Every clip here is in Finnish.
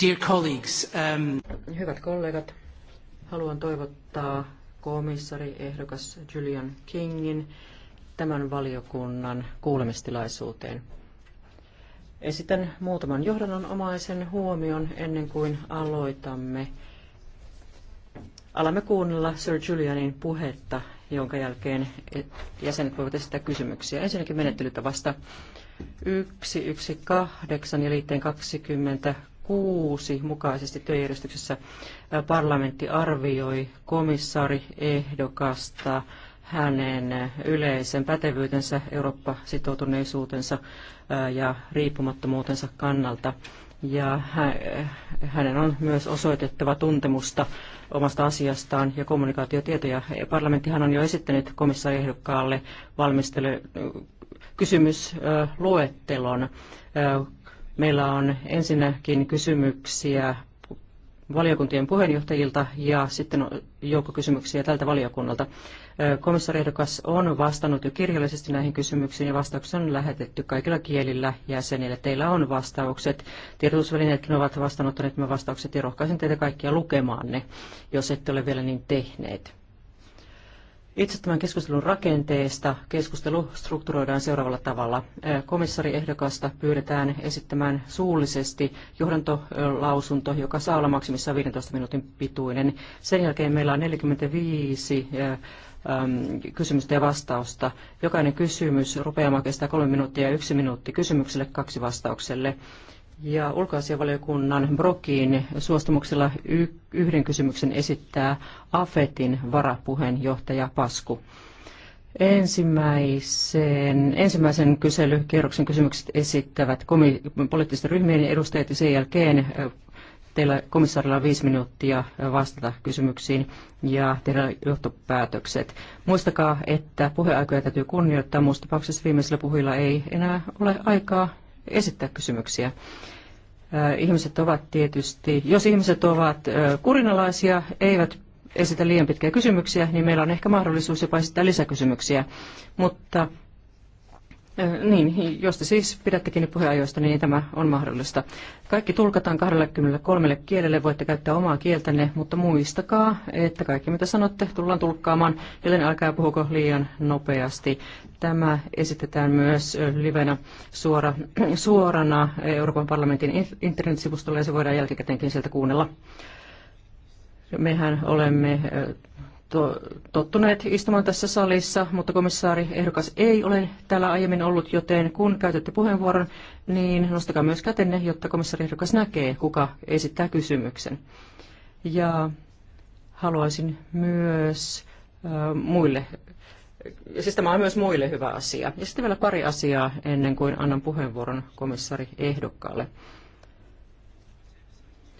Dear colleagues, um... Hyvät kollegat, haluan toivottaa komissari ehdokas Julian Kingin tämän valiokunnan kuulemistilaisuuteen. Esitän muutaman johdannonomaisen huomion ennen kuin aloitamme. Alamme kuunnella Sir Julianin puhetta, jonka jälkeen jäsenet voivat esittää kysymyksiä. Ensinnäkin menettelytavasta 118 ja liitteen 20 Kuusi mukaisesti työjärjestyksessä parlamentti arvioi komissaari ehdokasta hänen yleisen pätevyytensä, Eurooppa-sitoutuneisuutensa ja riippumattomuutensa kannalta. Ja hänen on myös osoitettava tuntemusta omasta asiastaan ja kommunikaatiotietoja. Parlamenttihan on jo esittänyt komissaariehdokkaalle valmistelu kysymysluettelon Meillä on ensinnäkin kysymyksiä valiokuntien puheenjohtajilta ja sitten joukko kysymyksiä tältä valiokunnalta. Komissaariehdokas on vastannut jo kirjallisesti näihin kysymyksiin ja vastaukset on lähetetty kaikilla kielillä jäsenille. Teillä on vastaukset. Tiedotusvälineetkin ovat vastaanottaneet nämä vastaukset ja rohkaisen teitä kaikkia lukemaan ne, jos ette ole vielä niin tehneet. Itse tämän keskustelun rakenteesta keskustelu strukturoidaan seuraavalla tavalla. Komissariehdokasta pyydetään esittämään suullisesti johdantolausunto, joka saa olla maksimissaan 15 minuutin pituinen. Sen jälkeen meillä on 45 kysymystä ja vastausta. Jokainen kysymys rupeamaan kestää kolme minuuttia ja yksi minuutti kysymykselle, kaksi vastaukselle ja ulkoasianvaliokunnan Brokin suostumuksella yhden kysymyksen esittää AFETin varapuheenjohtaja Pasku. Ensimmäisen, ensimmäisen kyselykierroksen kysymykset esittävät komi- poliittisten ryhmien edustajat ja sen jälkeen teillä komissaarilla on viisi minuuttia vastata kysymyksiin ja tehdä johtopäätökset. Muistakaa, että puheaikoja täytyy kunnioittaa. Muussa tapauksessa viimeisillä puhujilla ei enää ole aikaa esittää kysymyksiä. Ihmiset ovat tietysti, jos ihmiset ovat kurinalaisia, eivät esitä liian pitkiä kysymyksiä, niin meillä on ehkä mahdollisuus jopa esittää lisäkysymyksiä. Mutta niin, jos te siis pidätte kiinni puheenajoista, niin tämä on mahdollista. Kaikki tulkataan 23 kielelle, voitte käyttää omaa kieltänne, mutta muistakaa, että kaikki mitä sanotte tullaan tulkkaamaan, joten älkää puhuko liian nopeasti. Tämä esitetään myös livenä suora, suorana Euroopan parlamentin internetsivustolla ja se voidaan jälkikäteenkin sieltä kuunnella. Mehän olemme tottuneet istumaan tässä salissa, mutta komissaari ehdokas ei ole täällä aiemmin ollut, joten kun käytätte puheenvuoron, niin nostakaa myös kätenne, jotta komissaari ehdokas näkee, kuka esittää kysymyksen. Ja haluaisin myös äh, muille, siis tämä on myös muille hyvä asia. Ja sitten vielä pari asiaa ennen kuin annan puheenvuoron komissaari ehdokkaalle.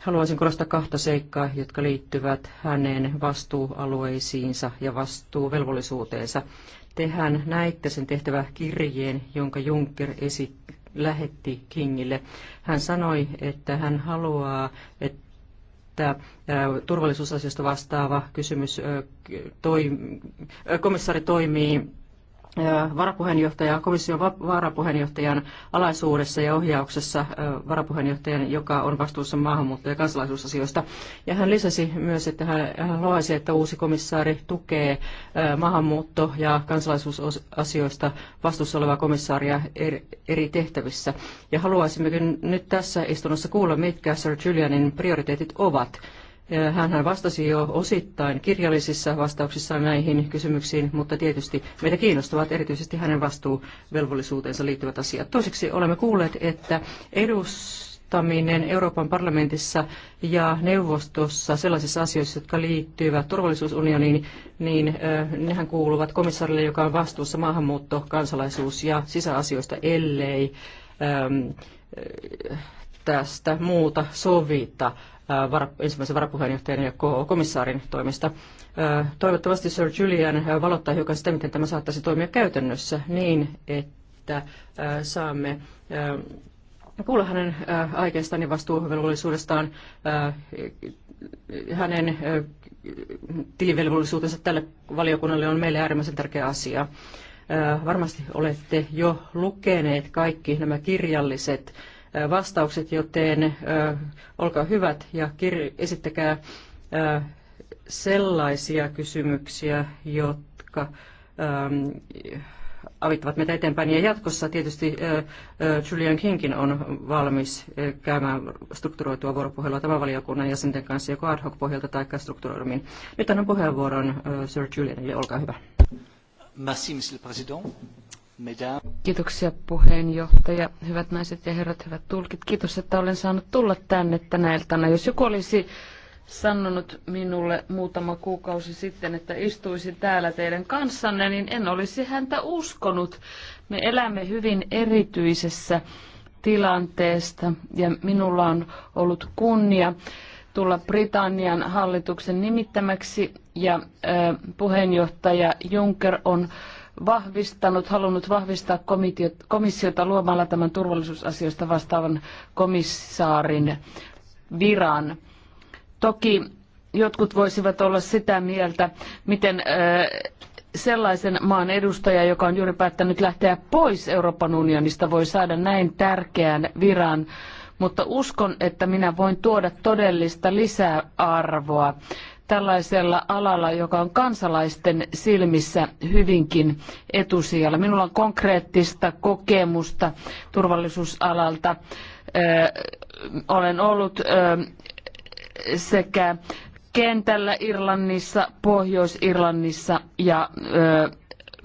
Haluaisin korostaa kahta seikkaa, jotka liittyvät hänen vastuualueisiinsa ja vastuuvelvollisuuteensa. Tehän näitte sen tehtävä kirjeen, jonka Juncker esi- lähetti Kingille. Hän sanoi, että hän haluaa, että että turvallisuusasioista vastaava kysymys, toi, komissaari toimii varapuheenjohtajan, komission varapuheenjohtajan alaisuudessa ja ohjauksessa varapuheenjohtajan, joka on vastuussa maahanmuutto- ja kansalaisuusasioista. Ja hän lisäsi myös, että hän, hän loisi, että uusi komissaari tukee maahanmuutto- ja kansalaisuusasioista vastuussa olevaa komissaaria eri tehtävissä. Ja haluaisimmekin nyt tässä istunnossa kuulla, mitkä Sir Julianin prioriteetit ovat Hänhän vastasi jo osittain kirjallisissa vastauksissa näihin kysymyksiin, mutta tietysti meitä kiinnostavat erityisesti hänen vastuuvelvollisuuteensa liittyvät asiat. Toiseksi olemme kuulleet, että edustaminen Euroopan parlamentissa ja neuvostossa sellaisissa asioissa, jotka liittyvät turvallisuusunioniin, niin nehän kuuluvat komissaarille, joka on vastuussa maahanmuutto, kansalaisuus ja sisäasioista, ellei tästä muuta sovita Äh, ensimmäisen varapuheenjohtajan ja komissaarin toimista. Äh, toivottavasti Sir Julian äh, valottaa hiukan sitä, miten tämä saattaisi toimia käytännössä niin, että saamme kuulla hänen aikeistaan ja vastuuvelvollisuudestaan, hänen tilivelvollisuutensa tälle valiokunnalle on meille äärimmäisen tärkeä asia. Varmasti olette jo lukeneet kaikki nämä kirjalliset vastaukset, joten olkaa hyvät ja esittäkää sellaisia kysymyksiä, jotka avittavat meitä eteenpäin. Ja jatkossa tietysti Julian Kingin on valmis käymään strukturoitua vuoropuhelua tämän valiokunnan jäsenten kanssa joko ad hoc pohjalta tai strukturoidummin. Nyt annan puheenvuoron Sir Julianille, olkaa hyvä. Merci, monsieur le président. Kiitoksia puheenjohtaja, hyvät naiset ja herrat, hyvät tulkit. Kiitos, että olen saanut tulla tänne tänä iltana. Jos joku olisi sanonut minulle muutama kuukausi sitten, että istuisin täällä teidän kanssanne, niin en olisi häntä uskonut. Me elämme hyvin erityisessä tilanteesta ja minulla on ollut kunnia tulla Britannian hallituksen nimittämäksi ja puheenjohtaja Juncker on vahvistanut, halunnut vahvistaa komissiota luomalla tämän turvallisuusasioista vastaavan komissaarin viran. Toki jotkut voisivat olla sitä mieltä, miten sellaisen maan edustaja, joka on juuri päättänyt lähteä pois Euroopan unionista, voi saada näin tärkeän viran. Mutta uskon, että minä voin tuoda todellista lisäarvoa tällaisella alalla, joka on kansalaisten silmissä hyvinkin etusijalla. Minulla on konkreettista kokemusta turvallisuusalalta. olen ollut sekä kentällä Irlannissa, Pohjois-Irlannissa ja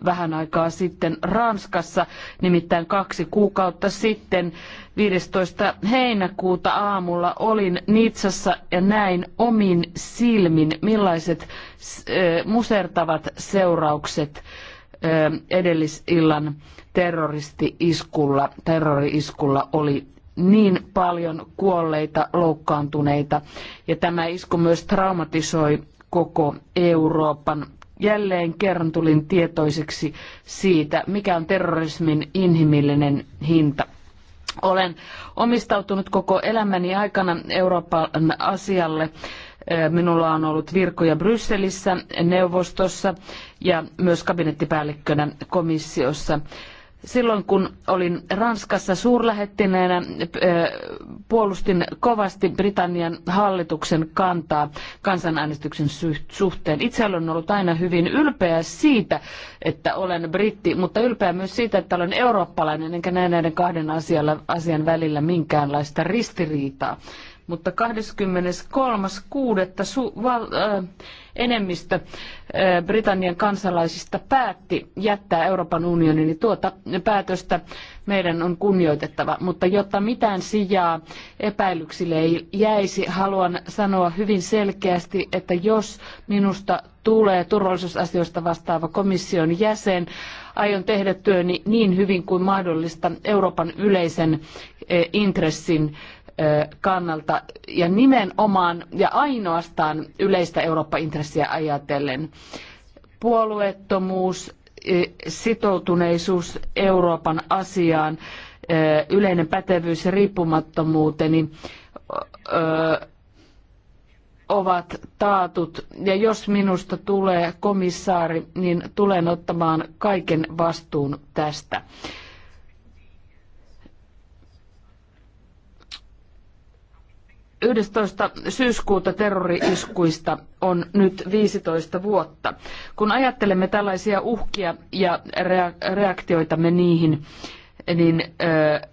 vähän aikaa sitten Ranskassa, nimittäin kaksi kuukautta sitten 15. heinäkuuta aamulla olin Nitsassa ja näin omin silmin, millaiset musertavat seuraukset edellisillan terroristi-iskulla, terrori-iskulla oli niin paljon kuolleita, loukkaantuneita. Ja tämä isku myös traumatisoi koko Euroopan. Jälleen kerran tulin tietoiseksi siitä, mikä on terrorismin inhimillinen hinta. Olen omistautunut koko elämäni aikana Euroopan asialle. Minulla on ollut virkoja Brysselissä, neuvostossa ja myös kabinettipäällikkönä komissiossa. Silloin kun olin Ranskassa suurlähettineenä, puolustin kovasti Britannian hallituksen kantaa kansanäänestyksen suhteen. Itse olen ollut aina hyvin ylpeä siitä, että olen britti, mutta ylpeä myös siitä, että olen eurooppalainen, enkä näe näiden kahden asian välillä minkäänlaista ristiriitaa mutta 23.6. Äh, enemmistö äh, Britannian kansalaisista päätti jättää Euroopan unionin, niin tuota päätöstä meidän on kunnioitettava. Mutta jotta mitään sijaa epäilyksille ei jäisi, haluan sanoa hyvin selkeästi, että jos minusta tulee turvallisuusasioista vastaava komission jäsen, aion tehdä työni niin hyvin kuin mahdollista Euroopan yleisen eh, intressin kannalta ja nimenomaan ja ainoastaan yleistä Eurooppa-intressiä ajatellen. Puolueettomuus, sitoutuneisuus Euroopan asiaan, yleinen pätevyys ja riippumattomuuteni ovat taatut. Ja jos minusta tulee komissaari, niin tulen ottamaan kaiken vastuun tästä. 11. syyskuuta terrori-iskuista on nyt 15 vuotta. Kun ajattelemme tällaisia uhkia ja reaktioitamme niihin, niin ö,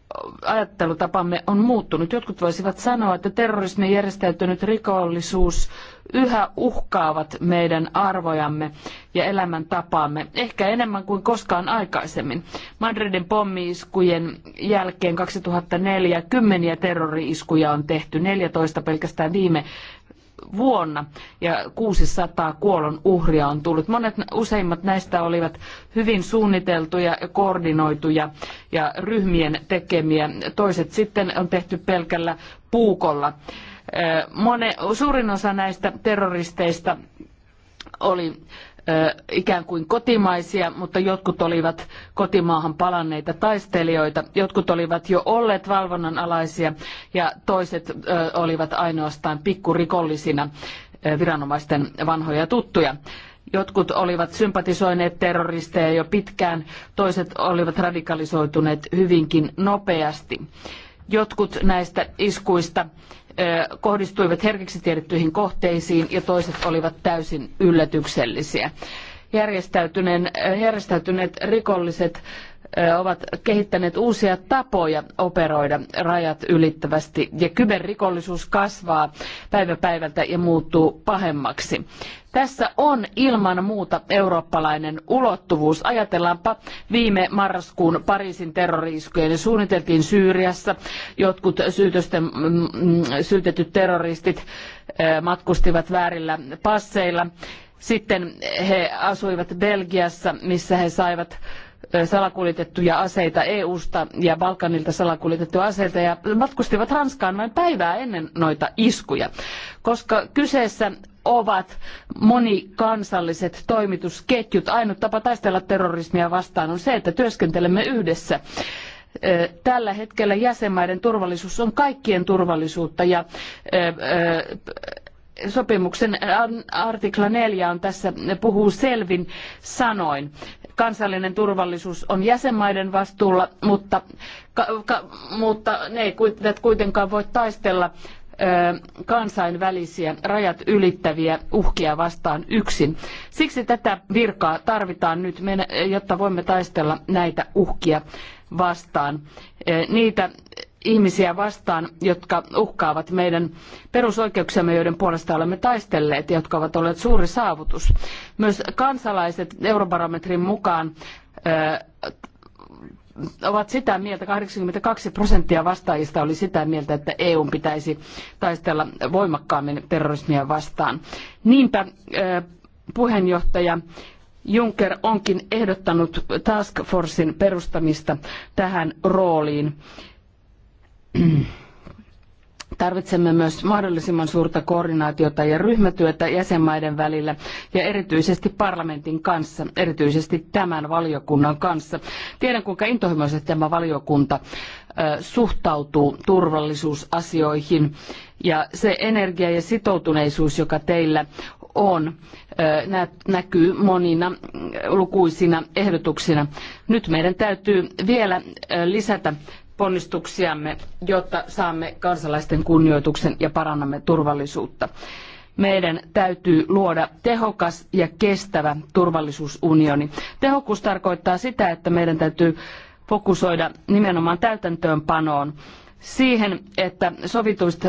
ajattelutapamme on muuttunut. Jotkut voisivat sanoa, että terrorismi ja järjestäytynyt rikollisuus yhä uhkaavat meidän arvojamme ja elämäntapaamme, ehkä enemmän kuin koskaan aikaisemmin. Madridin pommiiskujen jälkeen 2004 kymmeniä terrori-iskuja on tehty, 14 pelkästään viime vuonna ja 600 kuolon uhria on tullut. Monet useimmat näistä olivat hyvin suunniteltuja, koordinoituja ja ryhmien tekemiä. Toiset sitten on tehty pelkällä puukolla. Mone, suurin osa näistä terroristeista oli ikään kuin kotimaisia, mutta jotkut olivat kotimaahan palanneita taistelijoita, jotkut olivat jo olleet valvonnan alaisia ja toiset olivat ainoastaan pikkurikollisina viranomaisten vanhoja tuttuja. Jotkut olivat sympatisoineet terroristeja jo pitkään, toiset olivat radikalisoituneet hyvinkin nopeasti. Jotkut näistä iskuista kohdistuivat herkiksi tiedettyihin kohteisiin ja toiset olivat täysin yllätyksellisiä. Järjestäytyneet rikolliset ovat kehittäneet uusia tapoja operoida rajat ylittävästi ja kyberrikollisuus kasvaa päivä päivältä ja muuttuu pahemmaksi. Tässä on ilman muuta eurooppalainen ulottuvuus. Ajatellaanpa viime marraskuun Pariisin terroriiskujen Ne suunniteltiin Syyriassa. Jotkut syytösten, mm, syytetyt terroristit matkustivat väärillä passeilla. Sitten he asuivat Belgiassa, missä he saivat salakuljetettuja aseita EU-sta ja Balkanilta salakuljetettuja aseita ja matkustivat Ranskaan noin päivää ennen noita iskuja, koska kyseessä ovat monikansalliset toimitusketjut. Ainut tapa taistella terrorismia vastaan on se, että työskentelemme yhdessä tällä hetkellä jäsenmaiden turvallisuus on kaikkien turvallisuutta ja sopimuksen artikla 4 on tässä, puhuu selvin sanoin. Kansallinen turvallisuus on jäsenmaiden vastuulla, mutta, ka, ka, mutta ne eivät kuitenkaan voi taistella kansainvälisiä rajat ylittäviä uhkia vastaan yksin. Siksi tätä virkaa tarvitaan nyt, jotta voimme taistella näitä uhkia vastaan. Niitä ihmisiä vastaan, jotka uhkaavat meidän perusoikeuksiamme, joiden puolesta olemme taistelleet ja jotka ovat olleet suuri saavutus. Myös kansalaiset eurobarometrin mukaan ovat sitä mieltä, 82 prosenttia vastaajista oli sitä mieltä, että EU pitäisi taistella voimakkaammin terrorismia vastaan. Niinpä puheenjohtaja Juncker onkin ehdottanut task forcein perustamista tähän rooliin. Tarvitsemme myös mahdollisimman suurta koordinaatiota ja ryhmätyötä jäsenmaiden välillä ja erityisesti parlamentin kanssa, erityisesti tämän valiokunnan kanssa. Tiedän, kuinka intohimoisesti tämä valiokunta suhtautuu turvallisuusasioihin ja se energia ja sitoutuneisuus, joka teillä on, näkyy monina lukuisina ehdotuksina. Nyt meidän täytyy vielä lisätä ponnistuksiamme, jotta saamme kansalaisten kunnioituksen ja parannamme turvallisuutta. Meidän täytyy luoda tehokas ja kestävä turvallisuusunioni. Tehokkuus tarkoittaa sitä, että meidän täytyy fokusoida nimenomaan täytäntöönpanoon siihen, että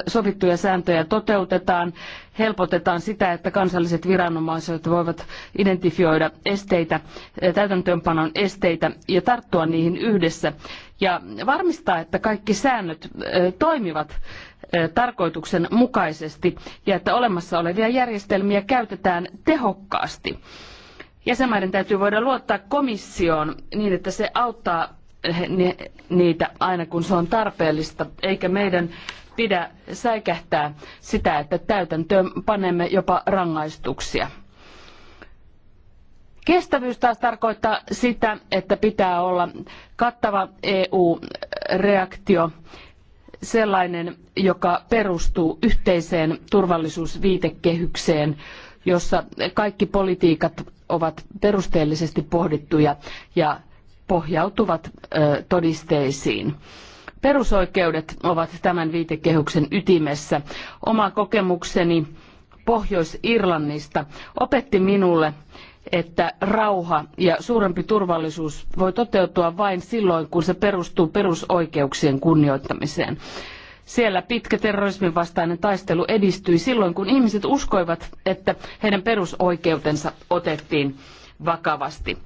sovittuja sääntöjä toteutetaan, helpotetaan sitä, että kansalliset viranomaiset voivat identifioida esteitä, eh, täytäntöönpanon esteitä ja tarttua niihin yhdessä ja varmistaa, että kaikki säännöt eh, toimivat eh, tarkoituksen mukaisesti ja että olemassa olevia järjestelmiä käytetään tehokkaasti. Jäsenmaiden täytyy voida luottaa komissioon niin, että se auttaa niitä aina kun se on tarpeellista, eikä meidän pidä säikähtää sitä, että täytäntöön panemme jopa rangaistuksia. Kestävyys taas tarkoittaa sitä, että pitää olla kattava EU-reaktio, sellainen, joka perustuu yhteiseen turvallisuusviitekehykseen, jossa kaikki politiikat ovat perusteellisesti pohdittuja ja pohjautuvat todisteisiin. Perusoikeudet ovat tämän viitekehyksen ytimessä. Oma kokemukseni Pohjois-Irlannista opetti minulle, että rauha ja suurempi turvallisuus voi toteutua vain silloin, kun se perustuu perusoikeuksien kunnioittamiseen. Siellä pitkä terrorismin vastainen taistelu edistyi silloin, kun ihmiset uskoivat, että heidän perusoikeutensa otettiin vakavasti.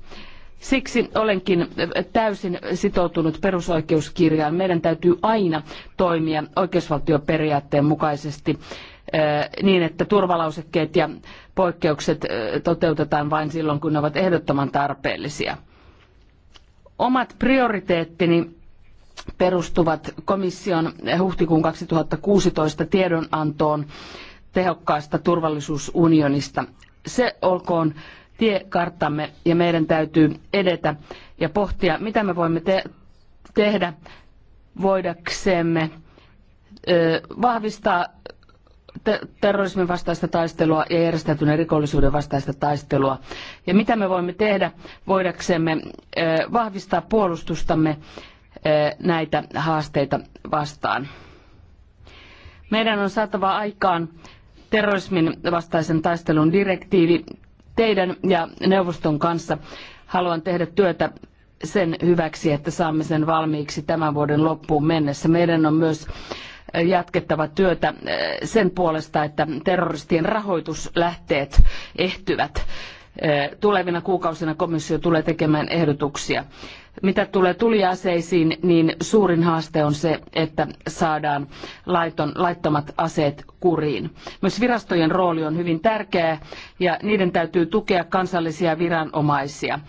Siksi olenkin täysin sitoutunut perusoikeuskirjaan. Meidän täytyy aina toimia oikeusvaltioperiaatteen mukaisesti eh, niin, että turvalausekkeet ja poikkeukset eh, toteutetaan vain silloin, kun ne ovat ehdottoman tarpeellisia. Omat prioriteettini perustuvat komission huhtikuun 2016 tiedonantoon tehokkaasta turvallisuusunionista. Se olkoon tiekarttamme ja meidän täytyy edetä ja pohtia, mitä me voimme te- tehdä voidaksemme ö, vahvistaa te- terrorismin vastaista taistelua ja järjestäytyneen rikollisuuden vastaista taistelua. Ja mitä me voimme tehdä voidaksemme ö, vahvistaa puolustustamme ö, näitä haasteita vastaan. Meidän on saatava aikaan terrorismin vastaisen taistelun direktiivi teidän ja neuvoston kanssa. Haluan tehdä työtä sen hyväksi, että saamme sen valmiiksi tämän vuoden loppuun mennessä. Meidän on myös jatkettava työtä eh, sen puolesta, että terroristien rahoituslähteet ehtyvät. Eh, tulevina kuukausina komissio tulee tekemään ehdotuksia. Mitä tulee tuliaseisiin, niin suurin haaste on se, että saadaan laiton, laittomat aseet kuriin. Myös virastojen rooli on hyvin tärkeä ja niiden täytyy tukea kansallisia viranomaisia.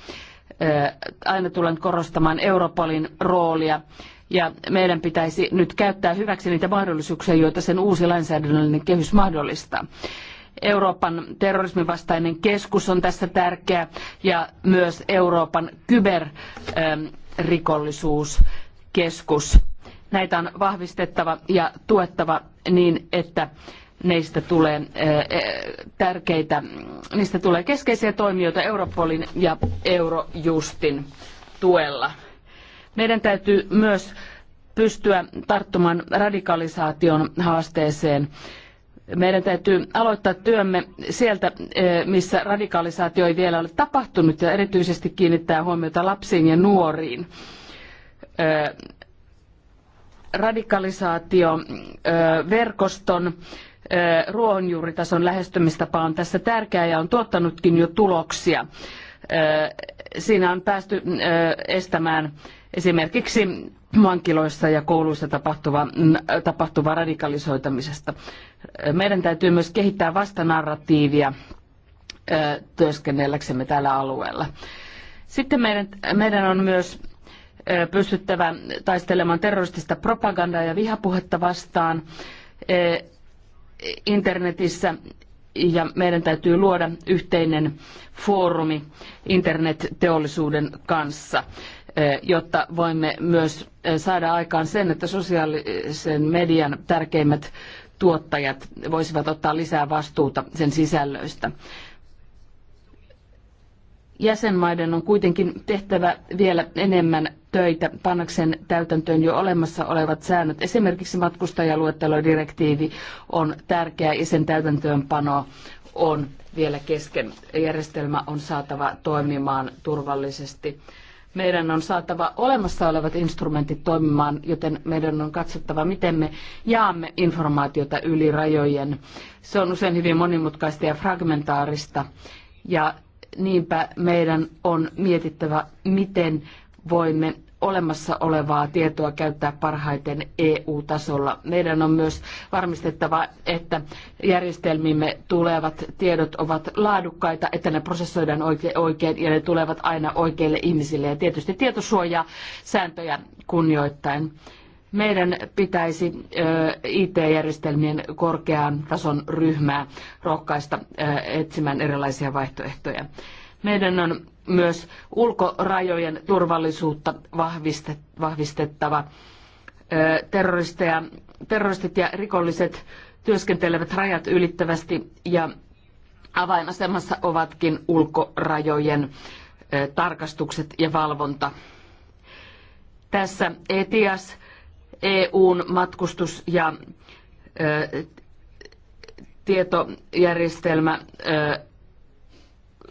Aina tulen korostamaan Europolin roolia ja meidän pitäisi nyt käyttää hyväksi niitä mahdollisuuksia, joita sen uusi lainsäädännöllinen kehys mahdollistaa. Euroopan terrorismin vastainen keskus on tässä tärkeä ja myös Euroopan kyberrikollisuuskeskus. Ähm, Näitä on vahvistettava ja tuettava niin, että neistä tulee äh, äh, tärkeitä, niistä tulee keskeisiä toimijoita Europolin ja Eurojustin tuella. Meidän täytyy myös pystyä tarttumaan radikalisaation haasteeseen meidän täytyy aloittaa työmme sieltä, eh, missä radikalisaatio ei vielä ole tapahtunut ja erityisesti kiinnittää huomiota lapsiin ja nuoriin. Eh, Radikalisaatioverkoston eh, ruohonjuuritason lähestymistapa on tässä tärkeä ja on tuottanutkin jo tuloksia. Siinä on päästy estämään esimerkiksi vankiloissa ja kouluissa tapahtuva, tapahtuva radikalisoitamisesta. Meidän täytyy myös kehittää vastanarratiivia työskennelläksemme tällä alueella. Sitten meidän, meidän on myös pystyttävä taistelemaan terroristista propagandaa ja vihapuhetta vastaan internetissä ja meidän täytyy luoda yhteinen foorumi internetteollisuuden kanssa jotta voimme myös saada aikaan sen, että sosiaalisen median tärkeimmät tuottajat voisivat ottaa lisää vastuuta sen sisällöistä. Jäsenmaiden on kuitenkin tehtävä vielä enemmän töitä pannakseen täytäntöön jo olemassa olevat säännöt. Esimerkiksi matkustajaluettelodirektiivi on tärkeä ja sen täytäntöönpano on vielä kesken. Järjestelmä on saatava toimimaan turvallisesti. Meidän on saatava olemassa olevat instrumentit toimimaan, joten meidän on katsottava, miten me jaamme informaatiota yli rajojen. Se on usein hyvin monimutkaista ja fragmentaarista. Ja niinpä meidän on mietittävä, miten voimme olemassa olevaa tietoa käyttää parhaiten EU-tasolla. Meidän on myös varmistettava, että järjestelmimme tulevat tiedot ovat laadukkaita, että ne prosessoidaan oikein ja ne tulevat aina oikeille ihmisille ja tietysti tietosuojaa sääntöjä kunnioittain. Meidän pitäisi IT-järjestelmien korkean tason ryhmää rohkaista etsimään erilaisia vaihtoehtoja. Meidän on myös ulkorajojen turvallisuutta vahvistettava. terroristit ja rikolliset työskentelevät rajat ylittävästi ja avainasemassa ovatkin ulkorajojen tarkastukset ja valvonta. Tässä ETIAS, EUn matkustus- ja tietojärjestelmä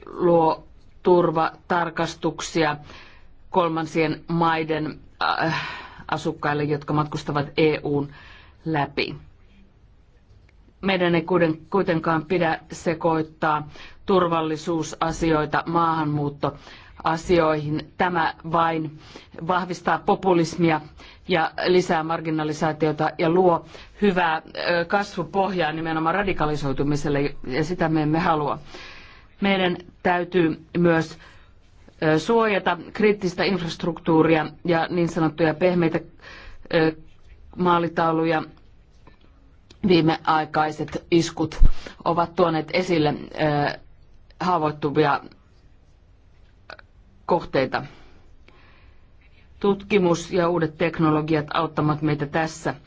luo turvatarkastuksia kolmansien maiden äh, asukkaille, jotka matkustavat EUn läpi. Meidän ei kuitenkaan pidä sekoittaa turvallisuusasioita maahanmuuttoasioihin. Tämä vain vahvistaa populismia ja lisää marginalisaatiota ja luo hyvää kasvupohjaa nimenomaan radikalisoitumiselle ja sitä me emme halua. Meidän täytyy myös suojata kriittistä infrastruktuuria ja niin sanottuja pehmeitä maalitauluja. Viimeaikaiset iskut ovat tuoneet esille haavoittuvia kohteita. Tutkimus ja uudet teknologiat auttavat meitä tässä –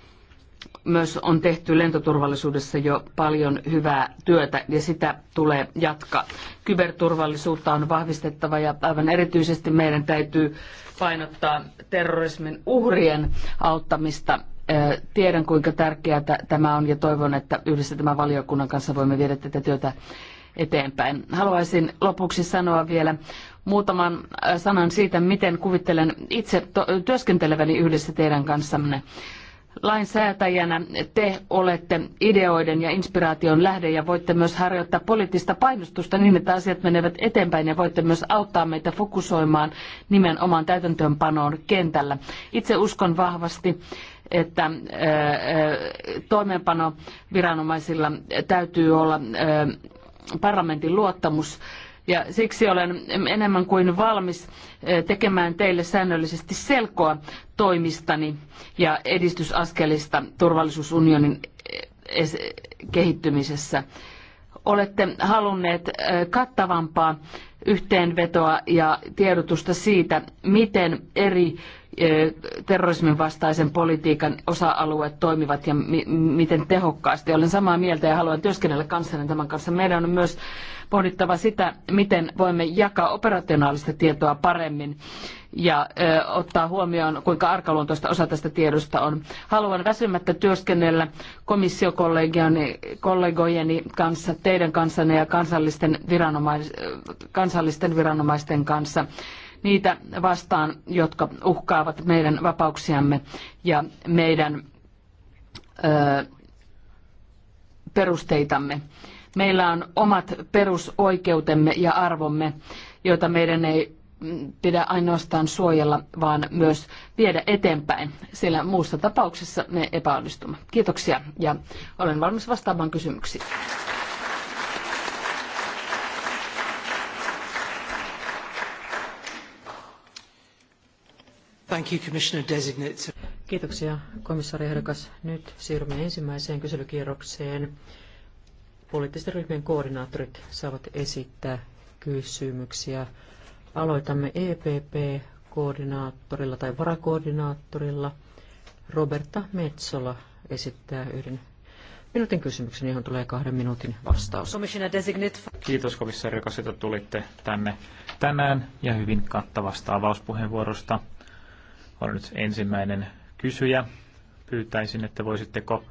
myös on tehty lentoturvallisuudessa jo paljon hyvää työtä ja sitä tulee jatkaa. Kyberturvallisuutta on vahvistettava ja aivan erityisesti meidän täytyy painottaa terrorismin uhrien auttamista. Tiedän kuinka tärkeää tämä on ja toivon, että yhdessä tämän valiokunnan kanssa voimme viedä tätä työtä eteenpäin. Haluaisin lopuksi sanoa vielä muutaman sanan siitä, miten kuvittelen itse työskenteleväni yhdessä teidän kanssanne lainsäätäjänä te olette ideoiden ja inspiraation lähde ja voitte myös harjoittaa poliittista painostusta niin, että asiat menevät eteenpäin ja voitte myös auttaa meitä fokusoimaan nimenomaan täytäntöönpanoon kentällä. Itse uskon vahvasti että äh, äh, toimeenpanoviranomaisilla täytyy olla äh, parlamentin luottamus ja siksi olen enemmän kuin valmis eh, tekemään teille säännöllisesti selkoa toimistani ja edistysaskelista turvallisuusunionin eh, kehittymisessä. Olette halunneet eh, kattavampaa yhteenvetoa ja tiedotusta siitä, miten eri terrorismin vastaisen politiikan osa-alueet toimivat ja mi miten tehokkaasti. Olen samaa mieltä ja haluan työskennellä kanssanne tämän kanssa. Meidän on myös pohdittava sitä, miten voimme jakaa operationaalista tietoa paremmin ja ö, ottaa huomioon, kuinka arkaluontoista osa tästä tiedosta on. Haluan väsymättä työskennellä komissiokollegojeni kanssa, teidän kanssanne ja kansallisten, viranomais, kansallisten viranomaisten kanssa niitä vastaan, jotka uhkaavat meidän vapauksiamme ja meidän ö, perusteitamme. Meillä on omat perusoikeutemme ja arvomme, joita meidän ei pidä ainoastaan suojella, vaan myös viedä eteenpäin, sillä muussa tapauksessa me epäonnistumme. Kiitoksia ja olen valmis vastaamaan kysymyksiin. Kiitoksia, komissaari Herkas. Nyt siirrymme ensimmäiseen kyselykierrokseen. Poliittisten ryhmien koordinaattorit saavat esittää kysymyksiä. Aloitamme EPP-koordinaattorilla tai varakoordinaattorilla. Roberta Metsola esittää yhden minuutin kysymyksen, johon tulee kahden minuutin vastaus. Kiitos komissaari, joka sitä tulitte tänne tänään ja hyvin kattavasta avauspuheenvuorosta. Olen nyt ensimmäinen kysyjä. Pyytäisin, että voisitteko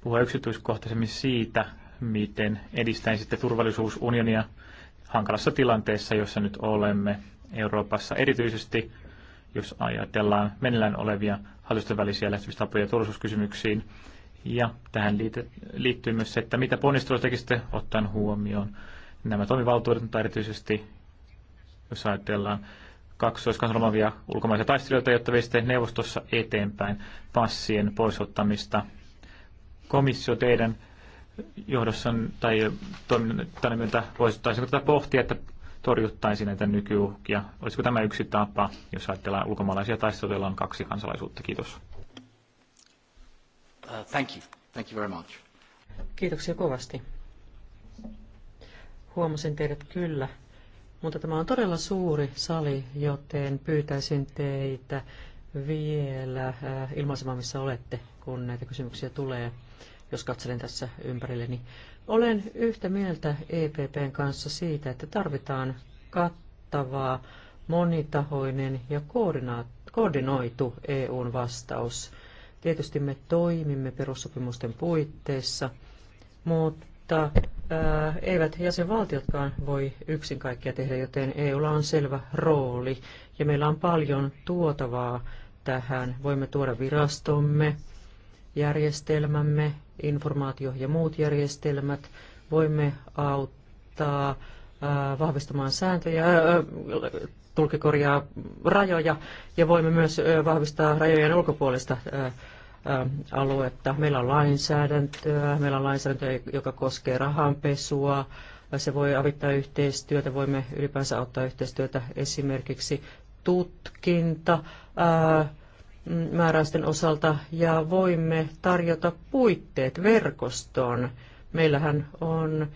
puhua yksityiskohtaisemmin siitä, miten edistäisitte turvallisuusunionia hankalassa tilanteessa, jossa nyt olemme Euroopassa, erityisesti jos ajatellaan meneillään olevia hallitusten välisiä lähestymistapoja turvallisuuskysymyksiin. Ja tähän liittyy myös se, että mitä ponnistelua tekisitte ottaen huomioon nämä toimivaltuudet, mutta erityisesti jos ajatellaan kaksoiskansalomavia ulkomaisia taistelijoita, jotta veisitte neuvostossa eteenpäin passien poisottamista. Komissio teidän johdossa tai toiminnan myötä voisitko tätä pohtia, että torjuttaisiin näitä nykyuhkia? Olisiko tämä yksi tapa, jos ajatellaan ulkomaalaisia taistelijoita, on kaksi kansalaisuutta? Kiitos. Uh, thank you. Thank you very much. Kiitoksia kovasti. Huomasin teidät kyllä mutta tämä on todella suuri sali, joten pyytäisin teitä vielä äh, ilmaisemaan, missä olette, kun näitä kysymyksiä tulee, jos katselen tässä ympärilleni. Olen yhtä mieltä EPPn kanssa siitä, että tarvitaan kattavaa, monitahoinen ja koordinoitu EUn vastaus. Tietysti me toimimme perussopimusten puitteissa, mutta mutta eivät jäsenvaltiotkaan voi yksin kaikkea tehdä, joten EUlla on selvä rooli ja meillä on paljon tuotavaa tähän. Voimme tuoda virastomme, järjestelmämme, informaatio- ja muut järjestelmät. Voimme auttaa vahvistamaan sääntöjä, tulkikorjaa rajoja ja voimme myös vahvistaa rajojen ulkopuolista aluetta. Meillä on lainsäädäntöä, meillä on lainsäädäntöä, joka koskee rahanpesua, se voi avittaa yhteistyötä, voimme ylipäänsä auttaa yhteistyötä esimerkiksi tutkinta määräisten määräysten osalta ja voimme tarjota puitteet verkostoon. Meillähän on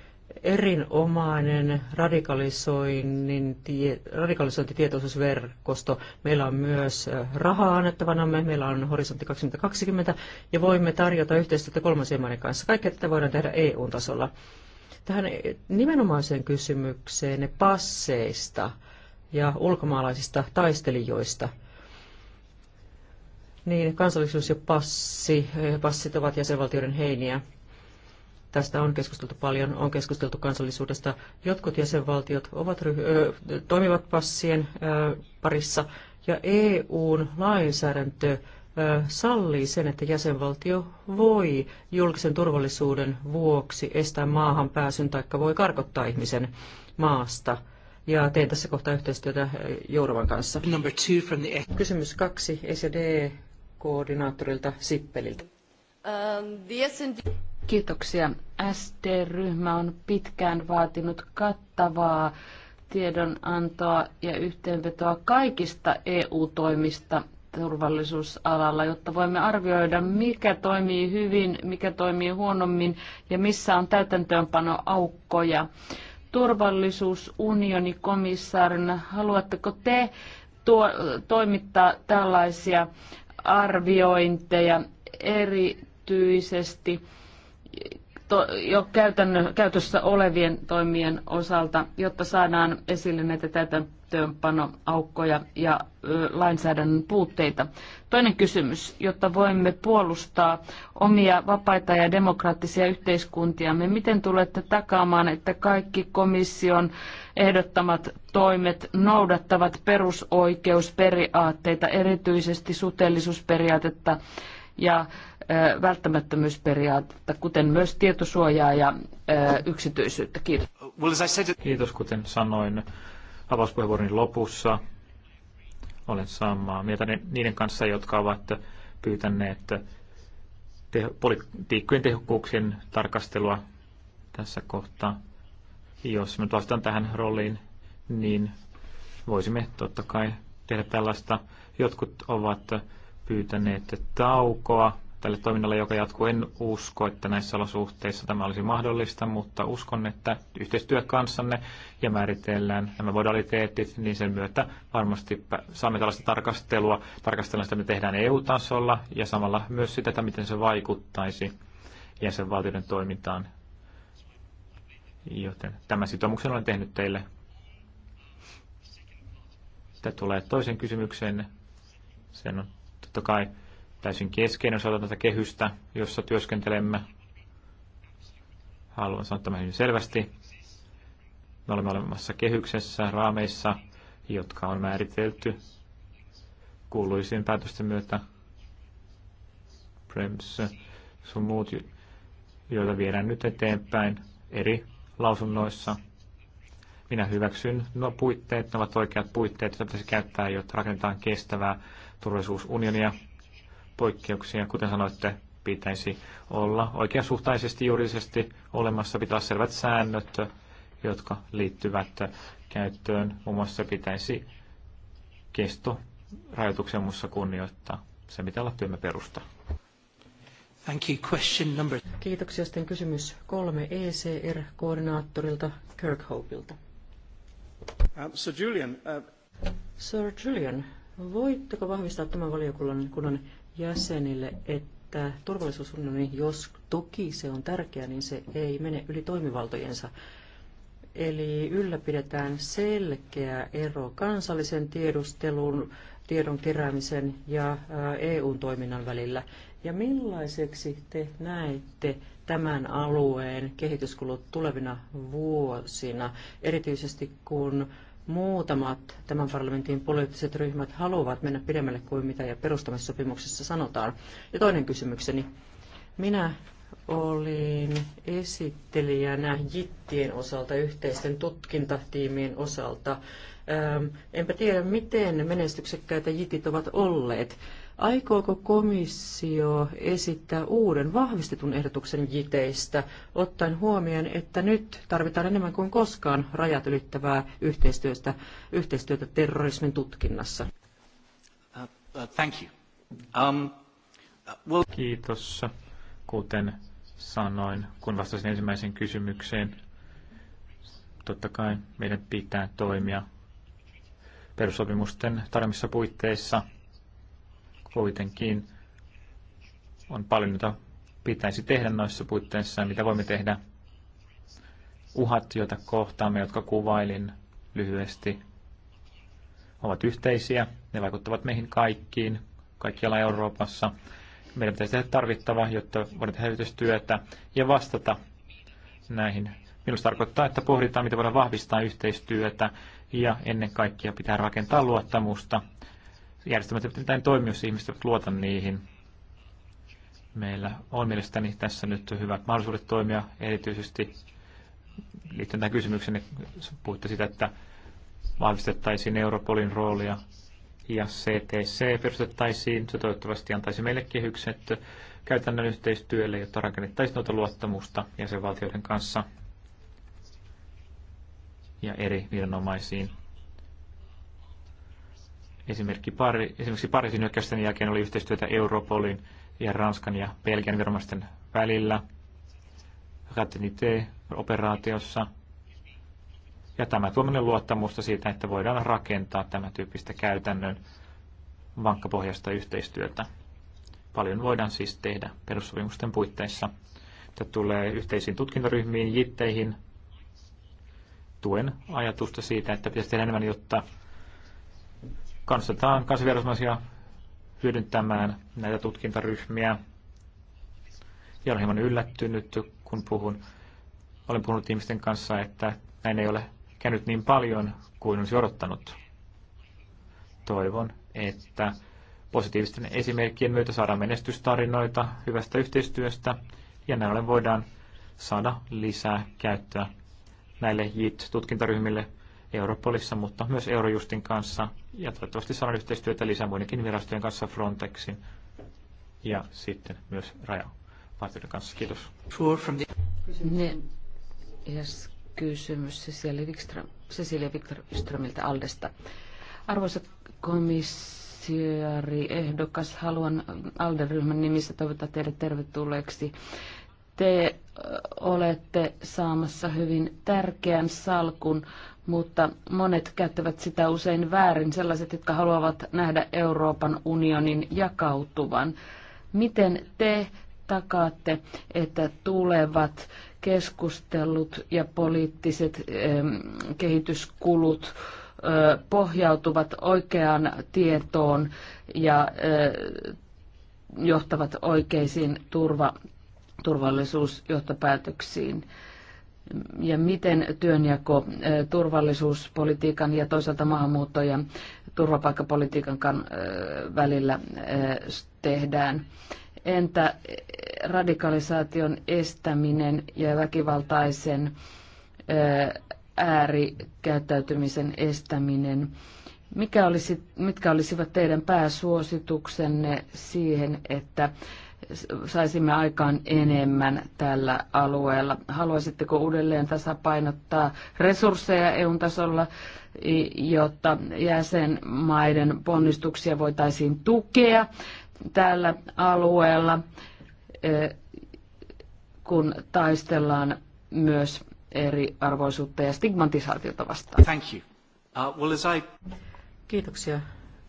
erinomainen radikalisoinnin, tie, radikalisointitietoisuusverkosto. Meillä on myös rahaa annettavanamme, meillä on horisontti 2020 ja voimme tarjota yhteistyötä kolmansien maiden kanssa. Kaikkea tätä voidaan tehdä EU-tasolla. Tähän nimenomaiseen kysymykseen passeista ja ulkomaalaisista taistelijoista niin kansallisuus ja passi, passit ovat jäsenvaltioiden heiniä. Tästä on keskusteltu paljon, on keskusteltu kansallisuudesta. Jotkut jäsenvaltiot ovat, ö, toimivat passien ö, parissa ja EUn lainsäädäntö sallii sen, että jäsenvaltio voi julkisen turvallisuuden vuoksi estää maahan pääsyn tai voi karkottaa ihmisen maasta. Ja teen tässä kohtaa yhteistyötä Jourovan kanssa. Number two from the... E- Kysymys kaksi sd koordinaattorilta Sippeliltä. Um, the Kiitoksia. ST-ryhmä on pitkään vaatinut kattavaa tiedonantoa ja yhteenvetoa kaikista EU-toimista turvallisuusalalla, jotta voimme arvioida, mikä toimii hyvin, mikä toimii huonommin ja missä on täytäntöönpanoaukkoja. Turvallisuusunioni komissaarina, haluatteko te tuo, toimittaa tällaisia arviointeja erityisesti? jo käytännön, käytössä olevien toimien osalta, jotta saadaan esille näitä täytäntöönpanoaukkoja ja ö, lainsäädännön puutteita. Toinen kysymys, jotta voimme puolustaa omia vapaita ja demokraattisia yhteiskuntiamme, miten tulette takaamaan, että kaikki komission ehdottamat toimet noudattavat perusoikeusperiaatteita, erityisesti suhteellisuusperiaatetta ja välttämättömyysperiaatetta, kuten myös tietosuojaa ja yksityisyyttä. Kiitos. Kiitos, kuten sanoin avauspuheenvuoroni lopussa. Olen samaa mieltä niiden kanssa, jotka ovat pyytäneet teho, politiikkojen tehokkuuksien tarkastelua tässä kohtaa. Jos me vastaan tähän rooliin, niin voisimme totta kai tehdä tällaista. Jotkut ovat pyytäneet taukoa tälle toiminnalle, joka jatkuu. En usko, että näissä olosuhteissa tämä olisi mahdollista, mutta uskon, että yhteistyö kanssanne ja määritellään nämä modaliteetit, niin sen myötä varmasti saamme tällaista tarkastelua, tarkastellaan sitä, mitä tehdään EU-tasolla ja samalla myös sitä, että miten se vaikuttaisi jäsenvaltioiden toimintaan. Joten tämän sitoumuksen olen tehnyt teille. Tämä tulee toisen kysymykseen. Sen on totta kai täysin keskeinen osa tätä tuota kehystä, jossa työskentelemme. Haluan sanoa tämän hyvin selvästi. Me olemme olemassa kehyksessä, raameissa, jotka on määritelty kuuluisiin päätösten myötä. Prems, sun muut, joita viedään nyt eteenpäin eri lausunnoissa. Minä hyväksyn nuo puitteet, ne ovat oikeat puitteet, joita pitäisi käyttää, jotta rakennetaan kestävää turvallisuusunionia poikkeuksia, kuten sanoitte, pitäisi olla oikeasuhtaisesti juridisesti olemassa, pitää olla selvät säännöt, jotka liittyvät käyttöön. Muun muassa pitäisi kesto rajoituksen muussa kunnioittaa. Se mitä olla työmme perusta. Thank you. Question number... Kiitoksia. Sitten kysymys kolme ECR-koordinaattorilta Kirkhopeilta. Um, Sir Julian, uh... Sir Julian, voitteko vahvistaa tämän valiokunnan jäsenille, että turvallisuusunioni, jos toki se on tärkeä, niin se ei mene yli toimivaltojensa. Eli ylläpidetään selkeä ero kansallisen tiedustelun, tiedon keräämisen ja EU-toiminnan välillä. Ja millaiseksi te näette tämän alueen kehityskulut tulevina vuosina, erityisesti kun muutamat tämän parlamentin poliittiset ryhmät haluavat mennä pidemmälle kuin mitä ja perustamissopimuksessa sanotaan. Ja toinen kysymykseni. Minä olin esittelijänä Jittien osalta, yhteisten tutkintatiimien osalta. Ähm, enpä tiedä, miten menestyksekkäitä jitit ovat olleet. Aikooko komissio esittää uuden vahvistetun ehdotuksen jiteistä, ottaen huomioon, että nyt tarvitaan enemmän kuin koskaan rajat ylittävää yhteistyötä, yhteistyötä terrorismin tutkinnassa? Uh, uh, thank you. Um, uh, well... Kiitos. Kuten sanoin, kun vastasin ensimmäiseen kysymykseen, totta kai meidän pitää toimia perussopimusten tarvissa puitteissa – kuitenkin on paljon, mitä pitäisi tehdä noissa puitteissa ja mitä voimme tehdä. Uhat, joita kohtaamme, jotka kuvailin lyhyesti, ovat yhteisiä. Ne vaikuttavat meihin kaikkiin, kaikkialla Euroopassa. Meidän pitäisi tehdä tarvittava, jotta voidaan tehdä yhteistyötä ja vastata näihin. Minusta tarkoittaa, että pohditaan, miten voidaan vahvistaa yhteistyötä ja ennen kaikkea pitää rakentaa luottamusta järjestelmät eivät mitään toimi, jos ihmiset eivät luota niihin. Meillä on mielestäni tässä nyt hyvät mahdollisuudet toimia, erityisesti liittyen tähän kysymykseen, puhutte sitä, että vahvistettaisiin Europolin roolia ja CTC perustettaisiin. Se toivottavasti antaisi meille kehykset käytännön yhteistyölle, jotta rakennettaisiin noita luottamusta jäsenvaltioiden kanssa ja eri viranomaisiin. Esimerkiksi, pari, esimerkiksi Pariisin hyökkäysten jälkeen oli yhteistyötä Europolin ja Ranskan ja Belgian viranomaisten välillä Ratinite-operaatiossa. Ja tämä tuominen luottamusta siitä, että voidaan rakentaa tämä tyyppistä käytännön vankkapohjaista yhteistyötä. Paljon voidaan siis tehdä perussopimusten puitteissa. Tämä tulee yhteisiin tutkintaryhmiin, jitteihin. Tuen ajatusta siitä, että pitäisi tehdä enemmän, jotta kannustetaan kansanvierasmaisia hyödyntämään näitä tutkintaryhmiä. Ja olen hieman yllättynyt, kun puhun, olen puhunut ihmisten kanssa, että näin ei ole käynyt niin paljon kuin olisi odottanut. Toivon, että positiivisten esimerkkien myötä saadaan menestystarinoita hyvästä yhteistyöstä ja näin ollen voidaan saada lisää käyttöä näille JIT-tutkintaryhmille Europolissa, mutta myös Eurojustin kanssa ja toivottavasti saadaan yhteistyötä lisää muidenkin virastojen kanssa Frontexin ja sitten myös rajapartioiden kanssa. Kiitos. Ne, yes, kysymys Cecilia, Wikström, Cecilia Wikströmiltä Aldesta. Arvoisa komissiari ehdokas, haluan Alden-ryhmän nimissä toivottaa teidät tervetulleeksi te olette saamassa hyvin tärkeän salkun mutta monet käyttävät sitä usein väärin, sellaiset, jotka haluavat nähdä Euroopan unionin jakautuvan. Miten te takaatte, että tulevat keskustelut ja poliittiset kehityskulut pohjautuvat oikeaan tietoon ja johtavat oikeisiin turva, turvallisuusjohtopäätöksiin ja miten työnjako turvallisuuspolitiikan ja toisaalta maahanmuutto- ja turvapaikkapolitiikan välillä tehdään. Entä radikalisaation estäminen ja väkivaltaisen äärikäyttäytymisen estäminen? Mikä olisi, mitkä olisivat teidän pääsuosituksenne siihen, että saisimme aikaan enemmän tällä alueella. Haluaisitteko uudelleen tasapainottaa resursseja eu tasolla, jotta jäsenmaiden ponnistuksia voitaisiin tukea tällä alueella, e, kun taistellaan myös eriarvoisuutta ja stigmatisaatiota vastaan? Thank you. Uh, well, as I... Kiitoksia.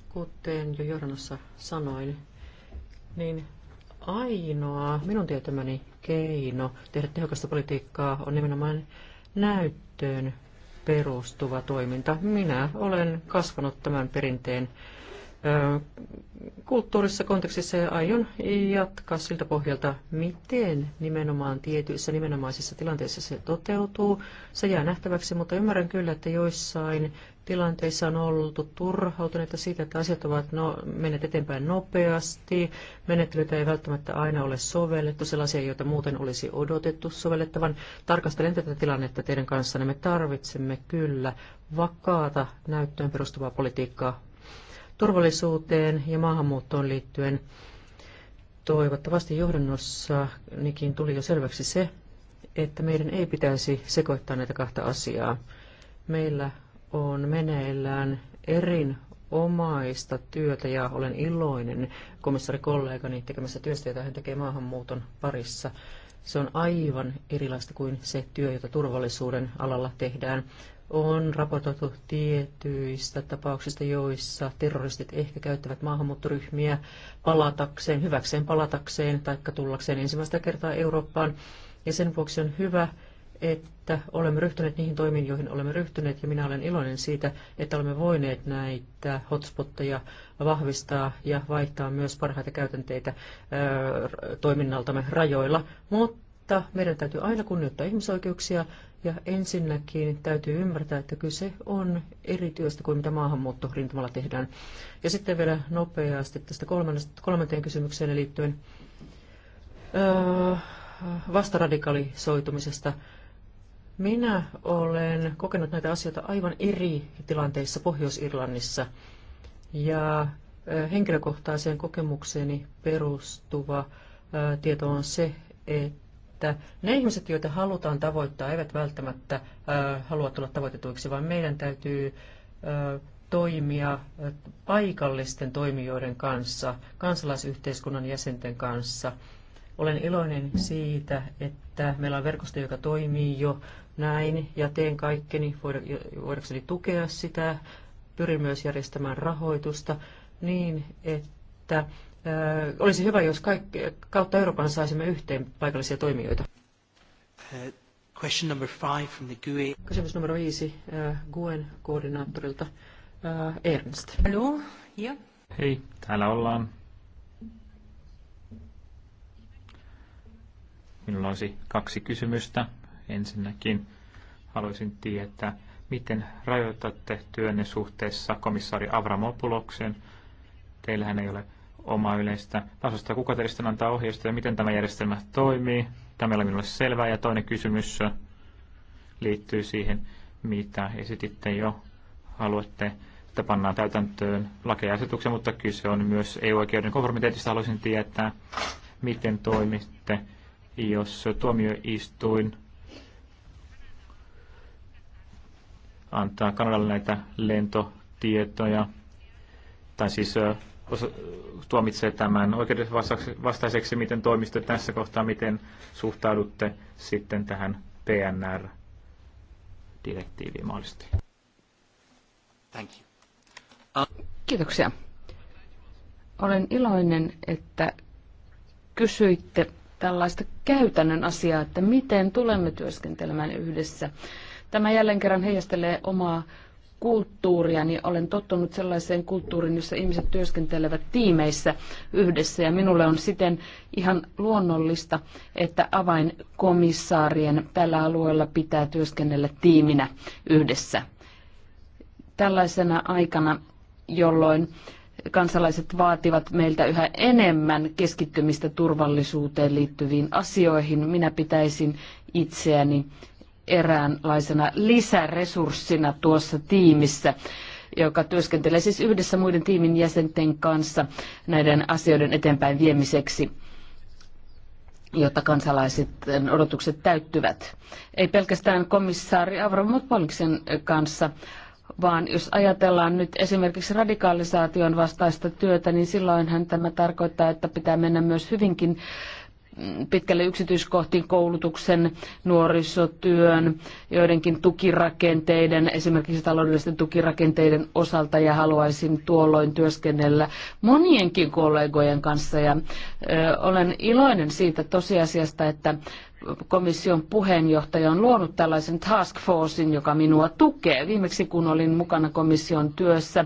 Kuten jo johdannossa sanoin, niin ainoa minun tietämäni keino tehdä tehokasta politiikkaa on nimenomaan näyttöön perustuva toiminta. Minä olen kasvanut tämän perinteen kulttuurissa, kontekstissa ja aion jatkaa siltä pohjalta, miten nimenomaan tietyissä nimenomaisissa tilanteissa se toteutuu. Se jää nähtäväksi, mutta ymmärrän kyllä, että joissain tilanteissa on oltu turhautuneita siitä, että asiat ovat no, menneet eteenpäin nopeasti. Menettelytä ei välttämättä aina ole sovellettu, sellaisia, joita muuten olisi odotettu sovellettavan. Tarkastelen tätä tilannetta teidän kanssanne. Me tarvitsemme kyllä vakaata näyttöön perustuvaa politiikkaa turvallisuuteen ja maahanmuuttoon liittyen. Toivottavasti johdannossa nikin tuli jo selväksi se, että meidän ei pitäisi sekoittaa näitä kahta asiaa. Meillä on meneillään erinomaista työtä ja olen iloinen komissarikollegani tekemässä työstä, jota hän tekee maahanmuuton parissa. Se on aivan erilaista kuin se työ, jota turvallisuuden alalla tehdään. On raportoitu tietyistä tapauksista, joissa terroristit ehkä käyttävät maahanmuuttoryhmiä palatakseen, hyväkseen palatakseen tai tullakseen ensimmäistä kertaa Eurooppaan. Ja sen vuoksi on hyvä, että olemme ryhtyneet niihin toimiin, joihin olemme ryhtyneet, ja minä olen iloinen siitä, että olemme voineet näitä hotspotteja vahvistaa ja vaihtaa myös parhaita käytänteitä toiminnaltamme rajoilla, mutta meidän täytyy aina kunnioittaa ihmisoikeuksia, ja ensinnäkin täytyy ymmärtää, että kyse on eri työstä kuin mitä maahanmuuttorintamalla tehdään. Ja sitten vielä nopeasti tästä kolmanteen kysymykseen liittyen. Öö, vastaradikalisoitumisesta. Minä olen kokenut näitä asioita aivan eri tilanteissa Pohjois-Irlannissa. Ja henkilökohtaiseen kokemukseeni perustuva tieto on se, että ne ihmiset, joita halutaan tavoittaa, eivät välttämättä halua tulla tavoitetuiksi, vaan meidän täytyy toimia paikallisten toimijoiden kanssa, kansalaisyhteiskunnan jäsenten kanssa. Olen iloinen siitä, että meillä on verkosto, joka toimii jo näin ja teen kaikkeni voidakseni tukea sitä. Pyrin myös järjestämään rahoitusta niin, että äh, olisi hyvä, jos kaikki, kautta Euroopan saisimme yhteen paikallisia toimijoita. Uh, question number five from the GUE. Kysymys numero viisi äh, GUEn koordinaattorilta äh, Ernst. Hello. Yeah. Hei, täällä ollaan. Minulla olisi kaksi kysymystä. Ensinnäkin haluaisin tietää, miten rajoitatte työnne suhteessa komissaari Avramopuloksen. Teillähän ei ole omaa yleistä tasosta. Kuka teistä antaa ohjeistoja ja miten tämä järjestelmä toimii? Tämä oli minulle selvää. Ja toinen kysymys liittyy siihen, mitä esititte jo. Haluatte, että pannaan täytäntöön lakeja asetuksen, mutta kyse on myös EU-oikeuden konformiteetista. Haluaisin tietää, miten toimitte, jos tuomioistuin antaa Kanadalle näitä lentotietoja, tai siis tuomitsee tämän oikeudenvastaiseksi, miten toimisto tässä kohtaa, miten suhtaudutte sitten tähän PNR-direktiiviin mahdollisesti. Thank you. Uh... Kiitoksia. Olen iloinen, että kysyitte tällaista käytännön asiaa, että miten tulemme työskentelemään yhdessä Tämä jälleen kerran heijastelee omaa kulttuuria, niin olen tottunut sellaiseen kulttuuriin, jossa ihmiset työskentelevät tiimeissä yhdessä. Ja minulle on siten ihan luonnollista, että avainkomissaarien tällä alueella pitää työskennellä tiiminä yhdessä. Tällaisena aikana, jolloin kansalaiset vaativat meiltä yhä enemmän keskittymistä turvallisuuteen liittyviin asioihin, minä pitäisin itseäni eräänlaisena lisäresurssina tuossa tiimissä joka työskentelee siis yhdessä muiden tiimin jäsenten kanssa näiden asioiden eteenpäin viemiseksi jotta kansalaiset odotukset täyttyvät. Ei pelkästään komissaari Avramopoliksen kanssa, vaan jos ajatellaan nyt esimerkiksi radikalisaation vastaista työtä, niin silloinhan tämä tarkoittaa, että pitää mennä myös hyvinkin pitkälle yksityiskohtiin koulutuksen, nuorisotyön, joidenkin tukirakenteiden, esimerkiksi taloudellisten tukirakenteiden osalta ja haluaisin tuolloin työskennellä monienkin kollegojen kanssa ja ö, olen iloinen siitä tosiasiasta, että komission puheenjohtaja on luonut tällaisen task forcein, joka minua tukee. Viimeksi kun olin mukana komission työssä,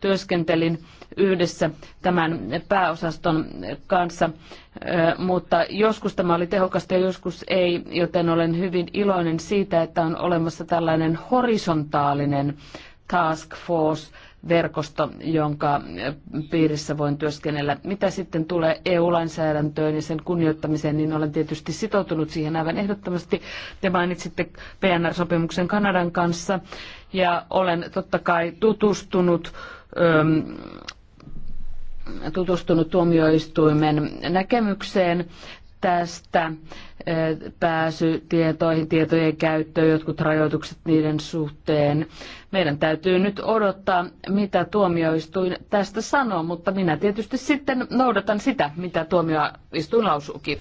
työskentelin yhdessä tämän pääosaston kanssa, mutta joskus tämä oli tehokasta ja joskus ei, joten olen hyvin iloinen siitä, että on olemassa tällainen horisontaalinen task force, verkosto, jonka piirissä voin työskennellä. Mitä sitten tulee EU-lainsäädäntöön ja sen kunnioittamiseen, niin olen tietysti sitoutunut siihen aivan ehdottomasti. Te mainitsitte PNR-sopimuksen Kanadan kanssa ja olen totta kai tutustunut tutustunut tuomioistuimen näkemykseen tästä eh, pääsytietoihin, tietojen käyttöön, jotkut rajoitukset niiden suhteen. Meidän täytyy nyt odottaa, mitä tuomioistuin tästä sanoo, mutta minä tietysti sitten noudatan sitä, mitä tuomioistuin lausuukin.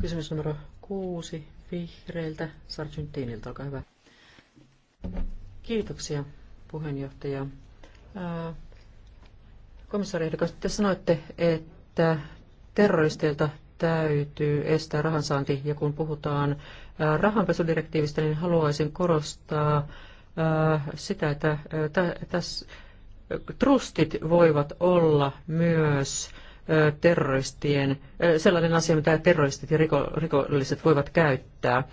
Kysymys numero kuusi vihreiltä Sargentinilta, olkaa hyvä. Kiitoksia puheenjohtaja. Komissaari Ehdokas, te sanoitte, että terroristeilta täytyy estää rahansaanti, ja kun puhutaan rahanpesudirektiivistä, niin haluaisin korostaa sitä, että tässä trustit voivat olla myös terroristien, sellainen asia, mitä terroristit ja riko, rikolliset voivat käyttää.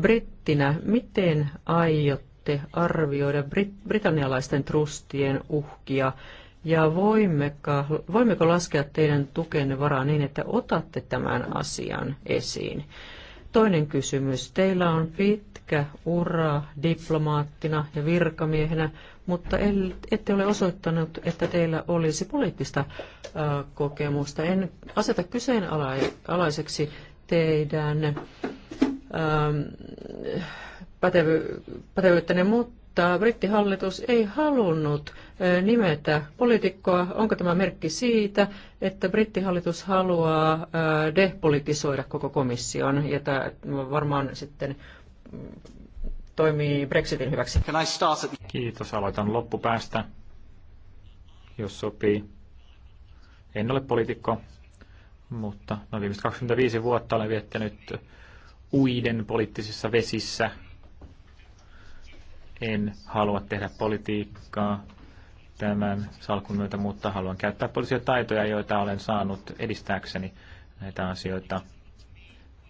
Brittinä, miten aiotte arvioida brit- britannialaisten trustien uhkia ja voimmeko, voimmeko laskea teidän tukenne varaa niin, että otatte tämän asian esiin? Toinen kysymys. Teillä on pitkä ura diplomaattina ja virkamiehenä, mutta ette ole osoittanut, että teillä olisi poliittista kokemusta. En aseta kyseenalaiseksi teidän pätevyyttäne, mutta mutta brittihallitus ei halunnut nimetä poliitikkoa. Onko tämä merkki siitä, että brittihallitus haluaa depolitisoida koko komission ja tämä varmaan sitten mm, toimii Brexitin hyväksi? Kiitos, aloitan loppupäästä, jos sopii. En ole poliitikko, mutta noin viimeiset 25 vuotta olen viettänyt uiden poliittisissa vesissä – en halua tehdä politiikkaa tämän salkun myötä, mutta haluan käyttää poliisia taitoja, joita olen saanut edistääkseni näitä asioita.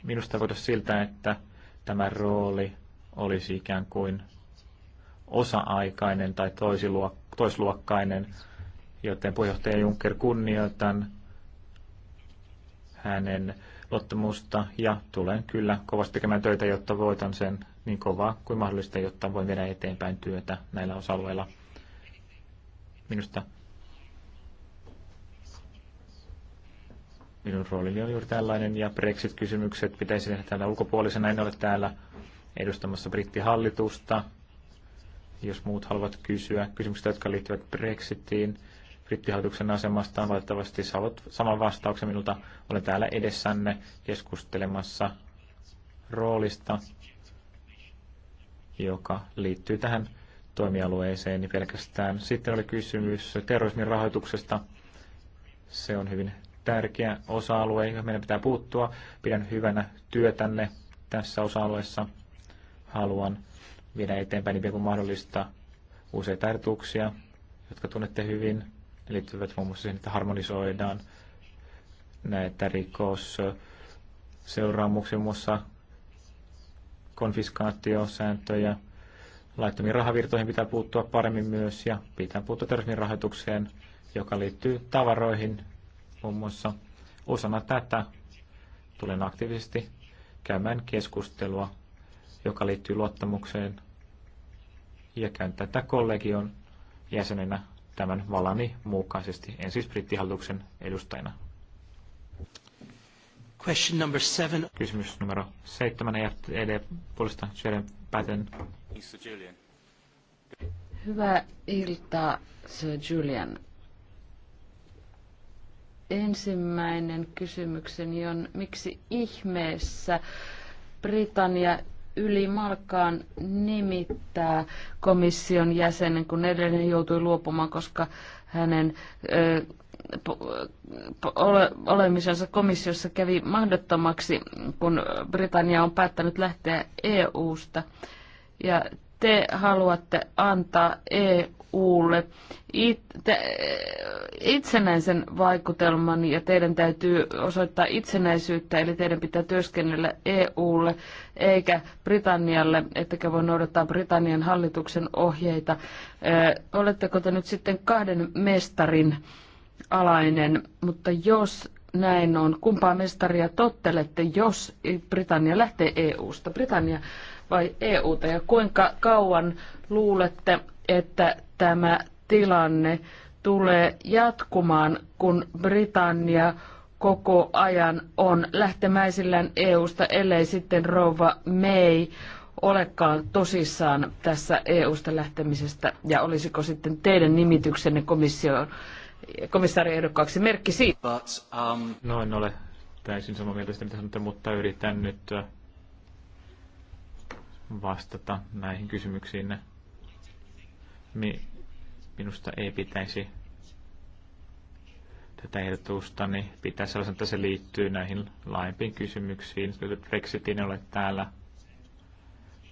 Minusta voitaisiin siltä, että tämä rooli olisi ikään kuin osa-aikainen tai toisluokkainen, joten puheenjohtaja Juncker kunnioitan hänen luottamusta ja tulen kyllä kovasti tekemään töitä, jotta voitan sen niin kovaa kuin mahdollista, jotta voi viedä eteenpäin työtä näillä osa-alueilla. Minusta minun roolini on juuri tällainen, ja Brexit-kysymykset pitäisi tehdä täällä ulkopuolisena. En ole täällä edustamassa brittihallitusta. Jos muut haluavat kysyä kysymyksiä, jotka liittyvät Brexitiin, brittihallituksen asemasta, valitettavasti saavut. saman vastauksen minulta. Olen täällä edessänne keskustelemassa roolista, joka liittyy tähän toimialueeseen niin pelkästään. Sitten oli kysymys terrorismin rahoituksesta. Se on hyvin tärkeä osa-alue, johon meidän pitää puuttua. Pidän hyvänä työtänne tässä osa-alueessa. Haluan viedä eteenpäin niin kuin mahdollista useita ehdotuksia, jotka tunnette hyvin. Ne liittyvät muun muassa siihen, että harmonisoidaan näitä rikos seuraamuksia muun muassa konfiskaatiosääntöjä. Laittomiin rahavirtoihin pitää puuttua paremmin myös ja pitää puuttua terrorismin rahoitukseen, joka liittyy tavaroihin muun muassa. Osana tätä tulen aktiivisesti käymään keskustelua, joka liittyy luottamukseen ja käyn tätä kollegion jäsenenä tämän valani mukaisesti, en siis brittihallituksen edustajana. Question number seven. Kysymys numero seitsemän EFTD puolesta Jelen Päten. Hyvää iltaa, Sir Julian. Ensimmäinen kysymykseni on, miksi ihmeessä Britannia yli malkaan nimittää komission jäsenen, kun edellinen joutui luopumaan, koska hänen ö, ole, olemisensa komissiossa kävi mahdottomaksi, kun Britannia on päättänyt lähteä EU-sta. Ja te haluatte antaa EUlle it, te, itsenäisen vaikutelman ja teidän täytyy osoittaa itsenäisyyttä, eli teidän pitää työskennellä EUlle eikä Britannialle, ettekä voi noudattaa Britannian hallituksen ohjeita. Ö, oletteko te nyt sitten kahden mestarin? alainen, mutta jos näin on, kumpaa mestaria tottelette, jos Britannia lähtee EU-sta? Britannia vai e ta Ja kuinka kauan luulette, että tämä tilanne tulee jatkumaan, kun Britannia koko ajan on lähtemäisillään e sta, ellei sitten rouva May olekaan tosissaan tässä EU: sta lähtemisestä, ja olisiko sitten teidän nimityksenne komissioon komissaariehdokkaaksi merkki siitä. um... No en ole täysin samaa mieltä sitä, mitä sanotte, mutta yritän nyt äh, vastata näihin kysymyksiin. Mi- minusta ei pitäisi tätä ehdotusta, niin pitää sellaisen, että se liittyy näihin laajempiin kysymyksiin. Brexitin ole täällä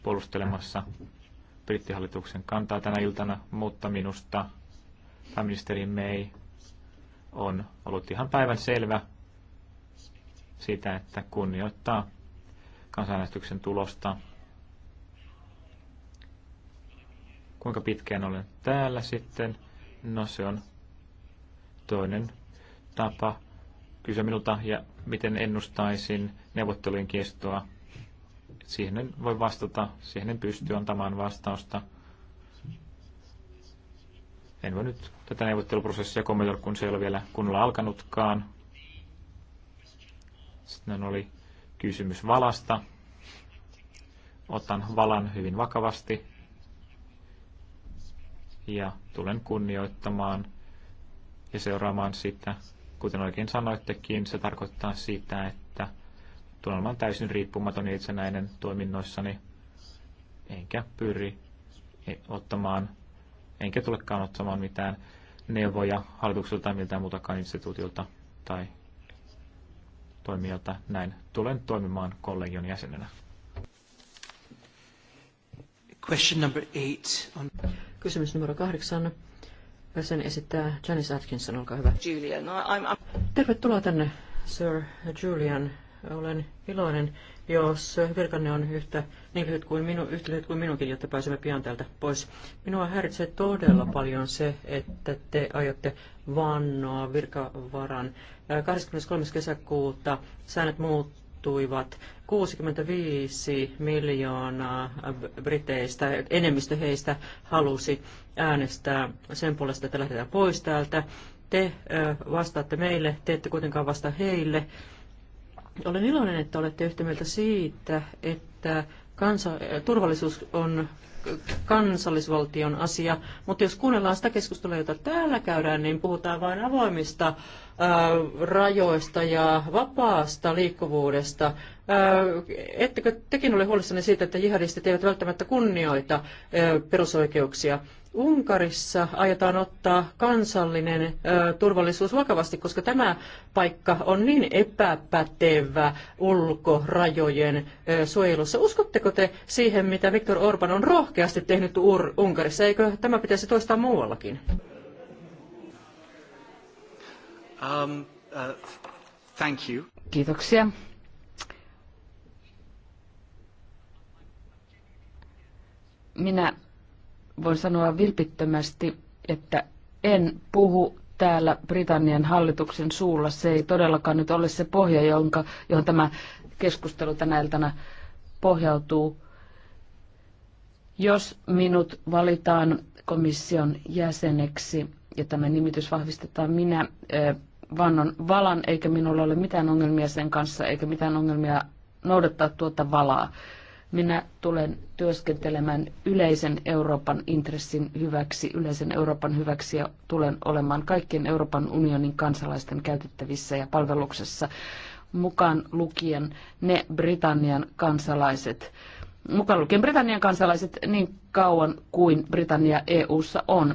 puolustelemassa brittihallituksen kantaa tänä iltana, mutta minusta Pääministeri May on ollut ihan päivän selvä siitä, että kunnioittaa kansanäänestyksen tulosta. Kuinka pitkään olen täällä sitten? No se on toinen tapa kysyä minulta ja miten ennustaisin neuvottelujen kestoa. Siihen en voi vastata, siihen en pysty antamaan vastausta. En voi nyt tätä neuvotteluprosessia kommentoida, kun se ei ole vielä kunnolla alkanutkaan. Sitten oli kysymys valasta. Otan valan hyvin vakavasti ja tulen kunnioittamaan ja seuraamaan sitä. Kuten oikein sanoittekin, se tarkoittaa sitä, että tulen olemaan täysin riippumaton ja itsenäinen toiminnoissani, enkä pyri ottamaan enkä tulekaan ottamaan mitään neuvoja hallitukselta tai miltään muutakaan instituutilta tai toimijalta. Näin tulen toimimaan kollegion jäsenenä. Question number eight on... Kysymys numero kahdeksan. Sen esittää Janice Atkinson, olkaa hyvä. Julian, no, I'm, I'm... Tervetuloa tänne, Sir Julian. Olen iloinen, jos virkanne on yhtä niin lyhyt kuin, minu, yhtä lyhyt kuin minunkin, jotta pääsemme pian täältä pois. Minua häiritsee todella paljon se, että te aiotte vannoa virkavaran. 23. Äh, kesäkuuta säännöt muuttuivat. 65 miljoonaa briteistä, enemmistö heistä halusi äänestää sen puolesta, että lähdetään pois täältä. Te äh, vastaatte meille, te ette kuitenkaan vasta heille. Olen iloinen, että olette yhtä mieltä siitä, että kansa, turvallisuus on kansallisvaltion asia, mutta jos kuunnellaan sitä keskustelua, jota täällä käydään, niin puhutaan vain avoimista ää, äh, rajoista ja vapaasta liikkuvuudesta. Ää, äh, ettekö tekin ole huolissanne siitä, että jihadistit eivät välttämättä kunnioita ää, äh, perusoikeuksia? Unkarissa aiotaan ottaa kansallinen ö, turvallisuus vakavasti, koska tämä paikka on niin epäpätevä ulkorajojen ö, suojelussa. Uskotteko te siihen, mitä Viktor Orban on rohkeasti tehnyt Ur- Unkarissa? Eikö tämä pitäisi toistaa muuallakin? Um, uh, thank you. Kiitoksia. Minä voin sanoa vilpittömästi, että en puhu täällä Britannian hallituksen suulla. Se ei todellakaan nyt ole se pohja, jonka, johon tämä keskustelu tänä iltana pohjautuu. Jos minut valitaan komission jäseneksi ja tämä nimitys vahvistetaan, minä vannon valan, eikä minulla ole mitään ongelmia sen kanssa, eikä mitään ongelmia noudattaa tuota valaa. Minä tulen työskentelemään yleisen Euroopan intressin hyväksi, yleisen Euroopan hyväksi ja tulen olemaan kaikkien Euroopan unionin kansalaisten käytettävissä ja palveluksessa mukaan lukien ne Britannian kansalaiset, mukaan lukien Britannian kansalaiset niin kauan kuin Britannia EU:ssa on.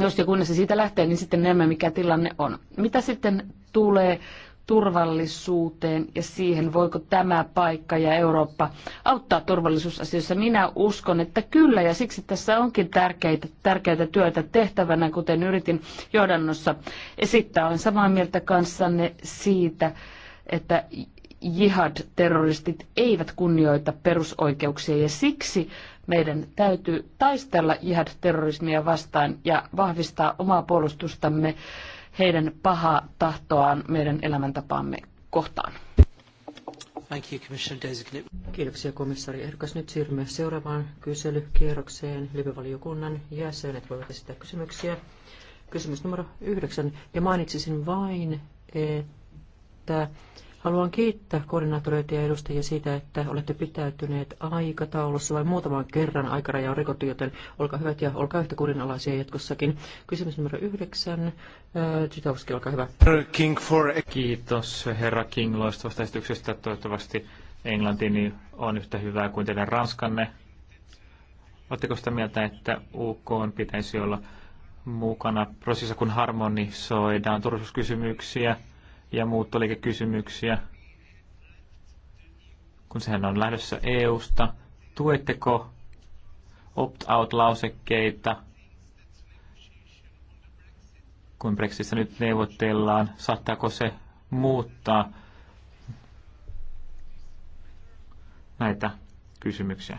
Jos ja kun se siitä lähtee, niin sitten näemme, mikä tilanne on. Mitä sitten tulee turvallisuuteen ja siihen, voiko tämä paikka ja Eurooppa auttaa turvallisuusasioissa. Minä uskon, että kyllä, ja siksi tässä onkin tärkeitä, tärkeää työtä tehtävänä, kuten yritin johdannossa esittää. Olen samaa mieltä kanssanne siitä, että jihad-terroristit eivät kunnioita perusoikeuksia, ja siksi meidän täytyy taistella jihad-terrorismia vastaan ja vahvistaa omaa puolustustamme heidän pahaa tahtoaan meidän elämäntapaamme kohtaan. Thank you, Commissioner Kiitoksia komissaari ehdokas. Nyt siirrymme seuraavaan kyselykierrokseen. live jäsenet voivat esittää kysymyksiä. Kysymys numero yhdeksän. Ja mainitsisin vain, että Haluan kiittää koordinaattoreita ja edustajia siitä, että olette pitäytyneet aikataulussa. Vain muutaman kerran aikaraja on rikottu, joten olkaa hyvät ja olkaa yhtä kurinalaisia jatkossakin. Kysymys numero yhdeksän. Äh, Titauski, olkaa hyvä. King for... Kiitos herra King loistavasta esityksestä. Toivottavasti Englanti on yhtä hyvää kuin teidän Ranskanne. Oletteko sitä mieltä, että UK pitäisi olla mukana prosessissa, kun harmonisoidaan turvallisuuskysymyksiä? ja muuttoliikekysymyksiä, kun sehän on lähdössä EUsta. Tuetteko opt-out-lausekkeita, kun Brexitistä nyt neuvotellaan? Saattaako se muuttaa näitä kysymyksiä?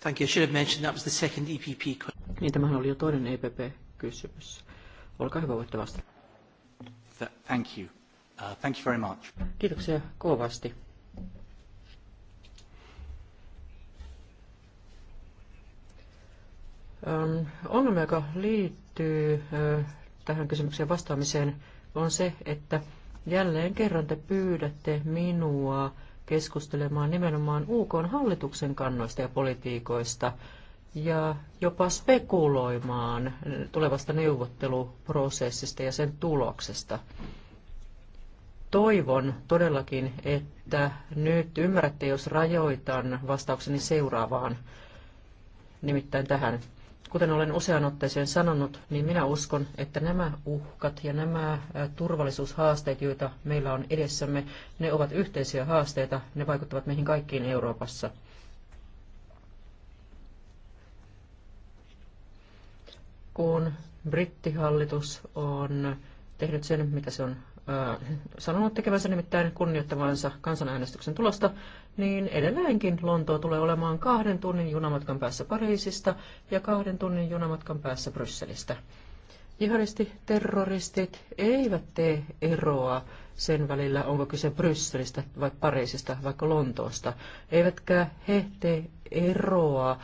Thank you. I should have mentioned that was the second EPP. Niin, tämähän oli jo toinen EPP-kysymys. Olkaa hyvä, voitte vastata thank you. Uh, thank you very much. Kiitoksia kovasti. Um, ongelma, joka liittyy uh, tähän kysymykseen vastaamiseen, on se, että jälleen kerran te pyydätte minua keskustelemaan nimenomaan UK hallituksen kannoista ja politiikoista – ja jopa spekuloimaan tulevasta neuvotteluprosessista ja sen tuloksesta. Toivon todellakin, että nyt ymmärrätte, jos rajoitan vastaukseni seuraavaan, nimittäin tähän. Kuten olen usean otteeseen sanonut, niin minä uskon, että nämä uhkat ja nämä turvallisuushaasteet, joita meillä on edessämme, ne ovat yhteisiä haasteita, ne vaikuttavat meihin kaikkiin Euroopassa – kun brittihallitus on tehnyt sen, mitä se on sanonut tekevänsä nimittäin kunnioittavansa kansanäänestyksen tulosta, niin edelleenkin Lontoa tulee olemaan kahden tunnin junamatkan päässä Pariisista ja kahden tunnin junamatkan päässä Brysselistä. Jihadisti-terroristit eivät tee eroa sen välillä, onko kyse Brysselistä vai Pariisista vaikka Lontoosta. Eivätkä he tee eroa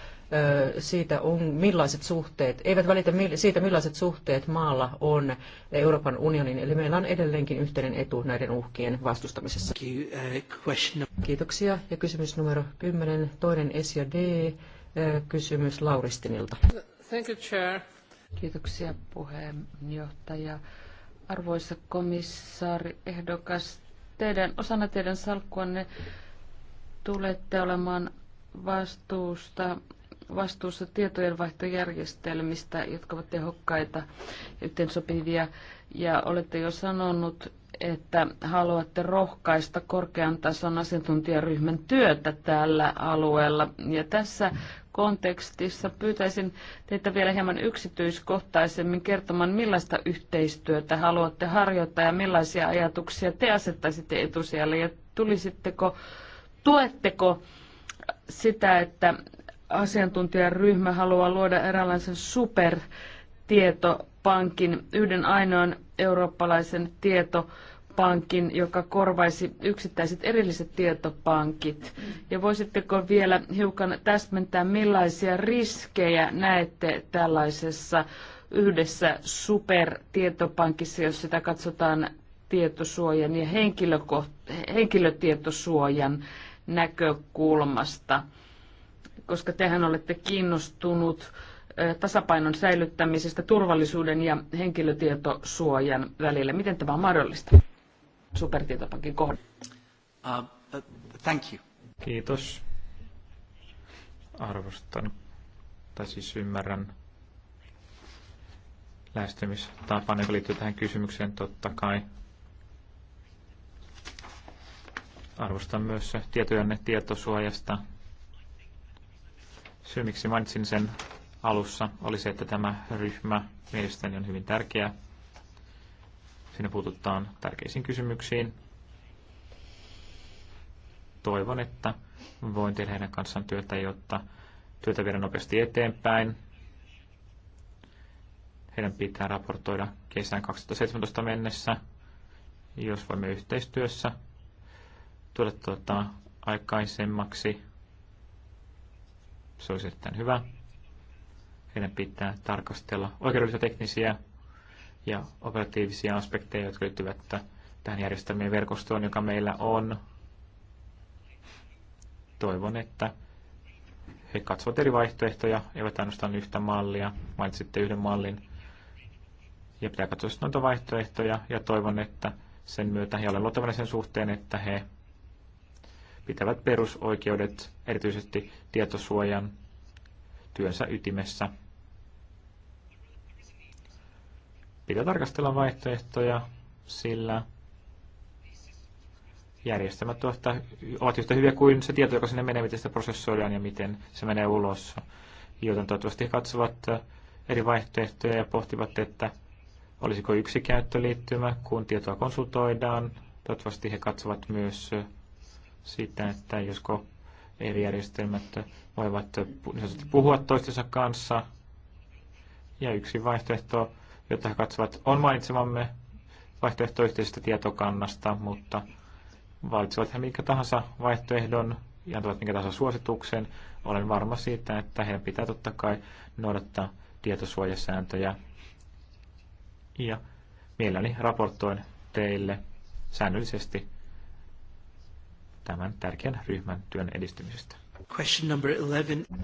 siitä, on, millaiset suhteet, eivät välitä siitä, millaiset suhteet maalla on Euroopan unionin. Eli meillä on edelleenkin yhteinen etu näiden uhkien vastustamisessa. Uh, Kiitoksia. Ja kysymys numero 10, toinen S ja D, kysymys Lauristinilta. Thank you, Chair. Kiitoksia puheenjohtaja. Arvoisa komissaari ehdokas, teidän, osana teidän salkkuanne tulette olemaan vastuusta vastuussa tietojenvaihtojärjestelmistä, jotka ovat tehokkaita ja yhteensopivia. Ja olette jo sanonut, että haluatte rohkaista korkean tason asiantuntijaryhmän työtä tällä alueella. Ja tässä kontekstissa pyytäisin teitä vielä hieman yksityiskohtaisemmin kertomaan, millaista yhteistyötä haluatte harjoittaa ja millaisia ajatuksia te asettaisitte etusijalle ja tulisitteko, tuetteko sitä, että asiantuntijaryhmä haluaa luoda eräänlaisen supertietopankin, yhden ainoan eurooppalaisen tietopankin, joka korvaisi yksittäiset erilliset tietopankit. Ja voisitteko vielä hiukan täsmentää, millaisia riskejä näette tällaisessa yhdessä supertietopankissa, jos sitä katsotaan tietosuojan ja henkilötietosuojan näkökulmasta? koska tehän olette kiinnostunut tasapainon säilyttämisestä turvallisuuden ja henkilötietosuojan välillä. Miten tämä on mahdollista? Supertietopankin kohdalla. Uh, uh thank you. Kiitos. Arvostan, tai siis ymmärrän lähestymistapaan, joka liittyy tähän kysymykseen totta kai. Arvostan myös tietojenne tietosuojasta Syy, miksi mainitsin sen alussa, oli se, että tämä ryhmä mielestäni on hyvin tärkeä. Siinä puututaan tärkeisiin kysymyksiin. Toivon, että voin tehdä heidän kanssaan työtä, jotta työtä viedään nopeasti eteenpäin. Heidän pitää raportoida kesän 2017 mennessä, jos voimme yhteistyössä tuoda tuota, aikaisemmaksi se olisi erittäin hyvä. Heidän pitää tarkastella oikeudellisia teknisiä ja operatiivisia aspekteja, jotka liittyvät tähän järjestelmien verkostoon, joka meillä on. Toivon, että he katsovat eri vaihtoehtoja, eivät ainoastaan yhtä mallia. Mainitsitte yhden mallin. Ja pitää katsoa noita vaihtoehtoja ja toivon, että sen myötä, he olen luottavainen sen suhteen, että he pitävät perusoikeudet, erityisesti tietosuojan, työnsä ytimessä. Pitää tarkastella vaihtoehtoja, sillä järjestelmät ovat yhtä hyviä kuin se tieto, joka sinne menee, miten sitä prosessoidaan ja miten se menee ulos. Joten toivottavasti he katsovat eri vaihtoehtoja ja pohtivat, että olisiko yksi käyttöliittymä, kun tietoa konsultoidaan. Toivottavasti he katsovat myös sitä, että josko eri järjestelmät voivat niin puhua toistensa kanssa. Ja yksi vaihtoehto, jota he katsovat, on mainitsemamme vaihtoehto yhteisestä tietokannasta, mutta valitsevat he minkä tahansa vaihtoehdon ja antavat minkä tahansa suosituksen. Olen varma siitä, että heidän pitää totta kai noudattaa tietosuojasääntöjä. Ja mielelläni raportoin teille säännöllisesti tämän tärkeän ryhmän työn edistymisestä. Question number 11.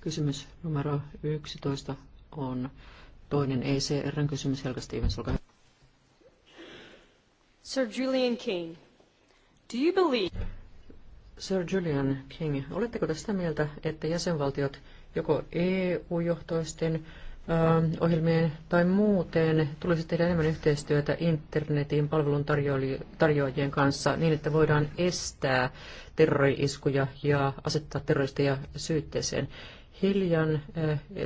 Kysymys numero 11 on toinen ECRn kysymys. Helga Stevens, olkaa hyvä. Sir Julian King, do you believe... Sir Julian King, oletteko tästä mieltä, että jäsenvaltiot joko EU-johtoisten ohjelmien tai muuten tulisi tehdä enemmän yhteistyötä internetin palveluntarjoajien kanssa niin, että voidaan estää terrori-iskuja ja asettaa terroristeja syytteeseen. Hiljan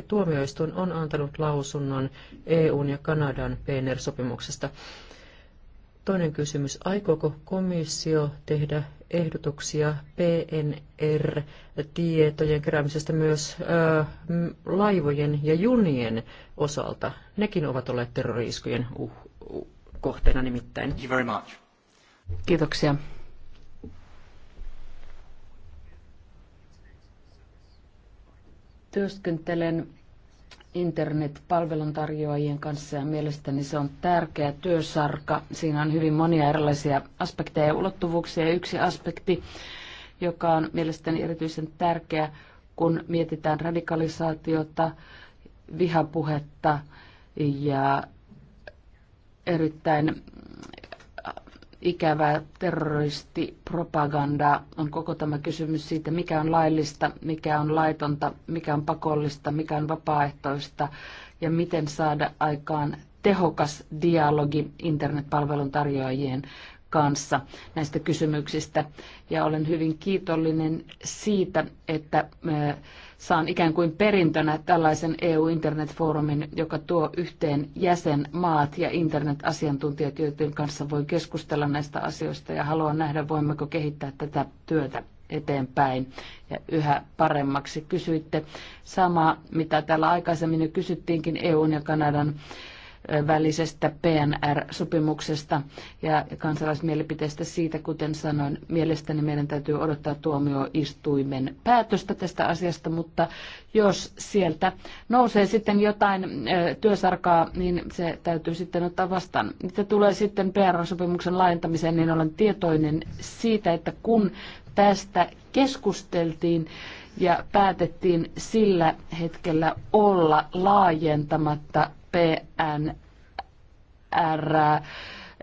tuomioistuin on antanut lausunnon EUn ja Kanadan PNR-sopimuksesta. Toinen kysymys. Aikooko komissio tehdä ehdotuksia PNR-tietojen keräämisestä myös ö, laivojen ja junien osalta? Nekin ovat olleet terroriiskujen uh, uh, kohteena nimittäin. Thank you very much. Kiitoksia. Työskentelen internet-palveluntarjoajien kanssa ja mielestäni se on tärkeä työsarka. Siinä on hyvin monia erilaisia aspekteja ja ulottuvuuksia. Yksi aspekti, joka on mielestäni erityisen tärkeä, kun mietitään radikalisaatiota, vihapuhetta ja erittäin ikävää terroristipropagandaa on koko tämä kysymys siitä, mikä on laillista, mikä on laitonta, mikä on pakollista, mikä on vapaaehtoista ja miten saada aikaan tehokas dialogi internetpalvelun tarjoajien kanssa näistä kysymyksistä. Ja olen hyvin kiitollinen siitä, että saan ikään kuin perintönä tällaisen EU-internetfoorumin, joka tuo yhteen jäsenmaat ja internetasiantuntijat, joiden kanssa voi keskustella näistä asioista ja haluan nähdä, voimmeko kehittää tätä työtä eteenpäin ja yhä paremmaksi. Kysyitte samaa, mitä täällä aikaisemmin jo kysyttiinkin EUn ja Kanadan välisestä PNR-sopimuksesta ja kansalaismielipiteestä siitä, kuten sanoin. Mielestäni meidän täytyy odottaa tuomioistuimen päätöstä tästä asiasta, mutta jos sieltä nousee sitten jotain työsarkaa, niin se täytyy sitten ottaa vastaan. Mitä tulee sitten PNR-sopimuksen laajentamiseen, niin olen tietoinen siitä, että kun tästä keskusteltiin, ja päätettiin sillä hetkellä olla laajentamatta PNR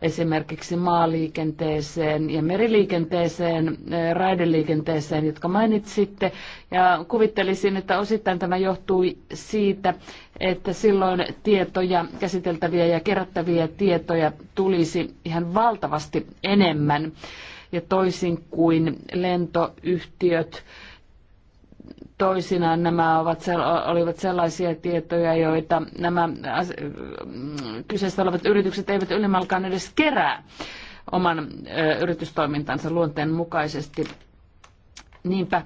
esimerkiksi maaliikenteeseen ja meriliikenteeseen, raideliikenteeseen, jotka mainitsitte. Ja kuvittelisin, että osittain tämä johtui siitä, että silloin tietoja, käsiteltäviä ja kerättäviä tietoja tulisi ihan valtavasti enemmän. Ja toisin kuin lentoyhtiöt, toisinaan nämä ovat, olivat sellaisia tietoja, joita nämä kyseessä olevat yritykset eivät ylimalkaan edes kerää oman yritystoimintansa luonteen mukaisesti. Niinpä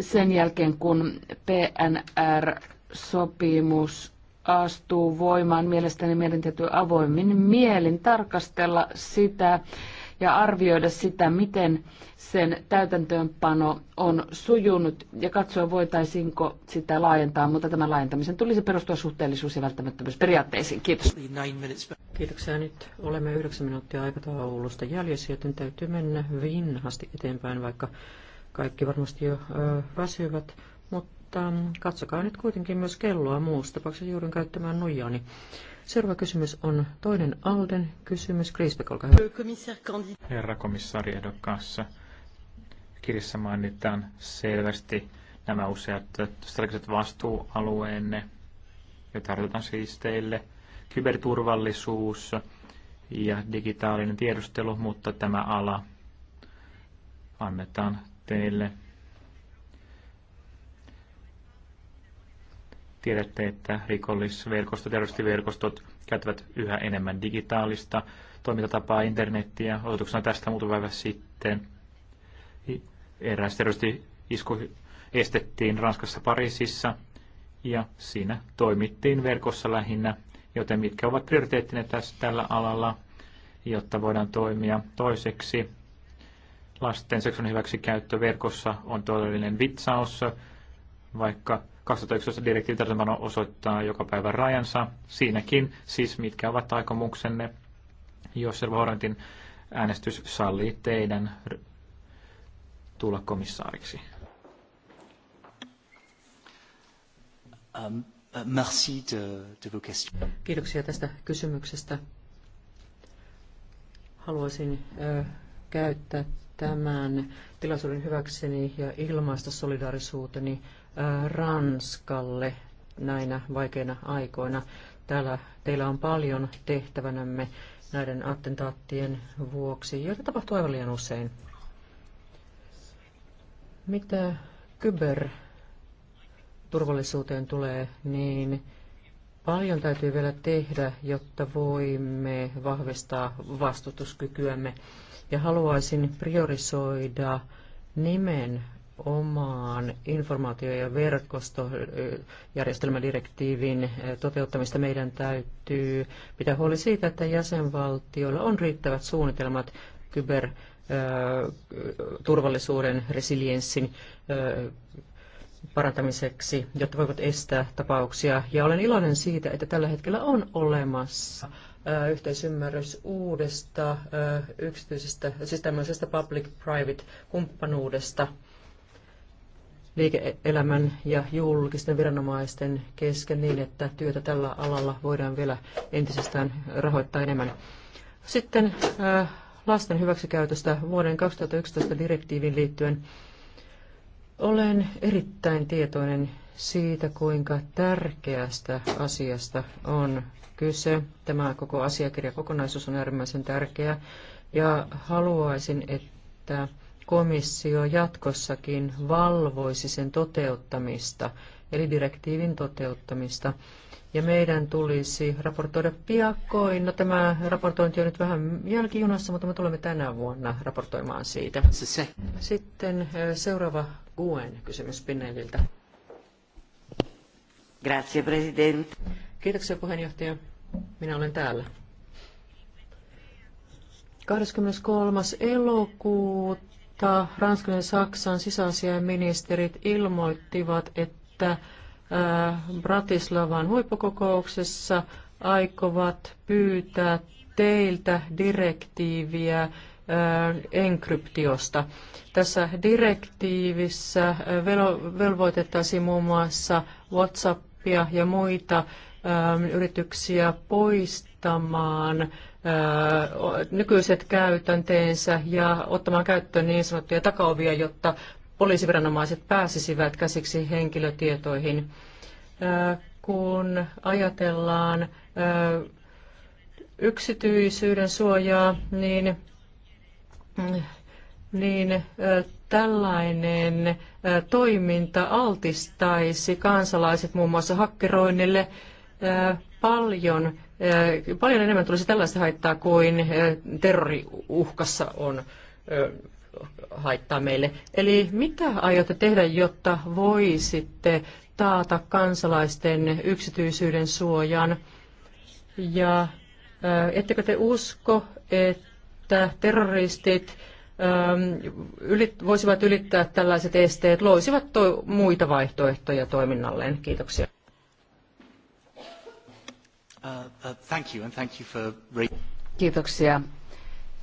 sen jälkeen, kun PNR-sopimus astuu voimaan, mielestäni meidän täytyy avoimin mielin tarkastella sitä ja arvioida sitä, miten sen täytäntöönpano on sujunut ja katsoa voitaisiinko sitä laajentaa, mutta tämän laajentamisen tulisi perustua suhteellisuus- ja välttämättömyysperiaatteisiin. Kiitos. Kiitoksia. Nyt olemme yhdeksän minuuttia aikataulusta jäljessä, joten täytyy mennä vinhasti eteenpäin, vaikka kaikki varmasti jo väsyvät. Mutta mm, katsokaa nyt kuitenkin myös kelloa muussa tapauksessa joudun käyttämään nojaani. Seuraava kysymys on toinen Alden kysymys. Kriisbeck, olkaa hyvä. Herra komissaari ehdokkaassa kirjassa mainitaan selvästi nämä useat strategiset vastuualueenne, joita tarjotaan siis teille, kyberturvallisuus ja digitaalinen tiedustelu, mutta tämä ala annetaan teille. Tiedätte, että rikollisverkostot, terroristiverkostot käyttävät yhä enemmän digitaalista toimintatapaa, internettiä. Odotuksena tästä muutama päivä sitten eräs terroristi-isku estettiin Ranskassa Pariisissa ja siinä toimittiin verkossa lähinnä, joten mitkä ovat prioriteettinne tässä tällä alalla, jotta voidaan toimia toiseksi. Lasten seksuaalinen hyväksikäyttö verkossa on todellinen vitsaus, vaikka 2011 direktiivi osoittaa joka päivä rajansa. Siinäkin siis mitkä ovat aikomuksenne, jos Servo äänestys sallii teidän tulla komissaariksi. Um, uh, merci de, de vos questions. Kiitoksia tästä kysymyksestä. Haluaisin äh, käyttää tämän tilaisuuden hyväkseni ja ilmaista solidarisuuteni äh, Ranskalle näinä vaikeina aikoina. Täällä teillä on paljon tehtävänämme näiden attentaattien vuoksi, joita tapahtuu aivan liian usein. Mitä kyberturvallisuuteen tulee, niin paljon täytyy vielä tehdä, jotta voimme vahvistaa vastustuskykyämme. Ja haluaisin priorisoida nimen omaan informaatio- ja verkostojärjestelmädirektiivin eh, toteuttamista. Meidän täytyy pitää huoli siitä, että jäsenvaltioilla on riittävät suunnitelmat kyber turvallisuuden, resilienssin parantamiseksi, jotta voivat estää tapauksia. Ja olen iloinen siitä, että tällä hetkellä on olemassa yhteisymmärrys uudesta yksityisestä, siis tämmöisestä public-private-kumppanuudesta liike-elämän ja julkisten viranomaisten kesken niin, että työtä tällä alalla voidaan vielä entisestään rahoittaa enemmän. Sitten lasten hyväksikäytöstä vuoden 2011 direktiivin liittyen. Olen erittäin tietoinen siitä, kuinka tärkeästä asiasta on kyse. Tämä koko asiakirja kokonaisuus on äärimmäisen tärkeä ja haluaisin, että komissio jatkossakin valvoisi sen toteuttamista, eli direktiivin toteuttamista ja meidän tulisi raportoida piakkoin. No tämä raportointi on nyt vähän jälkijunassa, mutta me tulemme tänä vuonna raportoimaan siitä. Sitten seuraava Guen kysymys Pinnelliltä. Grazie, president. Kiitoksia puheenjohtaja. Minä olen täällä. 23. elokuuta Ranskan ja Saksan sisäasiainministerit ilmoittivat, että Äh, Bratislavan huippukokouksessa aikovat pyytää teiltä direktiiviä äh, enkryptiosta. Tässä direktiivissä äh, velvoitettaisiin muun muassa WhatsAppia ja muita ähm, yrityksiä poistamaan nykyiset käytänteensä ja ottamaan käyttöön niin sanottuja takaovia, jotta poliisiviranomaiset pääsisivät käsiksi henkilötietoihin. Kun ajatellaan yksityisyyden suojaa, niin, niin tällainen toiminta altistaisi kansalaiset muun muassa hakkeroinnille paljon, paljon enemmän tulisi tällaista haittaa kuin terroriuhkassa on haittaa meille. Eli mitä aiotte tehdä, jotta voisitte taata kansalaisten yksityisyyden suojan? Ja ettekö te usko, että terroristit voisivat ylittää tällaiset esteet, loisivat to, muita vaihtoehtoja toiminnalleen? Kiitoksia. Uh, uh, Kiitoksia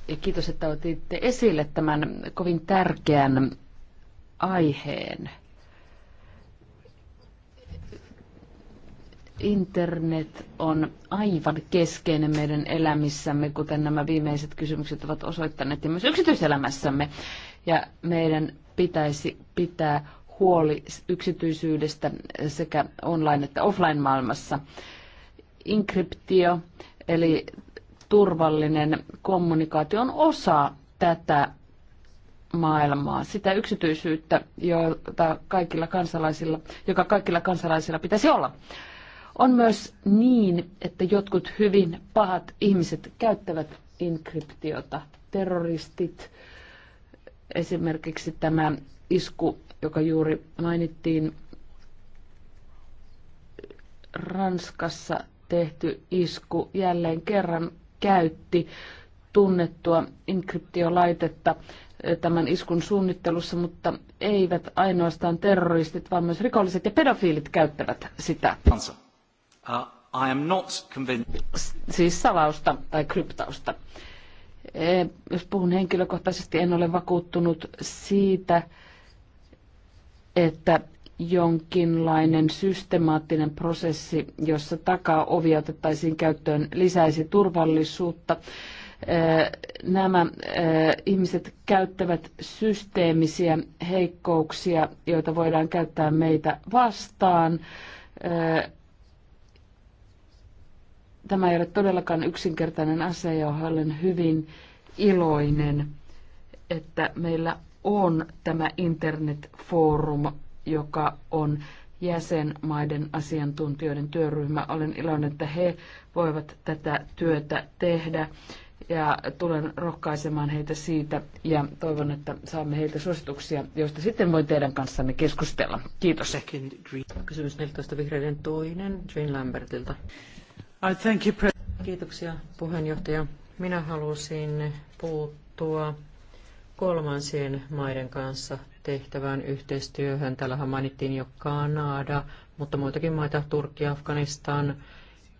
ja kiitos, että otitte esille tämän kovin tärkeän aiheen. Internet on aivan keskeinen meidän elämissämme, kuten nämä viimeiset kysymykset ovat osoittaneet, ja myös yksityiselämässämme. Ja meidän pitäisi pitää huoli yksityisyydestä sekä online- että offline-maailmassa. Inkryptio, eli turvallinen kommunikaatio on osa tätä maailmaa, sitä yksityisyyttä, jota kaikilla kansalaisilla, joka kaikilla kansalaisilla pitäisi olla. On myös niin, että jotkut hyvin pahat ihmiset käyttävät inkryptiota. Terroristit, esimerkiksi tämä isku, joka juuri mainittiin, Ranskassa tehty isku jälleen kerran käytti tunnettua inkryptiolaitetta eh, tämän iskun suunnittelussa, mutta eivät ainoastaan terroristit, vaan myös rikolliset ja pedofiilit käyttävät sitä. Uh, I am not convinced. Siis salausta tai kryptausta. Eh, jos puhun henkilökohtaisesti, en ole vakuuttunut siitä, että jonkinlainen systemaattinen prosessi, jossa takaa ovi otettaisiin käyttöön, lisäisi turvallisuutta. Nämä ihmiset käyttävät systeemisiä heikkouksia, joita voidaan käyttää meitä vastaan. Tämä ei ole todellakaan yksinkertainen asia, ja olen hyvin iloinen, että meillä on tämä internetfoorum joka on jäsenmaiden asiantuntijoiden työryhmä. Olen iloinen, että he voivat tätä työtä tehdä ja tulen rohkaisemaan heitä siitä ja toivon, että saamme heiltä suosituksia, joista sitten voin teidän kanssanne keskustella. Kiitos. Kysymys 14 vihreiden toinen Jane Lambertilta. I thank you, Kiitoksia puheenjohtaja. Minä halusin puuttua kolmansien maiden kanssa tehtävään yhteistyöhön. Täällähän mainittiin jo Kanada, mutta muitakin maita, Turkki, Afganistan.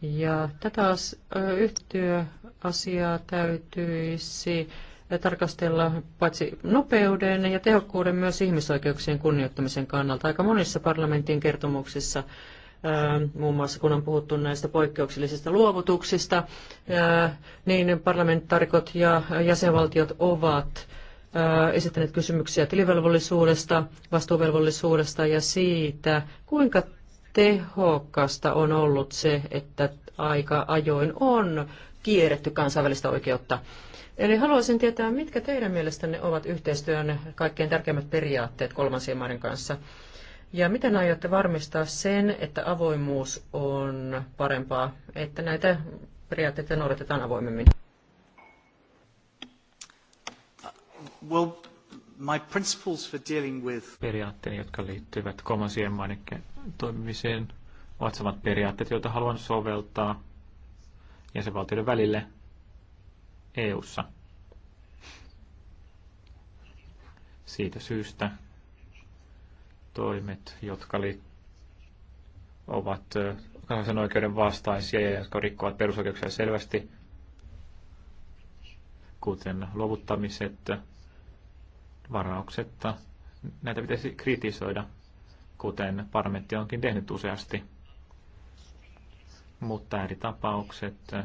Ja tätä yhteistyöasiaa täytyisi tarkastella paitsi nopeuden ja tehokkuuden myös ihmisoikeuksien kunnioittamisen kannalta. Aika monissa parlamentin kertomuksissa muun muassa kun on puhuttu näistä poikkeuksellisista luovutuksista, niin parlamentaarikot ja jäsenvaltiot ovat esittäneet kysymyksiä tilivelvollisuudesta, vastuuvelvollisuudesta ja siitä, kuinka tehokasta on ollut se, että aika ajoin on kierretty kansainvälistä oikeutta. Eli haluaisin tietää, mitkä teidän mielestänne ovat yhteistyön kaikkein tärkeimmät periaatteet kolmansien maiden kanssa. Ja miten aiotte varmistaa sen, että avoimuus on parempaa, että näitä periaatteita noudatetaan avoimemmin? Well, my principles for dealing with... Periaatteeni, jotka liittyvät kolmansien maiden toimimiseen, ovat samat periaatteet, joita haluan soveltaa jäsenvaltioiden välille EU-ssa. Siitä syystä toimet, jotka liittyvät ovat kansallisen oikeuden vastaisia ja jotka rikkovat perusoikeuksia selvästi, kuten luovuttamiset, varauksetta. Näitä pitäisi kritisoida, kuten parlamentti onkin tehnyt useasti. Mutta eri tapaukset eh,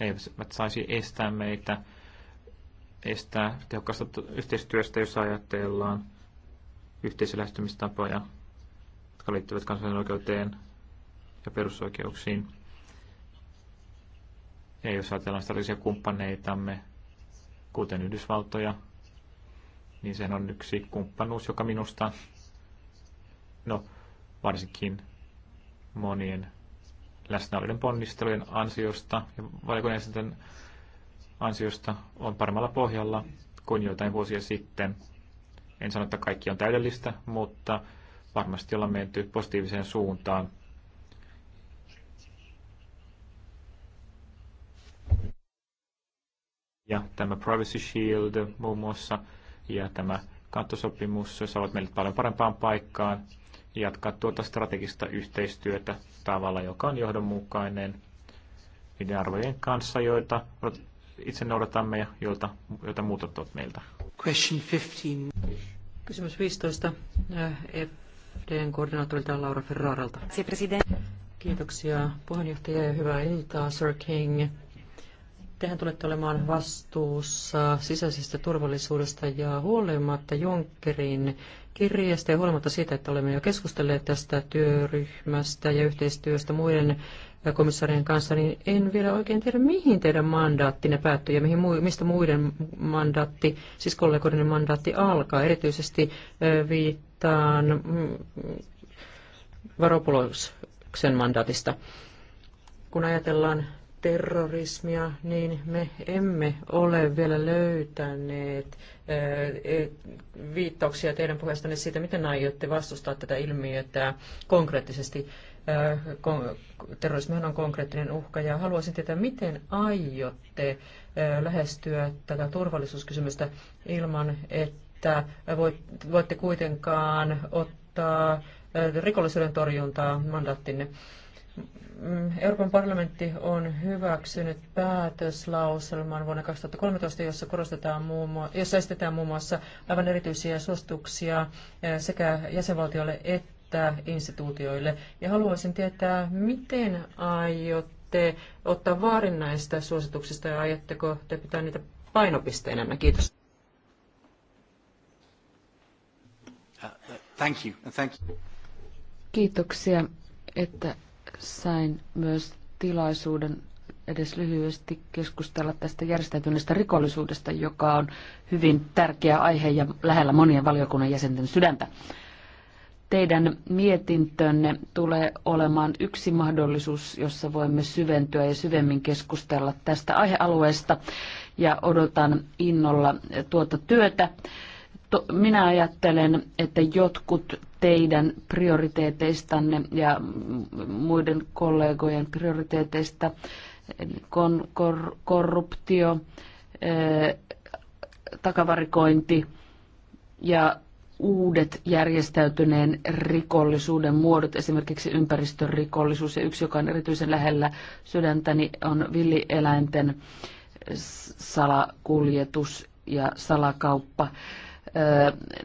eivät saisi estää meitä estää tehokkaasta yhteistyöstä, jos ajatellaan yhteisölähtymistapoja, jotka liittyvät kansanoikeuteen ja perusoikeuksiin. Ja jos ajatellaan strategisia kumppaneitamme, kuten Yhdysvaltoja, niin sehän on yksi kumppanuus, joka minusta, no varsinkin monien läsnäolijoiden ponnistelujen ansiosta ja valikoneisten ansiosta on paremmalla pohjalla kuin joitain vuosia sitten. En sano, että kaikki on täydellistä, mutta varmasti ollaan menty positiiviseen suuntaan. Ja tämä Privacy Shield muun muassa – ja tämä kantosopimus saavat meidät paljon parempaan paikkaan jatkaa tuota strategista yhteistyötä tavalla, joka on johdonmukainen niiden arvojen kanssa, joita itse noudatamme ja joita joita muut ottavat meiltä. Question 15. Kysymys 15. Eh, FDN koordinaattorilta Laura Ferraralta. Kiitoksia puheenjohtaja ja hyvää iltaa, Sir King. Tehän tulette olemaan vastuussa sisäisestä turvallisuudesta ja huolimatta Junckerin kirjasta ja huolimatta siitä, että olemme jo keskustelleet tästä työryhmästä ja yhteistyöstä muiden komissaarien kanssa, niin en vielä oikein tiedä, mihin teidän mandaattinne päättyy ja mihin, mistä muiden mandaatti, siis kollegoiden mandaatti alkaa. Erityisesti viittaan mm, varopuloksen mandaatista. Kun ajatellaan terrorismia, niin me emme ole vielä löytäneet eh, eh, viittauksia teidän puheestanne siitä, miten aiotte vastustaa tätä ilmiötä konkreettisesti. Eh, terrorismihan on konkreettinen uhka ja haluaisin tietää, miten aiotte lähestyä tätä turvallisuuskysymystä ilman, että voitte kuitenkaan ottaa rikollisuuden torjuntaa mandaattinne. Euroopan parlamentti on hyväksynyt päätöslauselman vuonna 2013, jossa, korostetaan muun muassa, jossa estetään muun muassa aivan erityisiä suosituksia eh, sekä jäsenvaltioille että instituutioille. Ja haluaisin tietää, miten aiotte ottaa vaarin näistä suosituksista ja aiotteko te pitää niitä painopisteenä? Kiitos. Uh, thank you. Thank you. Kiitoksia, että sain myös tilaisuuden edes lyhyesti keskustella tästä järjestäytyneestä rikollisuudesta, joka on hyvin tärkeä aihe ja lähellä monien valiokunnan jäsenten sydäntä. Teidän mietintönne tulee olemaan yksi mahdollisuus, jossa voimme syventyä ja syvemmin keskustella tästä aihealueesta ja odotan innolla tuota työtä minä ajattelen, että jotkut teidän prioriteeteistanne ja muiden kollegojen prioriteeteista, kon, kor, korruptio, takavarikointi ja uudet järjestäytyneen rikollisuuden muodot, esimerkiksi ympäristörikollisuus ja yksi, joka on erityisen lähellä sydäntäni, on villieläinten salakuljetus ja salakauppa.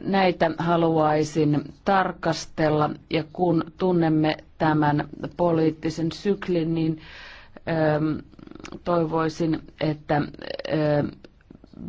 Näitä haluaisin tarkastella ja kun tunnemme tämän poliittisen syklin, niin toivoisin, että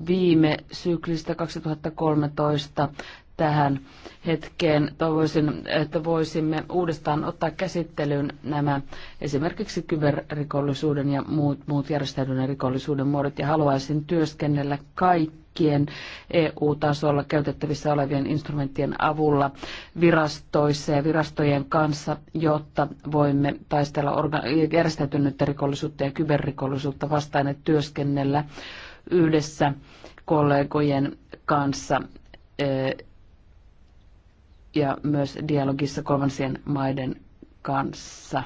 viime syklistä 2013 tähän hetkeen. Toivoisin, että voisimme uudestaan ottaa käsittelyyn nämä esimerkiksi kyberrikollisuuden ja muut, muut järjestäytyneen rikollisuuden muodot ja haluaisin työskennellä kaikki kaikkien EU-tasolla käytettävissä olevien instrumenttien avulla virastoissa ja virastojen kanssa, jotta voimme taistella orga- järjestäytynyttä rikollisuutta ja kyberrikollisuutta vastaan ja työskennellä yhdessä kollegojen kanssa e, ja myös dialogissa kolmansien maiden kanssa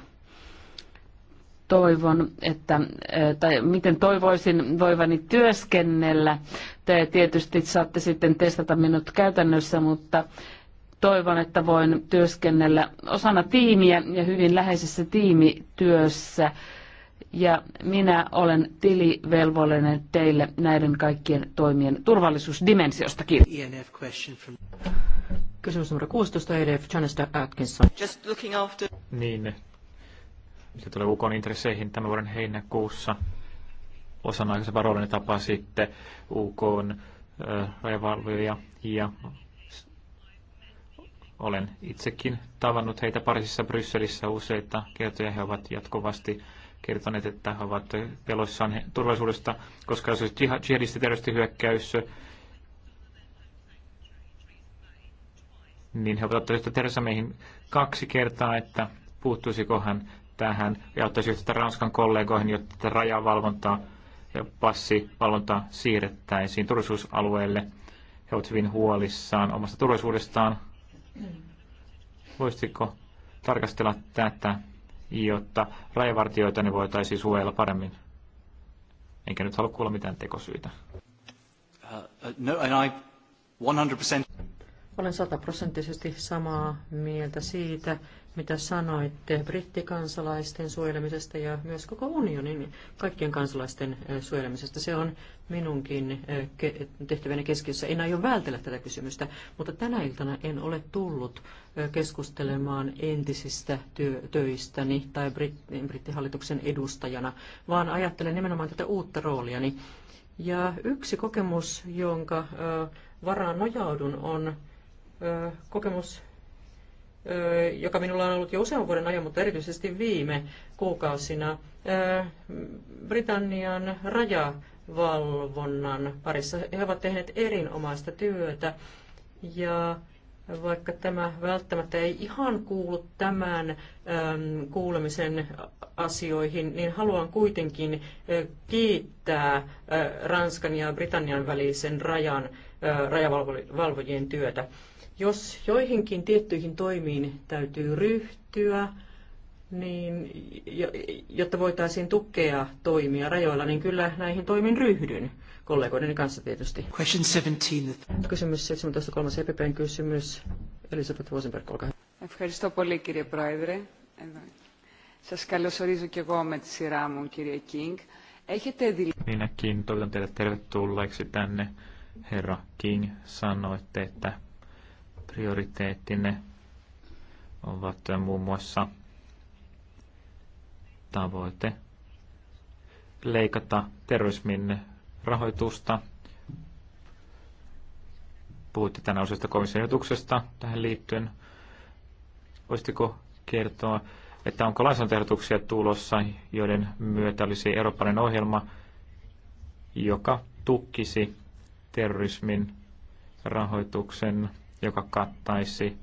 toivon, että, eh, tai miten toivoisin voivani työskennellä. Te tietysti saatte sitten testata minut käytännössä, mutta toivon, että voin työskennellä osana tiimiä ja hyvin läheisessä tiimityössä. Ja minä olen tilivelvollinen teille näiden kaikkien toimien turvallisuusdimensiosta. Kiitos. E Kysymys numero 16, EDF, Janice Atkinson. Just looking after... Niin, se tulee UKon intresseihin tämän vuoden heinäkuussa. Osana aikaisempaa roolini tapaa sitten ukon rajavalvoja ja olen itsekin tavannut heitä Pariisissa Brysselissä useita kertoja. He ovat jatkuvasti kertoneet, että he ovat peloissaan turvallisuudesta, koska se olisi jihadistiterroristihyökkäys, niin he ovat ottaneet Teresa meihin kaksi kertaa, että puuttuisiko hän tähän ja ottaisi yhteyttä Ranskan kollegoihin, jotta tätä rajavalvontaa ja passivalvontaa siirrettäisiin turvallisuusalueelle. He ovat hyvin huolissaan omasta turvallisuudestaan. Voisitko tarkastella tätä, jotta rajavartijoita ne voitaisiin suojella paremmin? Enkä nyt halua kuulla mitään tekosyitä. Uh, no, and I 100%... Olen sataprosenttisesti samaa mieltä siitä, mitä sanoitte brittikansalaisten suojelemisesta ja myös koko unionin kaikkien kansalaisten eh, suojelemisesta. Se on minunkin eh, tehtäväni keskiössä. En aio vältellä tätä kysymystä, mutta tänä iltana en ole tullut eh, keskustelemaan entisistä työ, töistäni tai brittihallituksen edustajana, vaan ajattelen nimenomaan tätä uutta rooliani. Ja yksi kokemus, jonka varaan nojaudun, on kokemus joka minulla on ollut jo usean vuoden ajan, mutta erityisesti viime kuukausina Britannian rajavalvonnan parissa. He ovat tehneet erinomaista työtä ja vaikka tämä välttämättä ei ihan kuulu tämän kuulemisen asioihin, niin haluan kuitenkin kiittää Ranskan ja Britannian välisen rajan rajavalvojien työtä. Jos joihinkin tiettyihin toimiin täytyy ryhtyä, niin, jotta voitaisiin tukea toimia rajoilla, niin kyllä näihin toimin ryhdyn kollegoiden kanssa tietysti. Question 17. Kysymys 17.3. EPPn kysymys. Elisabeth Vosenberg, olkaa hyvä. Ευχαριστώ πολύ κύριε Πρόεδρε. Σας καλωσορίζω και εγώ με τη σειρά μου κύριε Κίνγκ. Έχετε δει... Minäkin toivotan teidät tervetulleeksi tänne. Herra King, sanoitte, että prioriteettinne ovat muun muassa tavoite leikata terrorismin rahoitusta. Puhuitte tänään useasta komission jutuksesta tähän liittyen. Voisitteko kertoa, että onko lainsäädäntöehdotuksia tulossa, joiden myötä olisi eurooppalainen ohjelma, joka tukkisi terrorismin rahoituksen joka kattaisi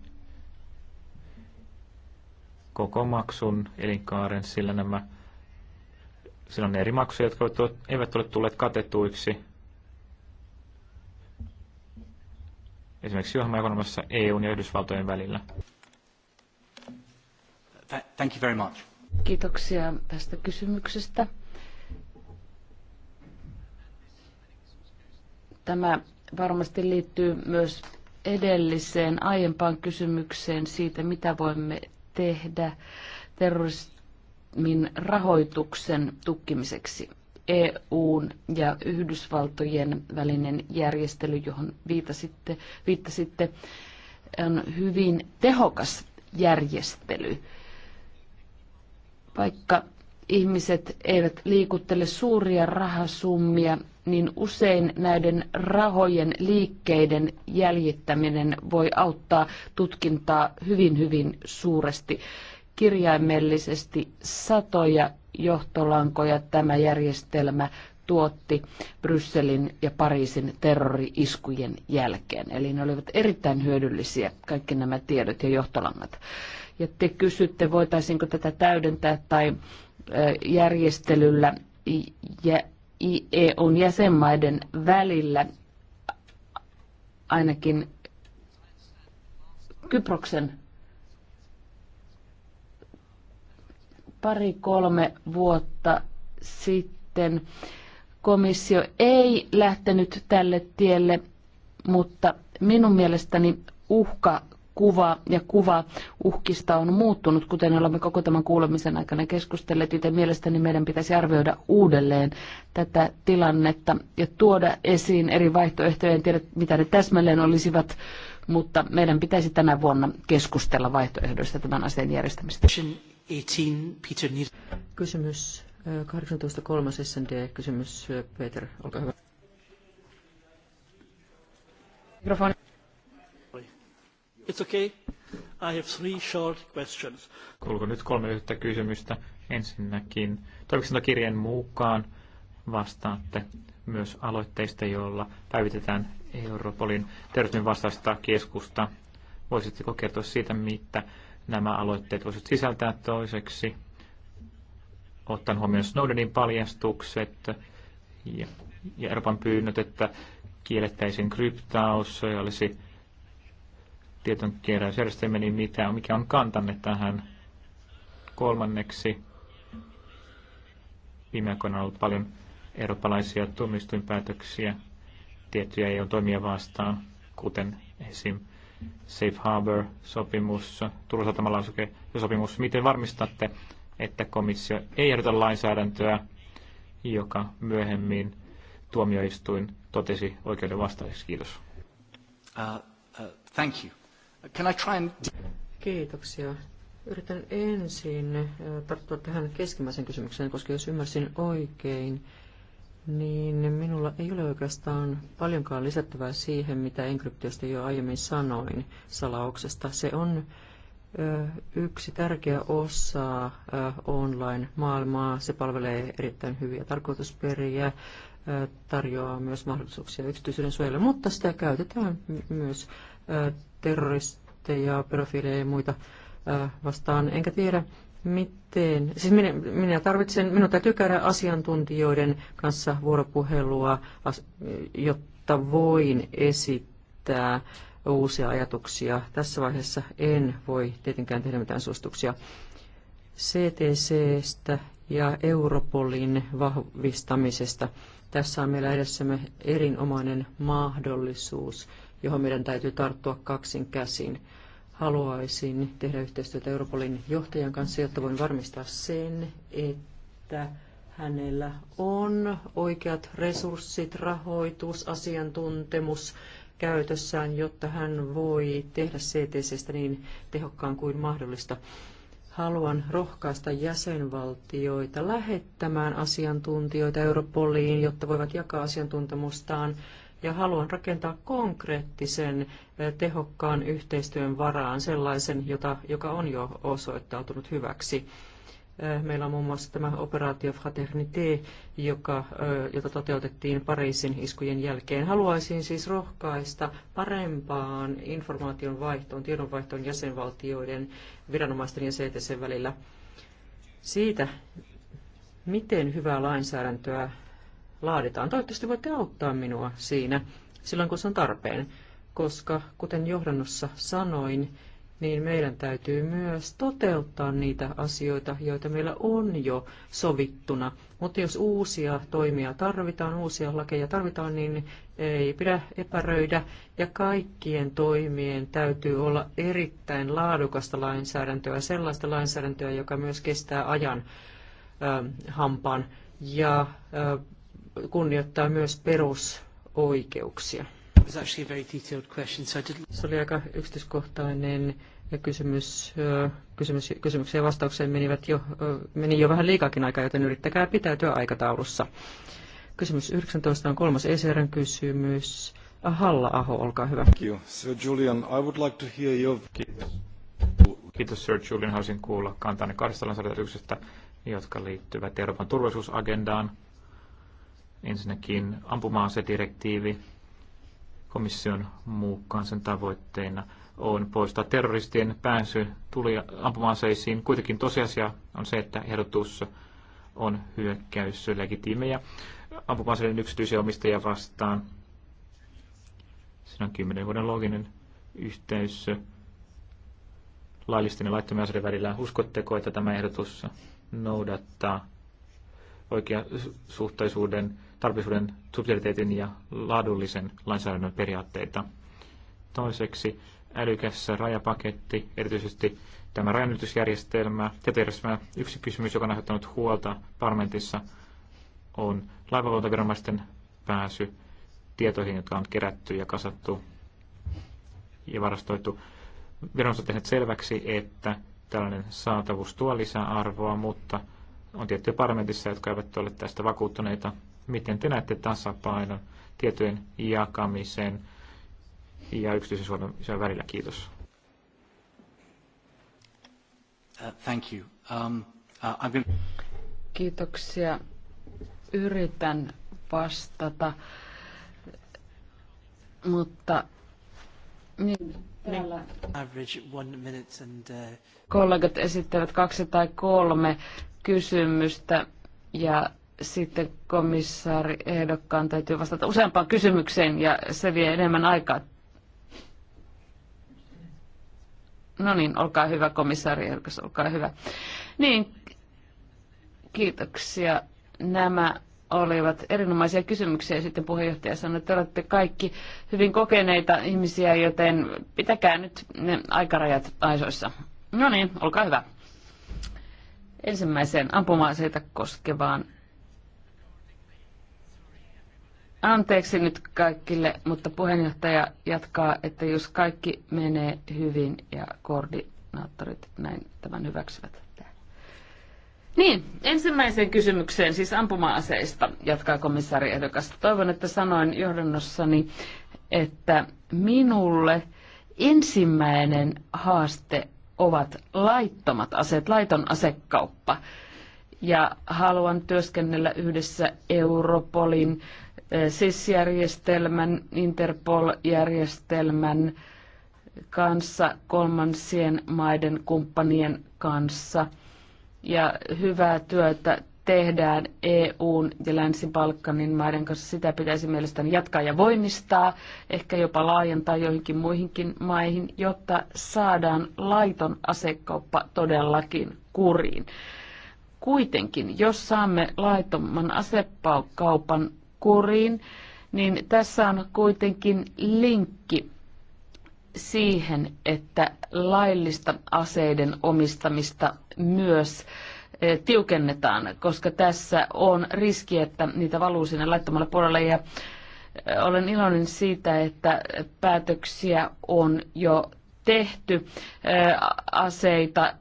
koko maksun elinkaaren, sillä nämä sillä on eri maksuja, jotka eivät ole tulleet katetuiksi. Esimerkiksi ohjelmaekonomassa EUn ja Yhdysvaltojen välillä. Thank you very much. Kiitoksia tästä kysymyksestä. Tämä varmasti liittyy myös edelliseen aiempaan kysymykseen siitä, mitä voimme tehdä terrorismin rahoituksen tukkimiseksi. EUn ja Yhdysvaltojen välinen järjestely, johon viitasitte, viittasitte, on hyvin tehokas järjestely. Vaikka ihmiset eivät liikuttele suuria rahasummia, niin usein näiden rahojen liikkeiden jäljittäminen voi auttaa tutkintaa hyvin, hyvin suuresti. Kirjaimellisesti satoja johtolankoja tämä järjestelmä tuotti Brysselin ja Pariisin terrori-iskujen jälkeen. Eli ne olivat erittäin hyödyllisiä, kaikki nämä tiedot ja johtolangat. Ja te kysytte, voitaisiinko tätä täydentää tai järjestelyllä ja EUn jäsenmaiden välillä ainakin Kyproksen pari-kolme vuotta sitten komissio ei lähtenyt tälle tielle, mutta minun mielestäni uhka kuva ja kuva uhkista on muuttunut, kuten olemme koko tämän kuulemisen aikana keskustelleet, joten mielestäni meidän pitäisi arvioida uudelleen tätä tilannetta ja tuoda esiin eri vaihtoehtoja. En tiedä, mitä ne täsmälleen olisivat, mutta meidän pitäisi tänä vuonna keskustella vaihtoehdoista tämän asian järjestämistä. Kysymys 18.3. Äh, SND. Kysymys äh, Peter, olkaa hyvä. Mikrofoni. It's okay. I have three short questions. Kuuluuko nyt kolme yhtä kysymystä? Ensinnäkin, toimeksiantokirjeen mukaan vastaatte myös aloitteista, joilla päivitetään Europolin terrorismin vastaista keskusta. Voisitteko kertoa siitä, mitä nämä aloitteet voisivat sisältää toiseksi, ottaen huomioon Snowdenin paljastukset ja, ja Euroopan pyynnöt, että kiellettäisiin kryptaus ja olisi tietyn keräysjärjestelmä, niin mitä, mikä on kantanne tähän kolmanneksi? Viime aikoina on ollut paljon eurooppalaisia tuomioistuinpäätöksiä tiettyjä ole toimia vastaan, kuten esim. Safe Harbor-sopimus, Turun sopimus. Miten varmistatte, että komissio ei ehdota lainsäädäntöä, joka myöhemmin tuomioistuin totesi oikeuden Kiitos. Uh, uh, thank you. Can I try and... Kiitoksia. Yritän ensin tarttua tähän keskimmäisen kysymykseen, koska jos ymmärsin oikein, niin minulla ei ole oikeastaan paljonkaan lisättävää siihen, mitä enkryptiosta jo aiemmin sanoin salauksesta. Se on yksi tärkeä osa online-maailmaa. Se palvelee erittäin hyviä tarkoitusperiä, tarjoaa myös mahdollisuuksia yksityisyyden suojelle, mutta sitä käytetään myös terroristeja, pedofiileja ja muita vastaan. Enkä tiedä, miten. Siis minä, minä tarvitsen, minun täytyy käydä asiantuntijoiden kanssa vuoropuhelua, jotta voin esittää uusia ajatuksia. Tässä vaiheessa en voi tietenkään tehdä mitään suostuksia. CTCstä ja Europolin vahvistamisesta. Tässä on meillä edessämme erinomainen mahdollisuus johon meidän täytyy tarttua kaksin käsin. Haluaisin tehdä yhteistyötä Europolin johtajan kanssa, jotta voin varmistaa sen, että hänellä on oikeat resurssit, rahoitus, asiantuntemus käytössään, jotta hän voi tehdä CTCstä niin tehokkaan kuin mahdollista. Haluan rohkaista jäsenvaltioita lähettämään asiantuntijoita Europoliin, jotta voivat jakaa asiantuntemustaan ja haluan rakentaa konkreettisen eh, tehokkaan yhteistyön varaan sellaisen, jota, joka on jo osoittautunut hyväksi. Eh, meillä on muun muassa tämä operaatio Fraternité, joka, eh, jota toteutettiin Pariisin iskujen jälkeen. Haluaisin siis rohkaista parempaan informaation vaihtoon, tiedonvaihtoon jäsenvaltioiden, viranomaisten ja CTC välillä siitä, miten hyvää lainsäädäntöä laaditaan. Toivottavasti voitte auttaa minua siinä silloin, kun se on tarpeen, koska kuten johdannossa sanoin, niin meidän täytyy myös toteuttaa niitä asioita, joita meillä on jo sovittuna. Mutta jos uusia toimia tarvitaan, uusia lakeja tarvitaan, niin ei pidä epäröidä. Ja kaikkien toimien täytyy olla erittäin laadukasta lainsäädäntöä, sellaista lainsäädäntöä, joka myös kestää ajan ö, hampaan. Ja ö, kunnioittaa myös perusoikeuksia? Se oli aika yksityiskohtainen kysymys, kysymys kysymykseen ja vastaukseen menivät jo, meni jo vähän liikakin aikaa, joten yrittäkää pitäytyä aikataulussa. Kysymys 19 on kolmas ECRn kysymys. Halla-aho, olkaa hyvä. Sir Julian, I would like to hear your... Kiitos. Kiitos Sir Julian, haluaisin kuulla kantaa ne lainsäädäntöyksistä, jotka liittyvät Euroopan turvallisuusagendaan. Ensinnäkin ampuma-asedirektiivi komission mukaan sen tavoitteena on poistaa terroristien pääsy tuli ampuma-aseisiin. Kuitenkin tosiasia on se, että ehdotus on hyökkäys legitiimejä ampuma-aseiden yksityisiä omistajia vastaan. Siinä on kymmenen vuoden looginen yhteys laillisten ja laittomien aseiden välillä. Uskotteko, että tämä ehdotus noudattaa oikean suhtaisuuden, tarpeisuuden subsidiariteetin ja laadullisen lainsäädännön periaatteita. Toiseksi älykässä rajapaketti, erityisesti tämä rajanytysjärjestelmä, tietojärjestelmä. Yksi kysymys, joka on aiheuttanut huolta parlamentissa, on laivavalvontaviranomaisten pääsy tietoihin, jotka on kerätty ja kasattu ja varastoitu. Viranomaiset tehneet selväksi, että tällainen saatavuus tuo lisää arvoa, mutta – on tiettyjä parlamentissa, jotka eivät ole tästä vakuuttuneita. Miten te näette tasapainon tietojen jakamisen ja yksityisen Suomen välillä? Kiitos. Uh, thank you. Um, uh, been... Kiitoksia. Yritän vastata, mutta niin, täällä uh, kollegat esittävät kaksi tai kolme kysymystä ja sitten komissaari ehdokkaan täytyy vastata useampaan kysymykseen ja se vie enemmän aikaa. No niin, olkaa hyvä komissaari ehdokas, olkaa hyvä. Niin, kiitoksia. Nämä olivat erinomaisia kysymyksiä. Sitten puheenjohtaja sanoi, että olette kaikki hyvin kokeneita ihmisiä, joten pitäkää nyt ne aikarajat aisoissa. No niin, olkaa hyvä ensimmäiseen ampuma-aseita koskevaan. Anteeksi nyt kaikille, mutta puheenjohtaja jatkaa, että jos kaikki menee hyvin ja koordinaattorit näin tämän hyväksyvät. Niin, ensimmäiseen kysymykseen siis ampuma-aseista, jatkaa komissaari ehdokas. Toivon, että sanoin johdannossani, että minulle ensimmäinen haaste ovat laittomat aseet, laiton asekauppa. Ja haluan työskennellä yhdessä Europolin, eh, SIS-järjestelmän, Interpol-järjestelmän kanssa, kolmansien maiden kumppanien kanssa. Ja hyvää työtä tehdään EUn ja Länsi-Balkanin maiden kanssa, sitä pitäisi mielestäni jatkaa ja voimistaa, ehkä jopa laajentaa joihinkin muihinkin maihin, jotta saadaan laiton asekauppa todellakin kuriin. Kuitenkin, jos saamme laittoman asekaupan kuriin, niin tässä on kuitenkin linkki siihen, että laillista aseiden omistamista myös Eh, tiukennetaan, koska tässä on riski, että niitä valuu sinne laittomalle puolelle. Ja eh, olen iloinen siitä, että päätöksiä on jo tehty. Eh, aseita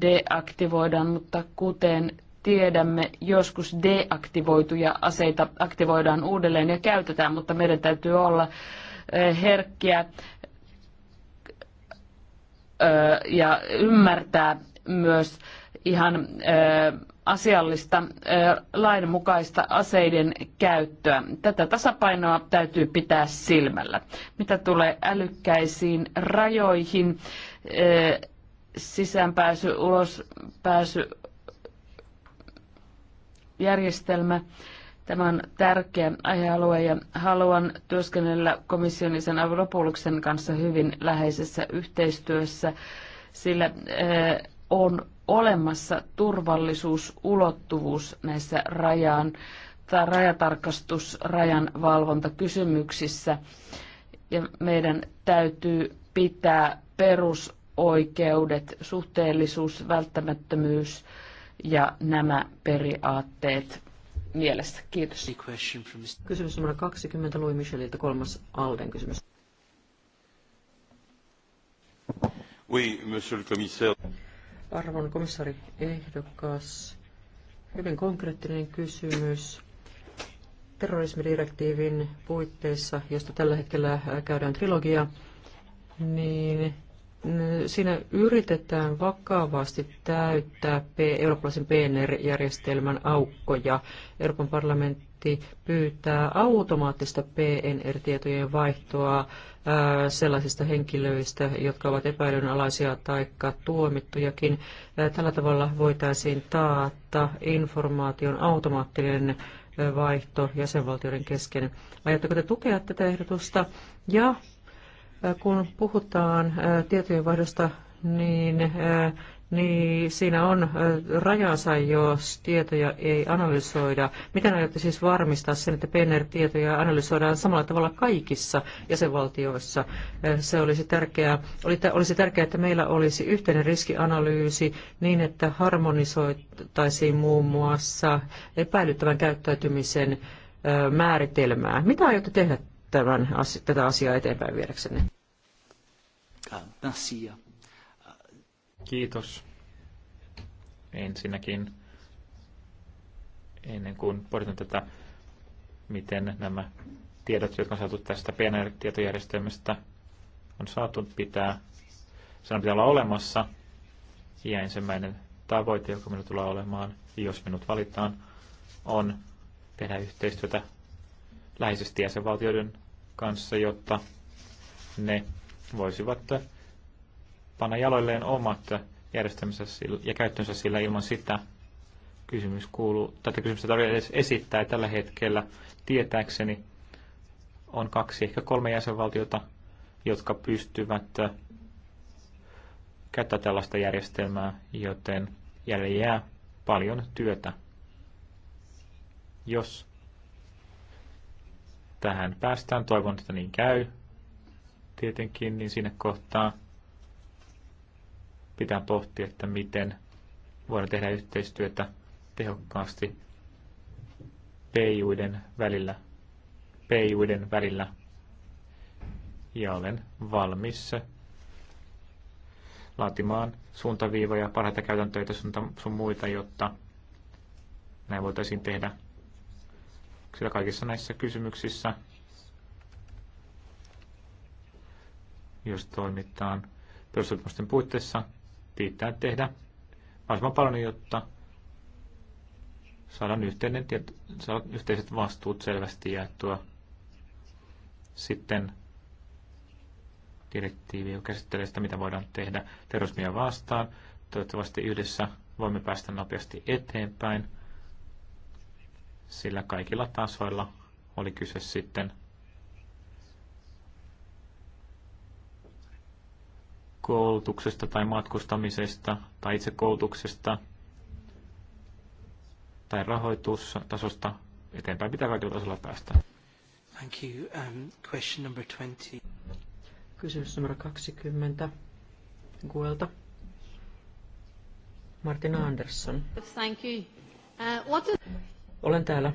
deaktivoidaan, mutta kuten tiedämme, joskus deaktivoituja aseita aktivoidaan uudelleen ja käytetään, mutta meidän täytyy olla herkkiä ja ymmärtää myös ihan asiallista lainmukaista aseiden käyttöä. Tätä tasapainoa täytyy pitää silmällä. Mitä tulee älykkäisiin rajoihin, sisäänpääsy, ulospääsy, järjestelmä. Tämä on tärkeä aihealue ja haluan työskennellä komission sen kanssa hyvin läheisessä yhteistyössä, sillä on olemassa turvallisuusulottuvuus näissä rajaan tai rajatarkastus, rajan valvontakysymyksissä. Ja meidän täytyy pitää perusoikeudet, suhteellisuus, välttämättömyys ja nämä periaatteet mielessä. Kiitos. Kysymys numero 20, Louis Michelilta, kolmas Alden kysymys. Oui, monsieur le commissaire arvon komissari ehdokas. Hyvin konkreettinen kysymys. Terrorismidirektiivin puitteissa, josta tällä hetkellä käydään trilogia, niin siinä yritetään vakavasti täyttää eurooppalaisen PNR-järjestelmän aukkoja. Euroopan parlamentti pyytää automaattista PNR-tietojen vaihtoa sellaisista henkilöistä, jotka ovat epäilynalaisia tai tuomittujakin. Tällä tavalla voitaisiin taata informaation automaattinen vaihto jäsenvaltioiden kesken. Aiotteko te tukea tätä ehdotusta? Ja kun puhutaan tietojenvaihdosta, niin, niin siinä on rajansa, jos tietoja ei analysoida. Miten aiotte siis varmistaa sen, että PNR-tietoja analysoidaan samalla tavalla kaikissa jäsenvaltioissa? Se olisi tärkeää, olisi tärkeää, että meillä olisi yhteinen riskianalyysi niin, että harmonisoitaisiin muun muassa epäilyttävän käyttäytymisen määritelmää. Mitä aiotte tehdä tämän, tätä asiaa eteenpäin viedäksenne. Kiitos. Ensinnäkin ennen kuin pohditaan tätä, miten nämä tiedot, jotka on saatu tästä PNR-tietojärjestelmästä, on saatu pitää, sen pitää olla olemassa. Ja ensimmäinen tavoite, joka minulla tulee olemaan, jos minut valitaan, on tehdä yhteistyötä läheisesti jäsenvaltioiden kanssa, jotta ne voisivat panna jaloilleen omat järjestelmänsä ja käyttönsä sillä ilman sitä. Kysymys kuuluu, tätä kysymystä tarvitsee edes esittää tällä hetkellä. Tietääkseni on kaksi, ehkä kolme jäsenvaltiota, jotka pystyvät käyttää tällaista järjestelmää, joten jäljellä jää paljon työtä. Jos tähän päästään. Toivon, että niin käy tietenkin, niin sinne kohtaa pitää pohtia, että miten voidaan tehdä yhteistyötä tehokkaasti PIUiden välillä. PIUiden välillä. Ja olen valmis laatimaan suuntaviivoja, parhaita käytäntöitä sun muita, jotta näin voitaisiin tehdä sillä kaikissa näissä kysymyksissä, jos toimitaan perussopimusten puitteissa, pitää tehdä mahdollisimman paljon, jotta saadaan, yhteinen, saadaan yhteiset vastuut selvästi jaettua. Sitten direktiivi, joka käsittelee sitä, mitä voidaan tehdä terrorismia vastaan. Toivottavasti yhdessä voimme päästä nopeasti eteenpäin sillä kaikilla tasoilla oli kyse sitten koulutuksesta tai matkustamisesta tai itse koulutuksesta tai rahoitustasosta eteenpäin pitää kaikilla tasolla päästä. Thank you. Um, question number 20. Kysymys numero 20. Guelta. Martina Andersson. Thank you. Uh, what is... Olen täällä.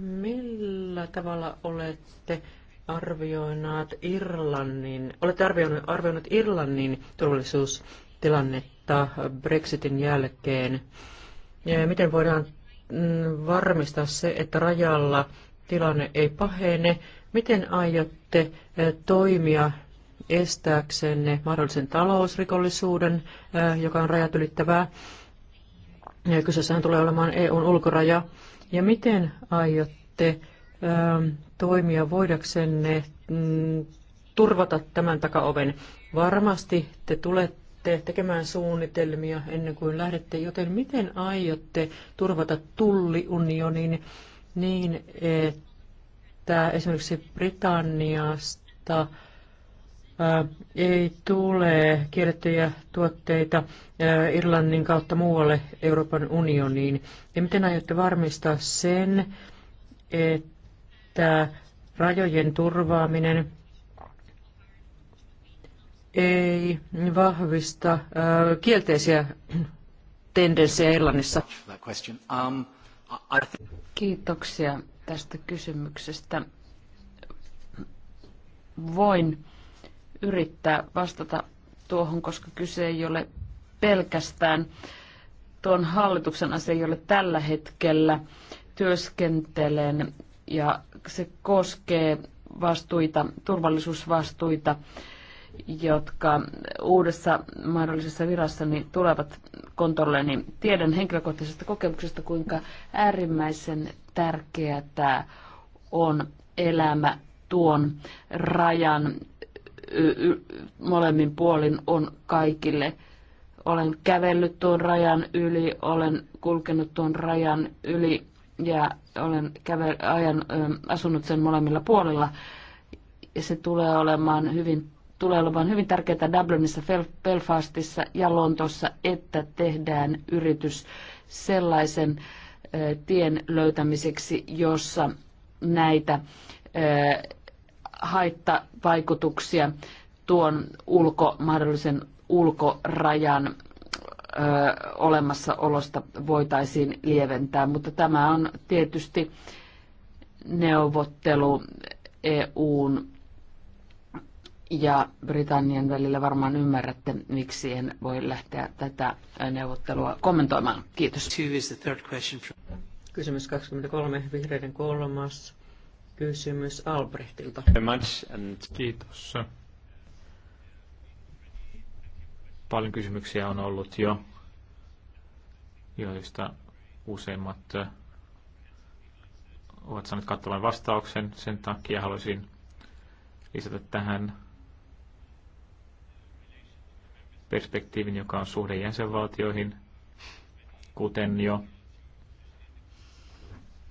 Millä tavalla olette arvioinut Irlannin, olette arvioinut, arvioinut Irlannin turvallisuustilannetta Brexitin jälkeen? Ja miten voidaan mm, varmistaa se, että rajalla tilanne ei pahene? Miten aiotte eh, toimia estääksenne mahdollisen talousrikollisuuden, eh, joka on rajat ylittävää? Ja kyseessähän tulee olemaan EUn ulkoraja. Ja miten aiotte ähm, toimia voidaksenne mm, turvata tämän takaoven? Varmasti te tulette tekemään suunnitelmia ennen kuin lähdette, joten miten aiotte turvata tulliunionin niin, että esimerkiksi Britanniasta ei tule kiellettyjä tuotteita Irlannin kautta muualle Euroopan unioniin. Ja miten aiotte varmistaa sen, että rajojen turvaaminen ei vahvista kielteisiä tendenssejä Irlannissa? Kiitoksia tästä kysymyksestä. Voin yrittää vastata tuohon, koska kyse ei ole pelkästään tuon hallituksen asia, jolle tällä hetkellä työskentelen. Ja se koskee vastuita, turvallisuusvastuita, jotka uudessa mahdollisessa virassani tulevat kontolleni. Tiedän henkilökohtaisesta kokemuksesta, kuinka äärimmäisen tärkeää tämä on elämä tuon rajan molemmin puolin on kaikille. Olen kävellyt tuon rajan yli, olen kulkenut tuon rajan yli ja olen käve, ajan, ö, asunut sen molemmilla puolilla. Ja se tulee olemaan hyvin, tulee olemaan hyvin tärkeää Dublinissa, Belfastissa ja Lontossa, että tehdään yritys sellaisen ö, tien löytämiseksi, jossa näitä ö, haittavaikutuksia tuon ulko, mahdollisen ulkorajan ö, olemassaolosta voitaisiin lieventää, mutta tämä on tietysti neuvottelu EUn ja Britannian välillä varmaan ymmärrätte, miksi en voi lähteä tätä neuvottelua kommentoimaan. Kiitos. Kysymys 23, vihreiden kolmas kysymys Albrechtilta. Kiitos. Paljon kysymyksiä on ollut jo, joista useimmat ovat saaneet kattavan vastauksen. Sen takia haluaisin lisätä tähän perspektiivin, joka on suhde jäsenvaltioihin, kuten jo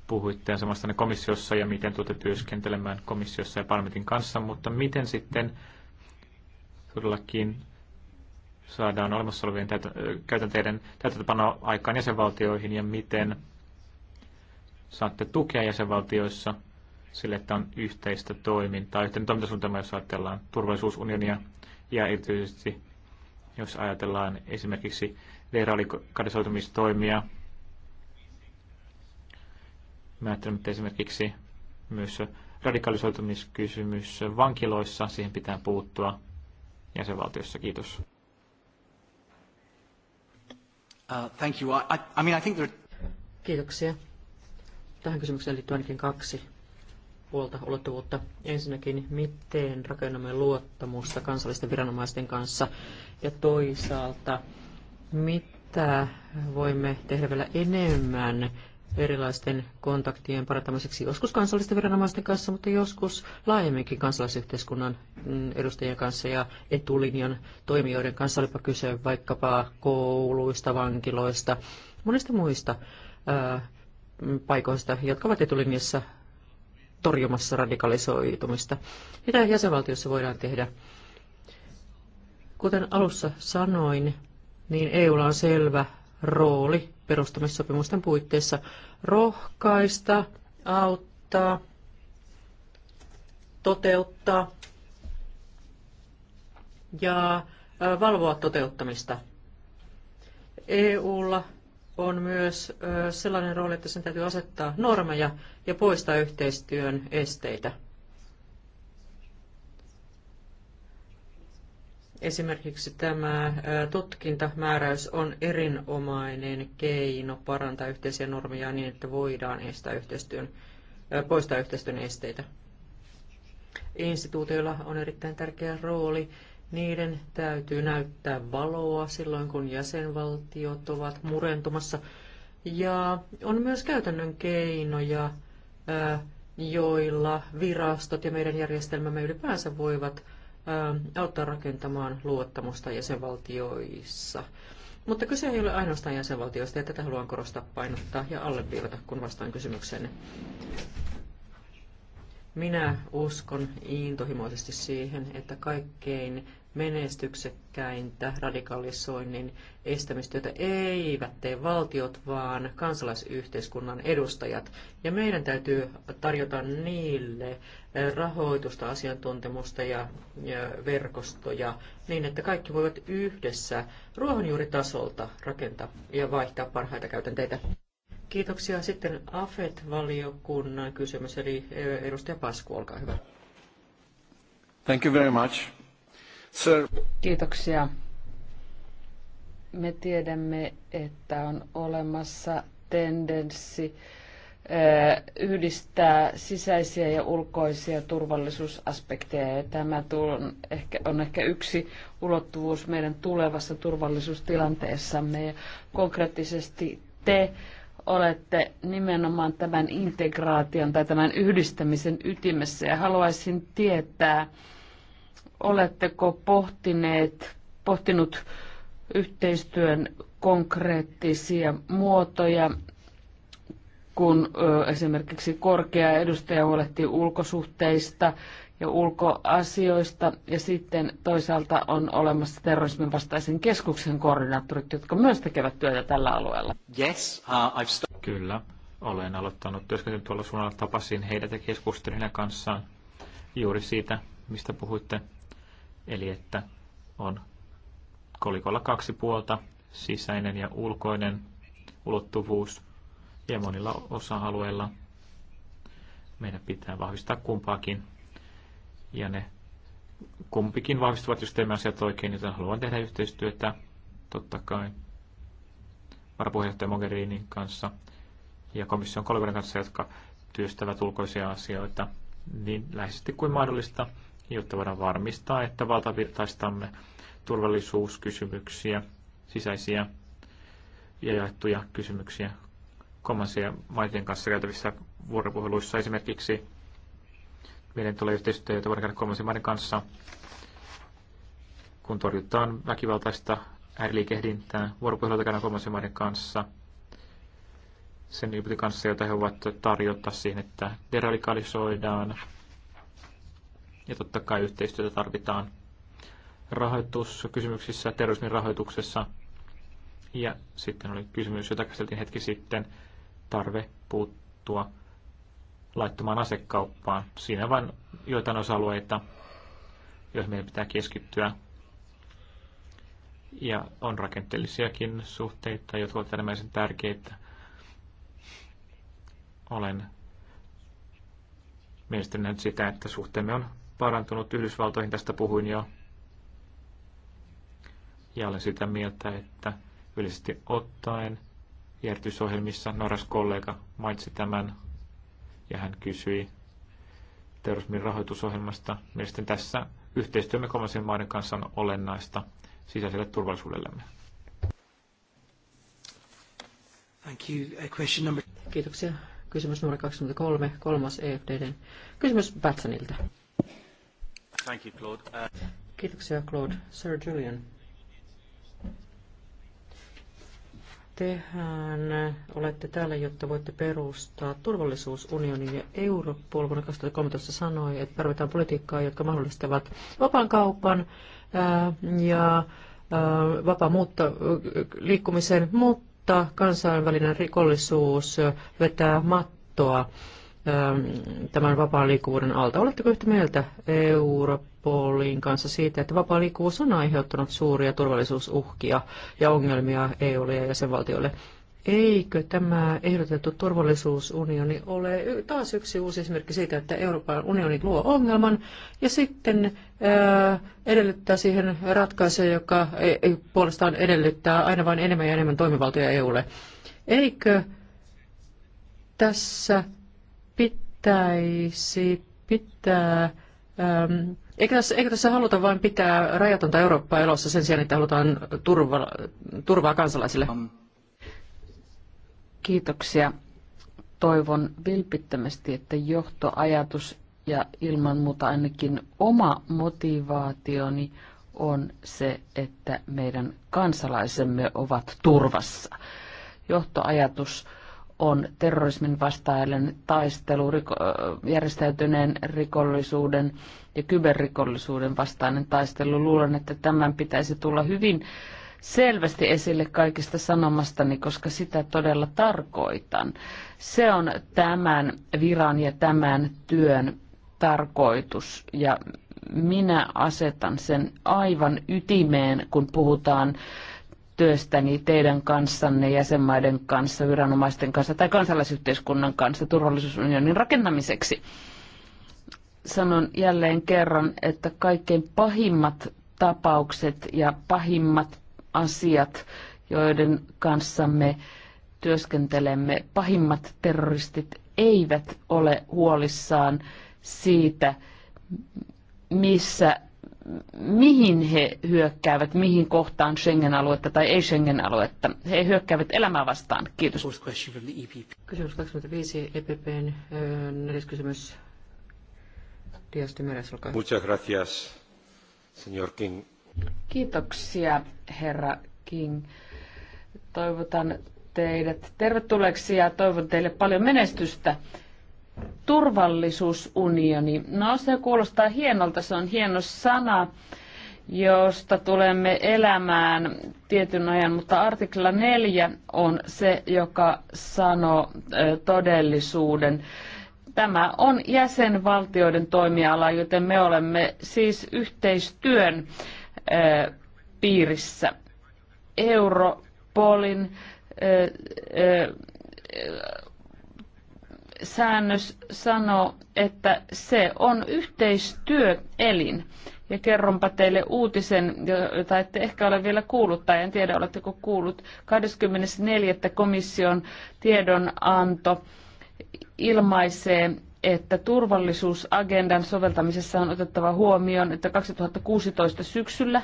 puhuitte samasta komissiossa ja miten tulette työskentelemään komissiossa ja parlamentin kanssa, mutta miten sitten todellakin saadaan olemassa olevien täytä, käytänteiden täytäntöpanoa aikaan jäsenvaltioihin ja miten saatte tukea jäsenvaltioissa sille, että on yhteistä toimintaa, yhteinen toimintasuunnitelma, jos ajatellaan turvallisuusunionia ja erityisesti jos ajatellaan esimerkiksi deradikalisoitumistoimia, että esimerkiksi myös radikalisoitumiskysymys vankiloissa, siihen pitää puuttua jäsenvaltiossa. Kiitos. Uh, thank you. I, I mean, I think there... Kiitoksia. Tähän kysymykseen liittyy ainakin kaksi puolta ulottuvuutta. Ensinnäkin, miten rakennamme luottamusta kansallisten viranomaisten kanssa ja toisaalta, mitä voimme tehdä vielä enemmän erilaisten kontaktien parantamiseksi, joskus kansallisten viranomaisten kanssa, mutta joskus laajemminkin kansalaisyhteiskunnan mm, edustajien kanssa ja etulinjan toimijoiden kanssa, olipa kyse vaikkapa kouluista, vankiloista, monista muista ää, paikoista, jotka ovat etulinjassa torjumassa radikalisoitumista. Mitä jäsenvaltiossa voidaan tehdä? Kuten alussa sanoin, niin EUlla on selvä rooli perustamissopimusten puitteissa rohkaista, auttaa, toteuttaa ja valvoa toteuttamista. EUlla on myös sellainen rooli, että sen täytyy asettaa normeja ja poistaa yhteistyön esteitä. Esimerkiksi tämä tutkintamääräys on erinomainen keino parantaa yhteisiä normeja niin, että voidaan estää yhteistyön, poistaa yhteistyön esteitä. Instituutioilla on erittäin tärkeä rooli. Niiden täytyy näyttää valoa silloin, kun jäsenvaltiot ovat murentumassa. Ja on myös käytännön keinoja, joilla virastot ja meidän järjestelmämme ylipäänsä voivat auttaa rakentamaan luottamusta jäsenvaltioissa. Mutta kyse ei ole ainoastaan jäsenvaltioista, ja tätä haluan korostaa, painottaa ja alleviivata, kun vastaan kysymykseenne. Minä uskon intohimoisesti siihen, että kaikkein menestyksekkäintä radikalisoinnin estämistyötä eivät tee valtiot, vaan kansalaisyhteiskunnan edustajat. Ja meidän täytyy tarjota niille eh, rahoitusta, asiantuntemusta ja, verkostoja niin, että kaikki voivat yhdessä ruohonjuuritasolta rakentaa ja vaihtaa parhaita käytänteitä. Kiitoksia. Sitten AFET-valiokunnan kysymys, eli eh, edustaja Pasku, olkaa hyvä. Thank you very much. Sir. Kiitoksia. Me tiedämme, että on olemassa tendenssi eh, yhdistää sisäisiä ja ulkoisia turvallisuusaspekteja. Ja tämä on ehkä, on ehkä yksi ulottuvuus meidän tulevassa turvallisuustilanteessamme. Ja konkreettisesti te olette nimenomaan tämän integraation tai tämän yhdistämisen ytimessä ja haluaisin tietää, Oletteko pohtineet, pohtinut yhteistyön konkreettisia muotoja, kun esimerkiksi korkea edustaja huolehtii ulkosuhteista ja ulkoasioista, ja sitten toisaalta on olemassa terrorismin vastaisen keskuksen koordinaattorit, jotka myös tekevät työtä tällä alueella. Yes, uh, I've Kyllä, olen aloittanut työskentelyn tuolla suunnalla, tapasin heidät ja keskustelin kanssaan juuri siitä, mistä puhuitte. Eli että on kolikolla kaksi puolta, sisäinen ja ulkoinen ulottuvuus. Ja monilla osa-alueilla meidän pitää vahvistaa kumpaakin. Ja ne kumpikin vahvistuvat, jos teemme asiat oikein, joten haluan tehdä yhteistyötä totta kai varapuheenjohtaja Mogherinin kanssa ja komission kollegoiden kanssa, jotka työstävät ulkoisia asioita niin läheisesti kuin mahdollista jotta voidaan varmistaa, että valtavirtaistamme turvallisuuskysymyksiä, sisäisiä ja jaettuja kysymyksiä kolmansien maiden kanssa käytävissä vuoropuheluissa esimerkiksi meidän tulee yhteistyötä, jota voidaan käydä kolmansien maiden kanssa, kun torjutaan väkivaltaista ääriliikehdintää, vuoropuheluita käydään kolmansien maiden kanssa, sen ylpytin kanssa, jota he ovat tarjota siihen, että deradikalisoidaan ja totta kai yhteistyötä tarvitaan rahoituskysymyksissä, terrorismin rahoituksessa. Ja sitten oli kysymys, jota käsiteltiin hetki sitten, tarve puuttua laittomaan asekauppaan. Siinä vain joitain osa-alueita, joihin meidän pitää keskittyä. Ja on rakenteellisiakin suhteita, jotka ovat enemmän tärkeitä. Olen mielestäni nähnyt sitä, että suhteemme on parantunut Yhdysvaltoihin, tästä puhuin jo. Ja olen sitä mieltä, että yleisesti ottaen järjestysohjelmissa Noras kollega mainitsi tämän ja hän kysyi terrorismin rahoitusohjelmasta. Mielestäni tässä yhteistyömme kolmansien maiden kanssa on olennaista sisäiselle turvallisuudellemme. Thank you. Question number... Kiitoksia. Kysymys numero 23, kolmas EFDn. Kysymys Batsonilta. Thank you, Claude. Uh... Kiitoksia, Claude. Sir Julian. Tehän olette täällä, jotta voitte perustaa turvallisuusunionin ja Europol vuonna 2013 sanoi, että tarvitaan politiikkaa, jotka mahdollistavat vapaan kaupan äh, ja äh, vapaa muutta, äh, liikkumisen, mutta kansainvälinen rikollisuus vetää mattoa Ähm, tämän vapaan liikkuvuuden alta. Oletteko yhtä mieltä Europolin kanssa siitä, että vapaa liikkuvuus on aiheuttanut suuria turvallisuusuhkia ja ongelmia EUlle ja jäsenvaltioille? Eikö tämä ehdotettu turvallisuusunioni ole taas yksi uusi esimerkki siitä, että Euroopan unioni luo ongelman ja sitten ää, äh, edellyttää siihen ratkaisuja, joka ei, ei, puolestaan edellyttää aina vain enemmän ja enemmän toimivaltoja EUlle? Eikö tässä pitäisi pitää, ähm, eikö, tässä, eikö tässä haluta vain pitää rajatonta Eurooppaa elossa sen sijaan, että halutaan turva, turvaa kansalaisille? Um. Kiitoksia. Toivon vilpittömästi, että johtoajatus ja ilman muuta ainakin oma motivaationi on se, että meidän kansalaisemme ovat turvassa. Johtoajatus on terrorismin vastainen taistelu, riko, järjestäytyneen rikollisuuden ja kyberrikollisuuden vastainen taistelu. Luulen, että tämän pitäisi tulla hyvin selvästi esille kaikista sanomastani, koska sitä todella tarkoitan. Se on tämän viran ja tämän työn tarkoitus ja minä asetan sen aivan ytimeen, kun puhutaan äh, työstäni teidän kanssanne, jäsenmaiden kanssa, viranomaisten kanssa tai kansalaisyhteiskunnan kanssa turvallisuusunionin rakentamiseksi. Sanon jälleen kerran, että kaikkein pahimmat tapaukset ja pahimmat asiat, joiden kanssa me työskentelemme, pahimmat terroristit eivät ole huolissaan siitä, missä mihin he hyökkäävät, mihin kohtaan Schengen-aluetta tai ei Schengen-aluetta. He hyökkäävät elämää vastaan. Kiitos. E kysymys 25 EPPn neljäs kysymys. Dias Tymeres, olkaa Muchas gracias, señor King. Kiitoksia, herra King. Toivotan teidät tervetulleeksi ja toivon teille paljon menestystä turvallisuusunioni. No se kuulostaa hienolta, se on hieno sana, josta tulemme elämään tietyn ajan, mutta artikla 4 on se, joka sanoo todellisuuden. Tämä on jäsenvaltioiden toimiala, joten me olemme siis yhteistyön piirissä. Europolin säännös sanoo, että se on yhteistyöelin. Ja kerronpa teille uutisen, jota ette ehkä ole vielä kuullut, tai en tiedä oletteko kuullut. 24. komission tiedonanto ilmaisee että turvallisuusagendan soveltamisessa on otettava huomioon, että 2016 syksyllä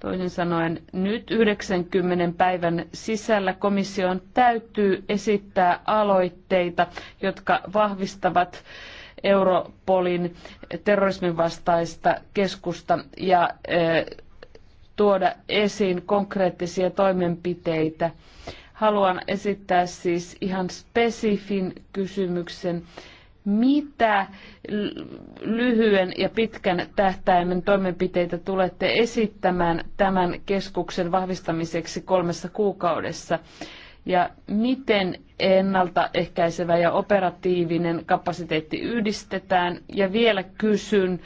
Toisin sanoen nyt 90 päivän sisällä komission täytyy esittää aloitteita, jotka vahvistavat Europolin terrorismin vastaista keskusta ja e, tuoda esiin konkreettisia toimenpiteitä. Haluan esittää siis ihan spesifin kysymyksen mitä lyhyen ja pitkän tähtäimen toimenpiteitä tulette esittämään tämän keskuksen vahvistamiseksi kolmessa kuukaudessa? Ja miten ennaltaehkäisevä ja operatiivinen kapasiteetti yhdistetään? Ja vielä kysyn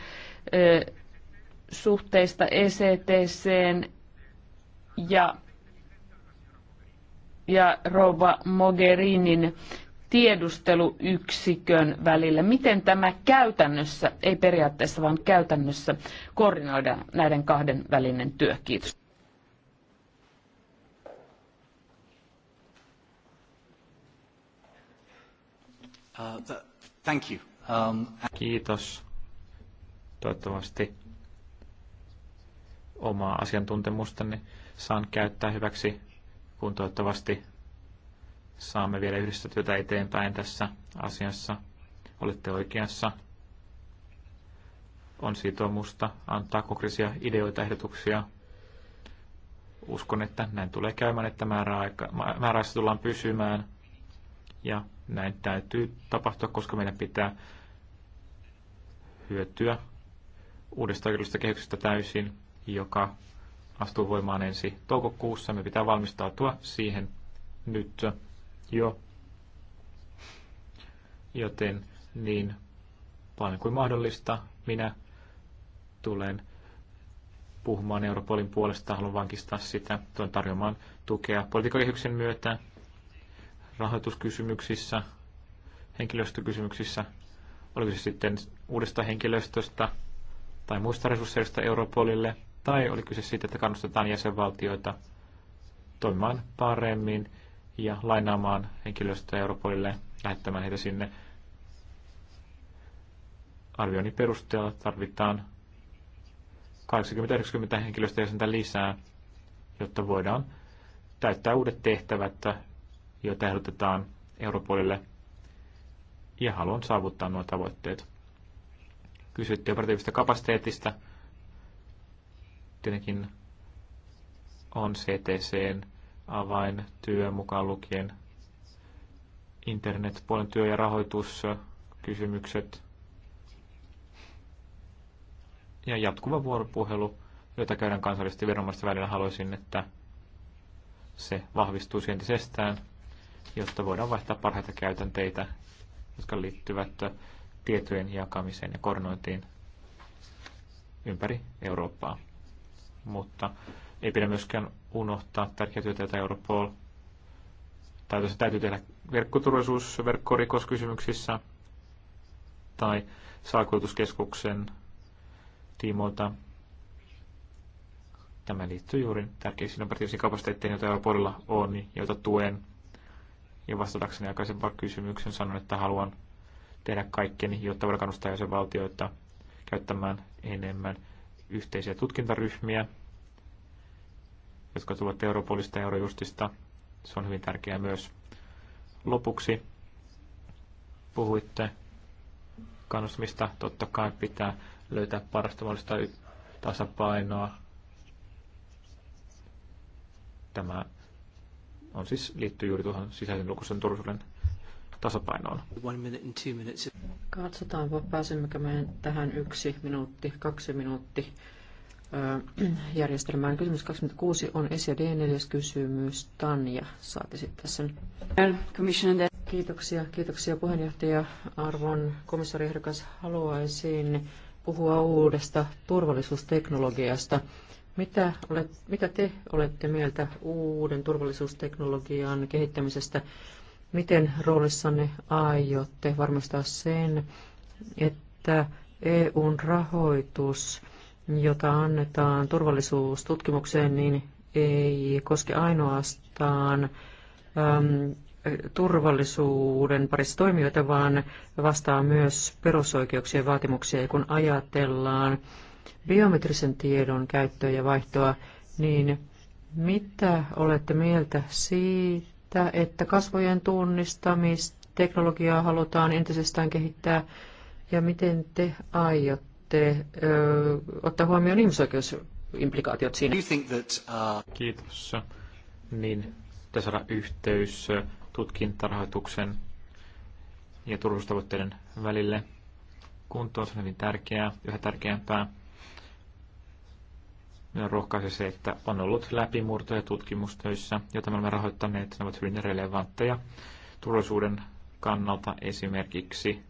suhteista ECTC ja ja rouva Mogherinin tiedusteluyksikön välillä. Miten tämä käytännössä, ei periaatteessa, vaan käytännössä koordinoida näiden kahden välinen työ? Kiitos. Uh, thank you. Um, Kiitos. Toivottavasti omaa asiantuntemustanne saan käyttää hyväksi, kun toivottavasti saamme vielä yhdessä työtä eteenpäin tässä asiassa. Olette oikeassa. On sitoumusta antaa konkreettisia ideoita, ehdotuksia. Uskon, että näin tulee käymään, että määräaika, määräajassa tullaan pysymään. Ja näin täytyy tapahtua, koska meidän pitää hyötyä uudesta oikeudellisesta kehyksestä täysin, joka astuu voimaan ensi toukokuussa. Me pitää valmistautua siihen nyt jo. Joten niin paljon kuin mahdollista minä tulen puhumaan Europolin puolesta, haluan vankistaa sitä, tulen tarjoamaan tukea politiikkakehyksen myötä rahoituskysymyksissä, henkilöstökysymyksissä, oliko se sitten uudesta henkilöstöstä tai muista resursseista Europolille, tai oli kyse siitä, että kannustetaan jäsenvaltioita toimimaan paremmin ja lainaamaan henkilöstöä Europolille, lähettämään heitä sinne. Arvioinnin perusteella tarvitaan 80-90 henkilöstöjäsentä lisää, jotta voidaan täyttää uudet tehtävät, joita ehdotetaan Europolille, ja haluan saavuttaa nuo tavoitteet. Kysyttiin operatiivista kapasiteetista. Tietenkin on CTCn työ mukaan lukien internetpuolen työ- ja rahoituskysymykset ja jatkuva vuoropuhelu, jota käydään kansallisesti viranomaisten välillä. Haluaisin, että se vahvistuu entisestään, jotta voidaan vaihtaa parhaita käytänteitä, jotka liittyvät tietojen jakamiseen ja koordinointiin ympäri Eurooppaa. Mutta ei pidä myöskään unohtaa tärkeää työtä, jota Europol täytyy, täytyy tehdä verkkoturvallisuus- verkkorikoskysymyksissä tai salakuljetuskeskuksen tiimoilta. Tämä liittyy juuri tärkeisiin operatiivisiin kapasiteetteihin, joita Europolilla on, joita tuen. Ja vastatakseni aikaisempaan kysymyksen sanon, että haluan tehdä kaikkeni, jotta voidaan kannustaa jäsenvaltioita käyttämään enemmän yhteisiä tutkintaryhmiä – jotka tulevat Europolista ja Eurojustista. Se on hyvin tärkeää myös. Lopuksi puhuitte kannustamista. Totta kai pitää löytää parasta mahdollista tasapainoa. Tämä on siis, liittyy juuri tuohon sisäisen lukuisen turvallisuuden tasapainoon. Katsotaanpa, pääsemmekö me tähän yksi minuutti, kaksi minuutti järjestelmään. Kysymys 26 on SJD4 kysymys. Tanja, saat esittää sen. Kiitoksia, kiitoksia puheenjohtaja. Arvon komissaariehdokas, haluaisin puhua uudesta turvallisuusteknologiasta. Mitä, olet, mitä te olette mieltä uuden turvallisuusteknologian kehittämisestä? Miten roolissanne aiotte varmistaa sen, että EUn rahoitus jota annetaan turvallisuustutkimukseen, niin ei koske ainoastaan äm, turvallisuuden parissa toimijoita, vaan vastaa myös perusoikeuksien vaatimuksia. Ja kun ajatellaan biometrisen tiedon käyttöä ja vaihtoa, niin mitä olette mieltä siitä, että kasvojen tunnistamisteknologiaa teknologiaa halutaan entisestään kehittää ja miten te aiot voitte ö, ottaa huomioon ihmisoikeusimplikaatiot siinä? Uh, Kiitos. Niin, pitää saada yhteys tutkintarahoituksen ja turvallisuustavoitteiden välille. Kunto on hyvin tärkeää, yhä tärkeämpää. Minä rohkaisee se, että on ollut läpimurtoja tutkimustöissä, joita me olemme rahoittaneet. Ne ovat hyvin relevantteja turvallisuuden kannalta esimerkiksi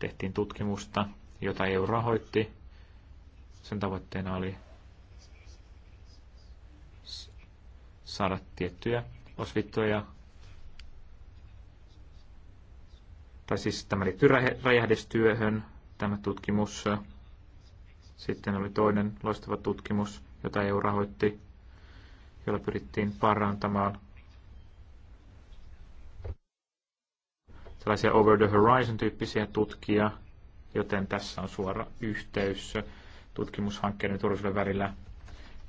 tehtiin tutkimusta, jota EU rahoitti. Sen tavoitteena oli saada tiettyjä osvittoja. Tai siis tämä liittyy räjähdestyöhön, tämä tutkimus. Sitten oli toinen loistava tutkimus, jota EU rahoitti, jolla pyrittiin parantamaan sellaisia over the horizon tyyppisiä tutkia, joten tässä on suora yhteys tutkimushankkeiden ja turvallisuuden välillä.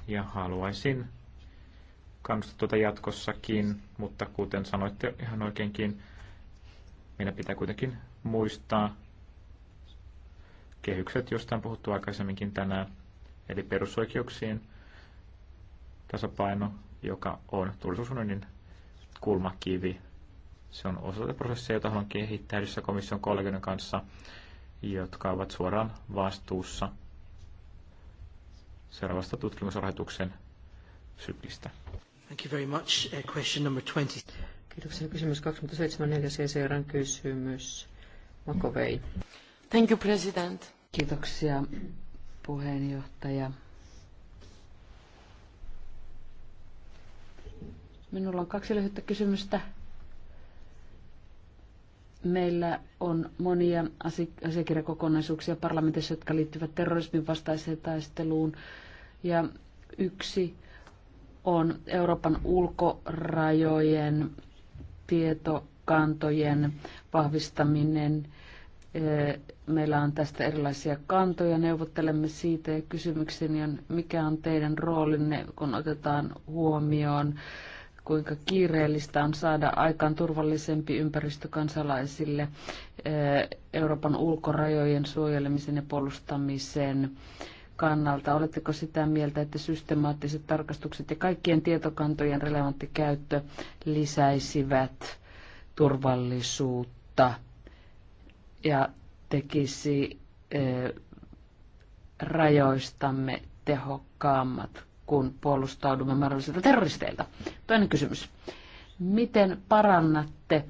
Ja haluaisin kannustaa tuota jatkossakin, mutta kuten sanoitte ihan oikeinkin, meidän pitää kuitenkin muistaa kehykset, joista on puhuttu aikaisemminkin tänään, eli perusoikeuksien tasapaino, joka on turvallisuusunionin kulmakivi. Se on osa tätä prosessia, jota haluan kehittää yhdessä komission kollegoiden kanssa, jotka ovat suoraan vastuussa seuraavasta tutkimusrahoituksen syklistä. Thank you very much. Uh, question number 20. Kiitoksia. Kysymys 274 CCRn kysymys. Makovei. Thank you, President. Kiitoksia, puheenjohtaja. Minulla on kaksi lyhyttä kysymystä. Meillä on monia asiakirjakokonaisuuksia parlamentissa, jotka liittyvät terrorismin vastaiseen taisteluun. Ja yksi on Euroopan ulkorajojen tietokantojen vahvistaminen. Meillä on tästä erilaisia kantoja, neuvottelemme siitä ja kysymykseni on, mikä on teidän roolinne, kun otetaan huomioon kuinka kiireellistä on saada aikaan turvallisempi ympäristö kansalaisille eh, Euroopan ulkorajojen suojelemisen ja puolustamisen kannalta. Oletteko sitä mieltä, että systemaattiset tarkastukset ja kaikkien tietokantojen relevantti käyttö lisäisivät turvallisuutta ja tekisi eh, rajoistamme tehokkaammat kun puolustaudumme mahdollisilta terroristeilta? Toinen kysymys. Miten parannatte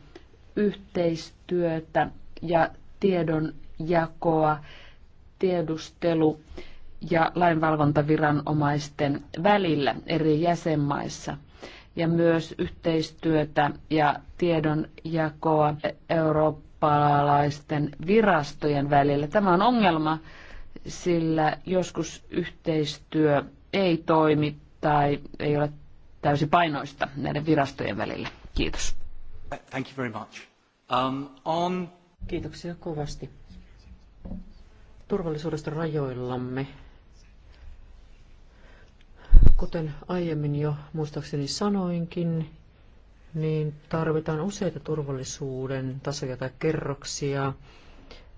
yhteistyötä ja tiedonjakoa tiedustelu- ja lainvalvontaviranomaisten välillä eri jäsenmaissa? ja myös yhteistyötä ja tiedonjakoa eurooppalaisten virastojen välillä. Tämä on ongelma, sillä joskus yhteistyö ei toimi tai ei ole täysin painoista näiden virastojen välillä. Kiitos. Thank you very much. Um, on... Kiitoksia kovasti. Turvallisuudesta rajoillamme. Kuten aiemmin jo muistaakseni sanoinkin, niin tarvitaan useita turvallisuuden tasoja tai kerroksia.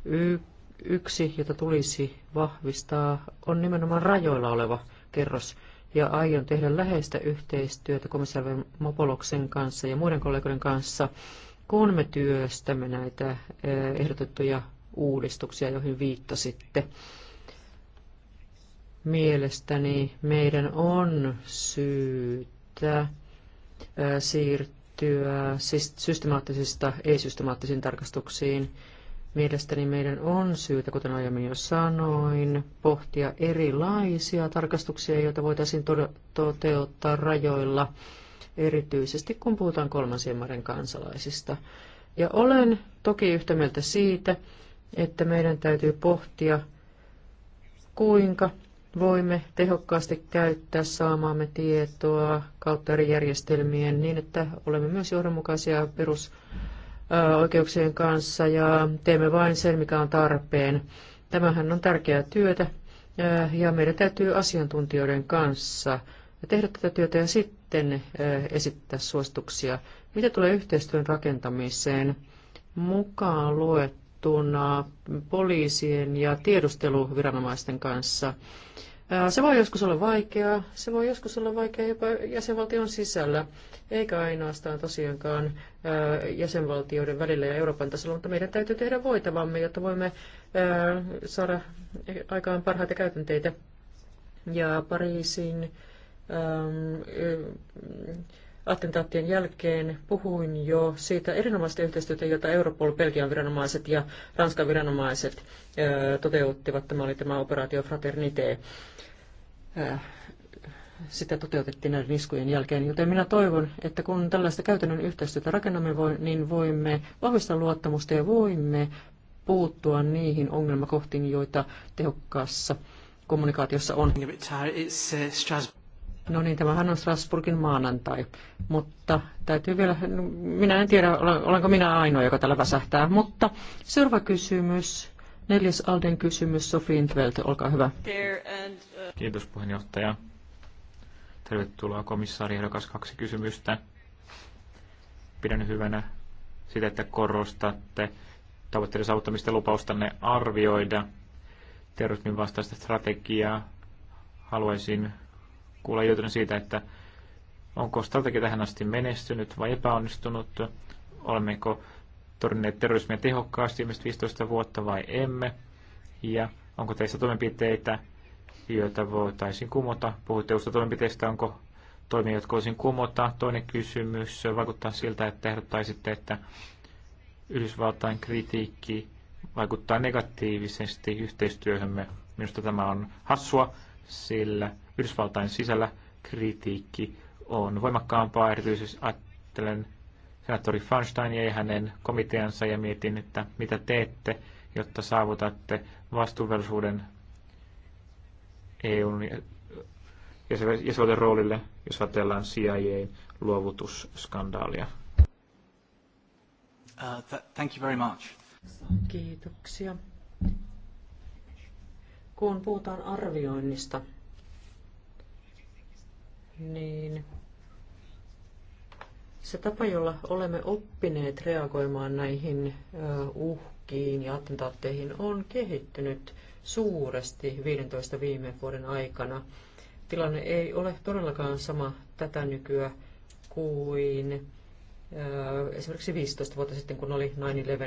Y- yksi, jota tulisi vahvistaa, on nimenomaan rajoilla oleva kerros ja aion tehdä läheistä yhteistyötä komissaari Mopoloksen kanssa ja muiden kollegoiden kanssa, kun me työstämme näitä eh, ehdotettuja uudistuksia, joihin viittasitte. Mielestäni meidän on syytä eh, siirtyä siis systemaattisista ei-systemaattisiin tarkastuksiin Mielestäni meidän on syytä, kuten aiemmin jo sanoin, pohtia erilaisia tarkastuksia, joita voitaisiin toteuttaa rajoilla, erityisesti kun puhutaan kolmansien maiden kansalaisista. Ja olen toki yhtä mieltä siitä, että meidän täytyy pohtia, kuinka voimme tehokkaasti käyttää saamaamme tietoa kautta eri järjestelmien niin, että olemme myös johdonmukaisia perus oikeuksien kanssa ja teemme vain sen, mikä on tarpeen. Tämähän on tärkeää työtä ja meidän täytyy asiantuntijoiden kanssa tehdä tätä työtä ja sitten esittää suosituksia. Mitä tulee yhteistyön rakentamiseen? Mukaan luettuna poliisien ja tiedusteluviranomaisten kanssa. Se voi joskus olla vaikeaa, se voi joskus olla vaikeaa jopa jäsenvaltion sisällä, eikä ainoastaan tosiaankaan jäsenvaltioiden välillä ja Euroopan tasolla, mutta meidän täytyy tehdä voitavamme, jotta voimme saada aikaan parhaita käytänteitä. Ja Pariisin attentaattien jälkeen puhuin jo siitä erinomaisesta yhteistyötä, jota Europol, Belgian viranomaiset ja Ranskan viranomaiset toteuttivat. Tämä oli tämä operaatio Fraternité. Sitä toteutettiin näiden iskujen jälkeen, joten minä toivon, että kun tällaista käytännön yhteistyötä rakennamme, niin voimme vahvistaa luottamusta ja voimme puuttua niihin ongelmakohtiin, joita tehokkaassa kommunikaatiossa on. Uh, uh, No niin, tämähän on Strasburgin maanantai, mutta täytyy vielä, minä en tiedä, olenko minä ainoa, joka tällä väsähtää, mutta seuraava kysymys, neljäs Alden kysymys, Sofi Intvelt, olkaa hyvä. Kiitos puheenjohtaja. Tervetuloa komissaari ehdokas kaksi kysymystä. Pidän hyvänä sitä, että korostatte tavoitteiden saavuttamista lupaustanne arvioida terrorismin vastaista strategiaa. Haluaisin kuulla iloinen siitä, että onko strategia tähän asti menestynyt vai epäonnistunut, olemmeko torjuneet terrorismia tehokkaasti viimeiset 15 vuotta vai emme, ja onko teistä toimenpiteitä, joita voitaisiin kumota. Puhutte uusista toimenpiteistä, onko toimia, jotka voisin kumota. Toinen kysymys vaikuttaa siltä, että ehdottaisitte, että Yhdysvaltain kritiikki vaikuttaa negatiivisesti yhteistyöhömme. Minusta tämä on hassua sillä Yhdysvaltain sisällä kritiikki on voimakkaampaa, erityisesti ajattelen senaattori Feinsteinia ja hänen komiteansa ja mietin, että mitä teette, jotta saavutatte vastuullisuuden EUn jäsenvaltion roolille, jos ajatellaan cia luovutusskandaalia. Uh, th- thank you very much. Kiitoksia kun puhutaan arvioinnista, niin se tapa, jolla olemme oppineet reagoimaan näihin uhkiin ja attentaatteihin, on kehittynyt suuresti 15 viime vuoden aikana. Tilanne ei ole todellakaan sama tätä nykyä kuin esimerkiksi 15 vuotta sitten, kun oli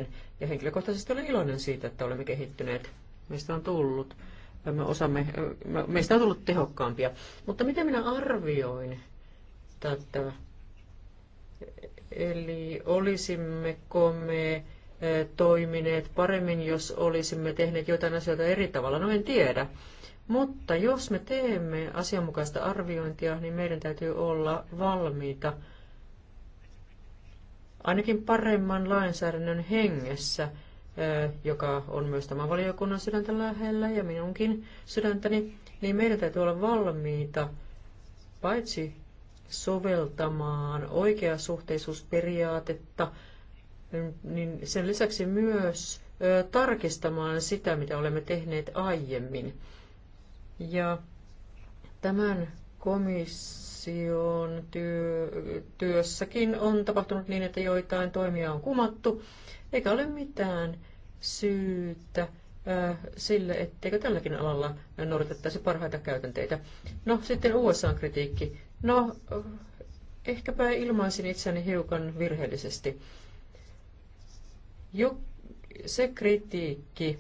9-11, ja henkilökohtaisesti olen iloinen siitä, että olemme kehittyneet. mistä on tullut me osaamme, meistä on tullut tehokkaampia. Mutta miten minä arvioin tätä? Eli olisimmeko me e, toimineet paremmin, jos olisimme tehneet jotain asioita eri tavalla? No en tiedä. Mutta jos me teemme asianmukaista arviointia, niin meidän täytyy olla valmiita ainakin paremman lainsäädännön hengessä – joka on myös tämän valiokunnan sydäntä lähellä ja minunkin sydäntäni, niin meidän täytyy olla valmiita paitsi soveltamaan oikeasuhteisuusperiaatetta, niin sen lisäksi myös tarkistamaan sitä, mitä olemme tehneet aiemmin. Ja tämän komission työ, työssäkin on tapahtunut niin, että joitain toimia on kumattu, eikä ole mitään syytä sille, etteikö tälläkin alalla noudatettaisi parhaita käytänteitä. No, sitten USA-kritiikki. No, ehkäpä ilmaisin itseni hiukan virheellisesti. Jo, se kritiikki,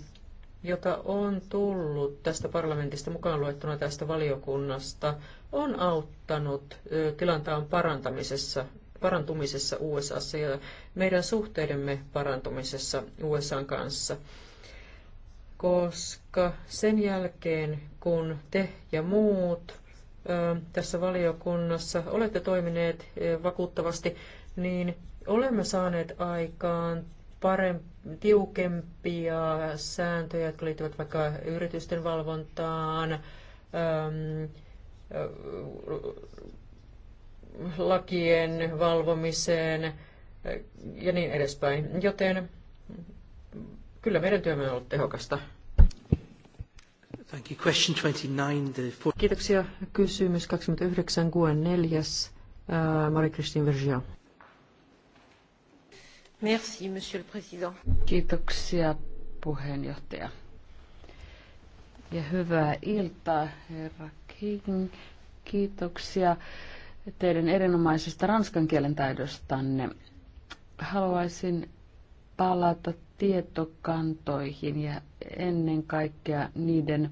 jota on tullut tästä parlamentista mukaan luettuna tästä valiokunnasta, on auttanut tilantaan parantamisessa parantumisessa USAssa ja meidän suhteidemme parantumisessa USAn kanssa. Koska sen jälkeen, kun te ja muut tässä valiokunnassa olette toimineet vakuuttavasti, niin olemme saaneet aikaan parem- tiukempia sääntöjä, jotka liittyvät vaikka yritysten valvontaan, lakien valvomiseen eh, ja niin edespäin. Joten kyllä meidän työmme on ollut tehokasta. Thank you. Question 29, the... Kiitoksia. Kysymys 29, Guen 4, Marie-Christine Vergia. Merci, Monsieur le Président. Kiitoksia, puheenjohtaja. Ja hyvää iltaa, herra King. Kiitoksia teidän erinomaisesta ranskan kielen taidostanne. Haluaisin palata tietokantoihin ja ennen kaikkea niiden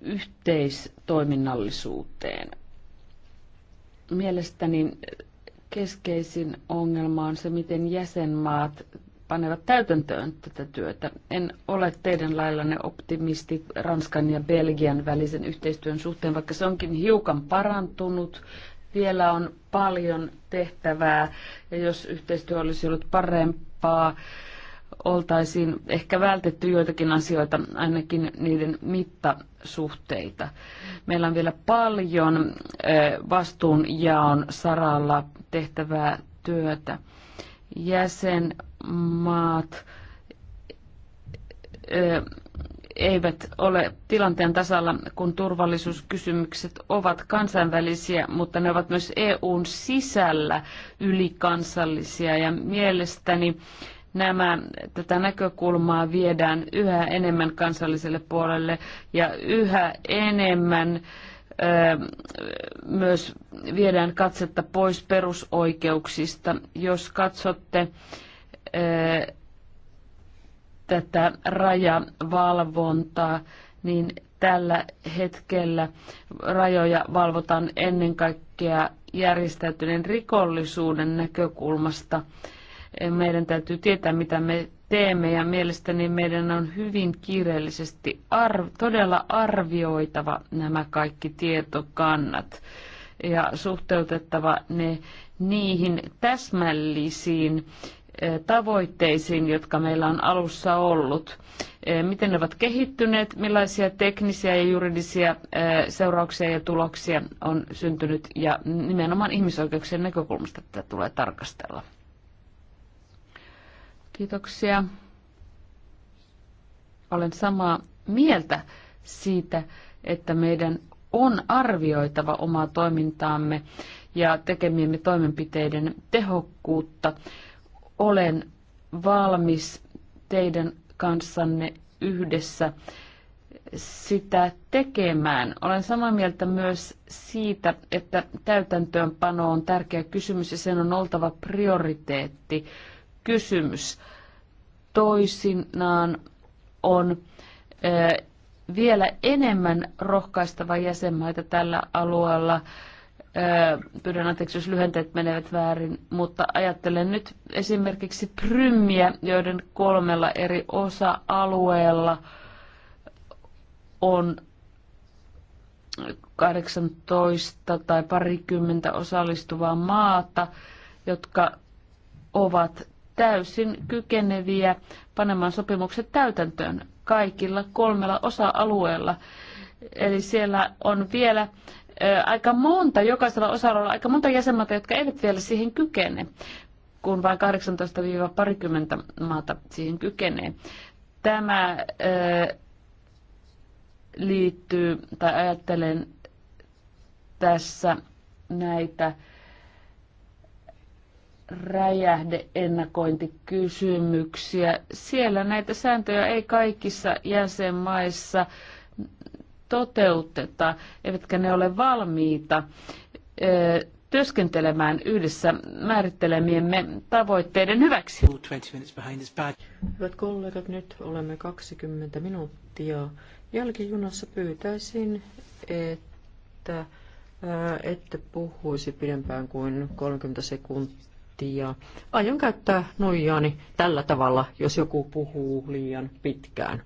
yhteistoiminnallisuuteen. Mielestäni keskeisin ongelma on se, miten jäsenmaat panevat täytäntöön tätä työtä. En ole teidän laillanne optimisti Ranskan ja Belgian välisen yhteistyön suhteen, vaikka se onkin hiukan parantunut. Vielä on paljon tehtävää ja jos yhteistyö olisi ollut parempaa, oltaisiin ehkä vältetty joitakin asioita, ainakin niiden mittasuhteita. Meillä on vielä paljon vastuunjaon saralla tehtävää työtä. Jäsen maat eivät ole tilanteen tasalla, kun turvallisuuskysymykset ovat kansainvälisiä, mutta ne ovat myös EUn sisällä ylikansallisia. Ja mielestäni nämä, tätä näkökulmaa viedään yhä enemmän kansalliselle puolelle ja yhä enemmän myös viedään katsetta pois perusoikeuksista. Jos katsotte tätä rajavalvontaa, niin tällä hetkellä rajoja valvotaan ennen kaikkea järjestäytyneen rikollisuuden näkökulmasta. Meidän täytyy tietää, mitä me teemme ja mielestäni meidän on hyvin kiireellisesti arv- todella arvioitava nämä kaikki tietokannat ja suhteutettava ne niihin täsmällisiin tavoitteisiin, jotka meillä on alussa ollut. E, miten ne ovat kehittyneet, millaisia teknisiä ja juridisia e, seurauksia ja tuloksia on syntynyt ja nimenomaan ihmisoikeuksien näkökulmasta tätä tulee tarkastella. Kiitoksia. Olen samaa mieltä siitä, että meidän on arvioitava omaa toimintaamme ja tekemiemme toimenpiteiden tehokkuutta olen valmis teidän kanssanne yhdessä sitä tekemään. Olen samaa mieltä myös siitä, että täytäntöönpano on tärkeä kysymys ja sen on oltava prioriteetti kysymys. Toisinaan on eh, vielä enemmän rohkaistava jäsenmaita tällä alueella pyydän anteeksi, jos lyhenteet menevät väärin, mutta ajattelen nyt esimerkiksi prymmiä, joiden kolmella eri osa-alueella on 18 tai parikymmentä osallistuvaa maata, jotka ovat täysin kykeneviä panemaan sopimukset täytäntöön kaikilla kolmella osa-alueella. Eli siellä on vielä aika monta, jokaisella osa-alueella aika monta jäsenmaata, jotka eivät vielä siihen kykene, kun vain 18-parikymmentä maata siihen kykenee. Tämä liittyy, tai ajattelen tässä näitä räjähdeennakointikysymyksiä. Siellä näitä sääntöjä ei kaikissa jäsenmaissa toteuteta, eivätkä ne ole valmiita työskentelemään yhdessä määrittelemiemme tavoitteiden hyväksi. Hyvät kollegat, nyt olemme 20 minuuttia jälkijunassa. Pyytäisin, että ette puhuisi pidempään kuin 30 sekuntia. Aion käyttää nuijaani tällä tavalla, jos joku puhuu liian pitkään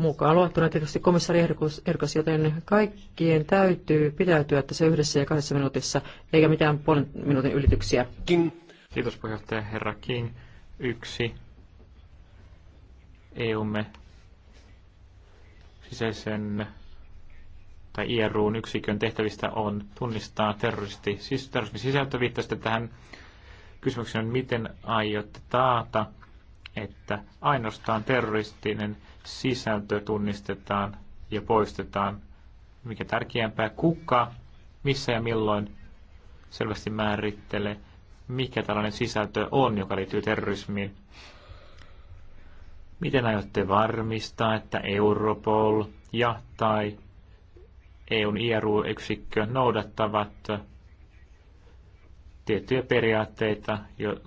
mukaan luettuna tietysti komissaari ehdokas, joten kaikkien täytyy pitäytyä tässä yhdessä ja kahdessa minuutissa, eikä mitään puolen minuutin ylityksiä. King. Kiitos puheenjohtaja herra King. Yksi EUmme sisäisen tai IRUn yksikön tehtävistä on tunnistaa terroristi, siis terrorismin sisältö. Viittasitte tähän kysymykseen, miten aiotte taata, että ainoastaan terroristinen – sisältö tunnistetaan ja poistetaan. Mikä tärkeämpää, kuka, missä ja milloin selvästi määrittelee, mikä tällainen sisältö on, joka liittyy terrorismiin. Miten aiotte varmistaa, että Europol ja tai EUn IRU-yksikkö noudattavat tiettyjä periaatteita,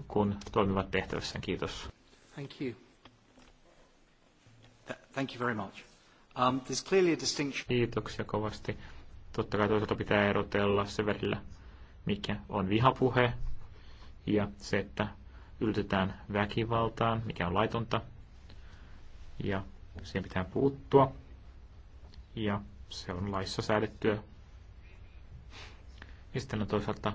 kun toimivat tehtävässä? Kiitos. Thank you. Thank you very much. Um, there's clearly a distinction. Kiitoksia kovasti. Totta kai toisaalta pitää erotella se välillä, mikä on vihapuhe ja se, että yltetään väkivaltaan, mikä on laitonta. Ja siihen pitää puuttua. Ja se on laissa säädettyä. Ja sitten on toisaalta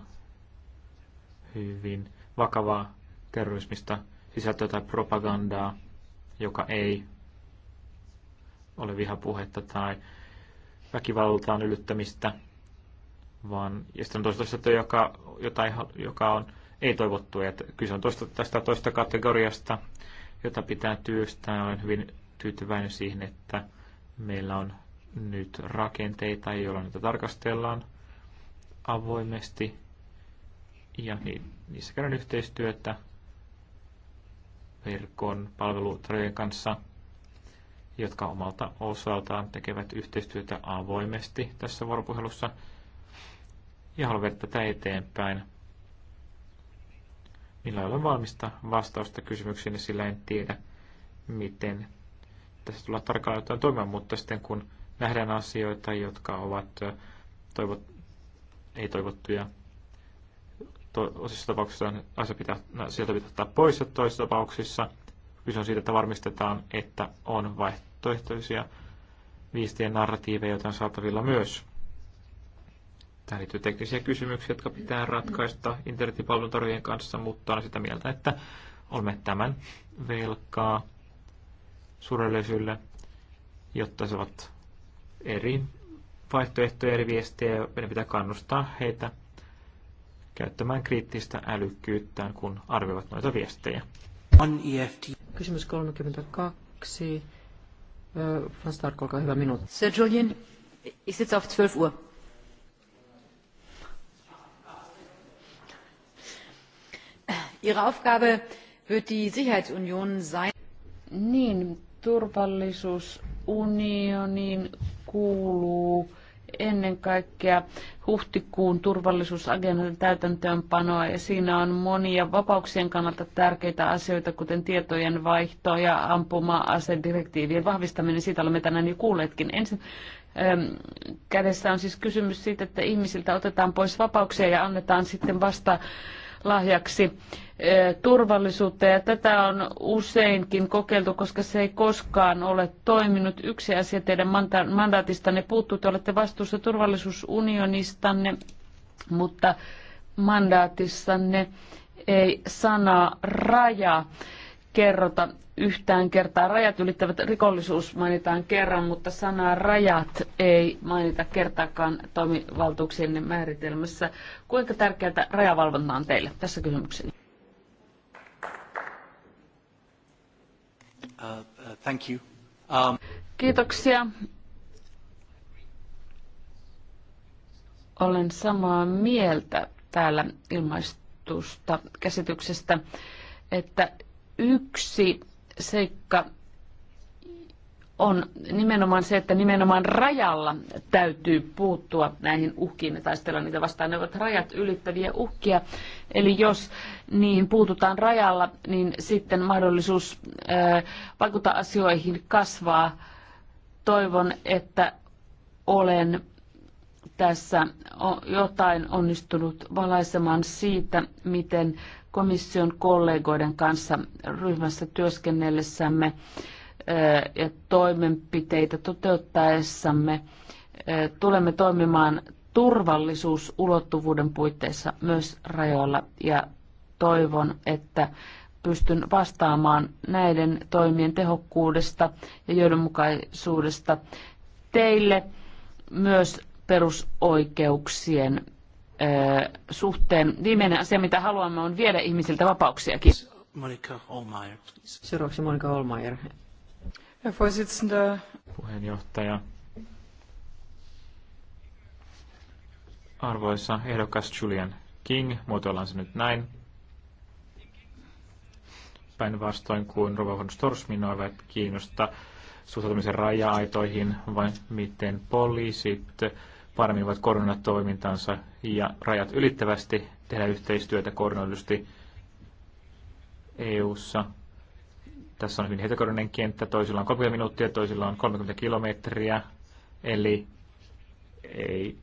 hyvin vakavaa terrorismista sisältöä tai propagandaa, joka ei ole vihapuhetta tai väkivaltaan yllyttämistä, vaan ja sitten on toista, toista joka, jotain, joka on ei toivottu Ja kyse on toista, tästä toista kategoriasta, jota pitää työstää. Olen hyvin tyytyväinen siihen, että meillä on nyt rakenteita, joilla niitä tarkastellaan avoimesti ja niissä käydään yhteistyötä verkon palvelutarjoajien kanssa – jotka omalta osaltaan tekevät yhteistyötä avoimesti tässä vuoropuhelussa ja haluan viedä tätä eteenpäin. ei ole valmista vastausta kysymyksiin, sillä en tiedä, miten tässä tullaan tarkalleen jotain toimimaan, mutta sitten kun nähdään asioita, jotka ovat toivot, ei toivottuja, to, osissa tapauksissa asia pitää, no, sieltä pitää ottaa pois ja toisissa tapauksissa kyse on siitä, että varmistetaan, että on vaihtoehto vaihtoehtoisia viestien narratiiveja, joita on saatavilla myös. Tähän liittyy teknisiä kysymyksiä, jotka pitää ratkaista internetin palveluntarjoajien kanssa, mutta on sitä mieltä, että olemme tämän velkaa suurelleisylle, jotta se ovat eri vaihtoehtoja, eri viestejä, ja meidän pitää kannustaa heitä käyttämään kriittistä älykkyyttään, kun arvioivat noita viestejä. E Kysymys 32. Äh, Fastark, olkaa hyvä minuutti. Sir Julian, ich sitze auf 12 Uhr. Ihre Aufgabe wird die Sicherheitsunion sein. Niin, turvallisuusunioniin kuuluu ennen kaikkea huhtikuun turvallisuusagendan täytäntöönpanoa ja siinä on monia vapauksien kannalta tärkeitä asioita, kuten tietojen vaihto ja ampuma-asedirektiivien vahvistaminen. Siitä olemme tänään jo kuulleetkin. Ensin ähm, kädessä on siis kysymys siitä, että ihmisiltä otetaan pois vapauksia ja annetaan sitten vasta lahjaksi eh, turvallisuutta ja tätä on useinkin kokeiltu, koska se ei koskaan ole toiminut. Yksi asia teidän mandaatistanne puuttuu, te olette vastuussa turvallisuusunionistanne, mutta mandaatissanne ei sana raja kerrota yhtään kertaa. Rajat ylittävät rikollisuus mainitaan kerran, mutta sanaa rajat ei mainita kertaakaan toimivaltuuksien määritelmässä. Kuinka tärkeää rajavalvonta on teille? Tässä kysymyksessä? Uh, uh, thank you. Um... Kiitoksia. Olen samaa mieltä täällä ilmaistusta käsityksestä, että Yksi seikka on nimenomaan se, että nimenomaan rajalla täytyy puuttua näihin uhkiin ja taistella niitä vastaan. Ne ovat rajat ylittäviä uhkia. Eli jos niihin puututaan rajalla, niin sitten mahdollisuus vaikuttaa asioihin kasvaa. Toivon, että olen tässä jotain onnistunut valaisemaan siitä, miten komission kollegoiden kanssa ryhmässä työskennellessämme eh, ja toimenpiteitä toteuttaessamme eh, tulemme toimimaan turvallisuusulottuvuuden puitteissa myös rajoilla ja toivon, että pystyn vastaamaan näiden toimien tehokkuudesta ja johdonmukaisuudesta teille myös perusoikeuksien suhteen. Viimeinen asia, mitä haluamme, on viedä ihmisiltä vapauksiakin. Monika Olmaier, please. Seuraavaksi Monika Olmaier. Puheenjohtaja. Arvoisa ehdokas Julian King, muotoillaan se nyt näin. Päinvastoin kuin Rova von Storsmin eivät kiinnosta suhtautumisen raja-aitoihin, vai miten poliisit varmivat voivat toimintansa ja rajat ylittävästi tehdä yhteistyötä koordinoidusti EU-ssa. Tässä on hyvin hetekoinen kenttä, toisilla on 30 minuuttia, toisilla on 30 kilometriä, eli ei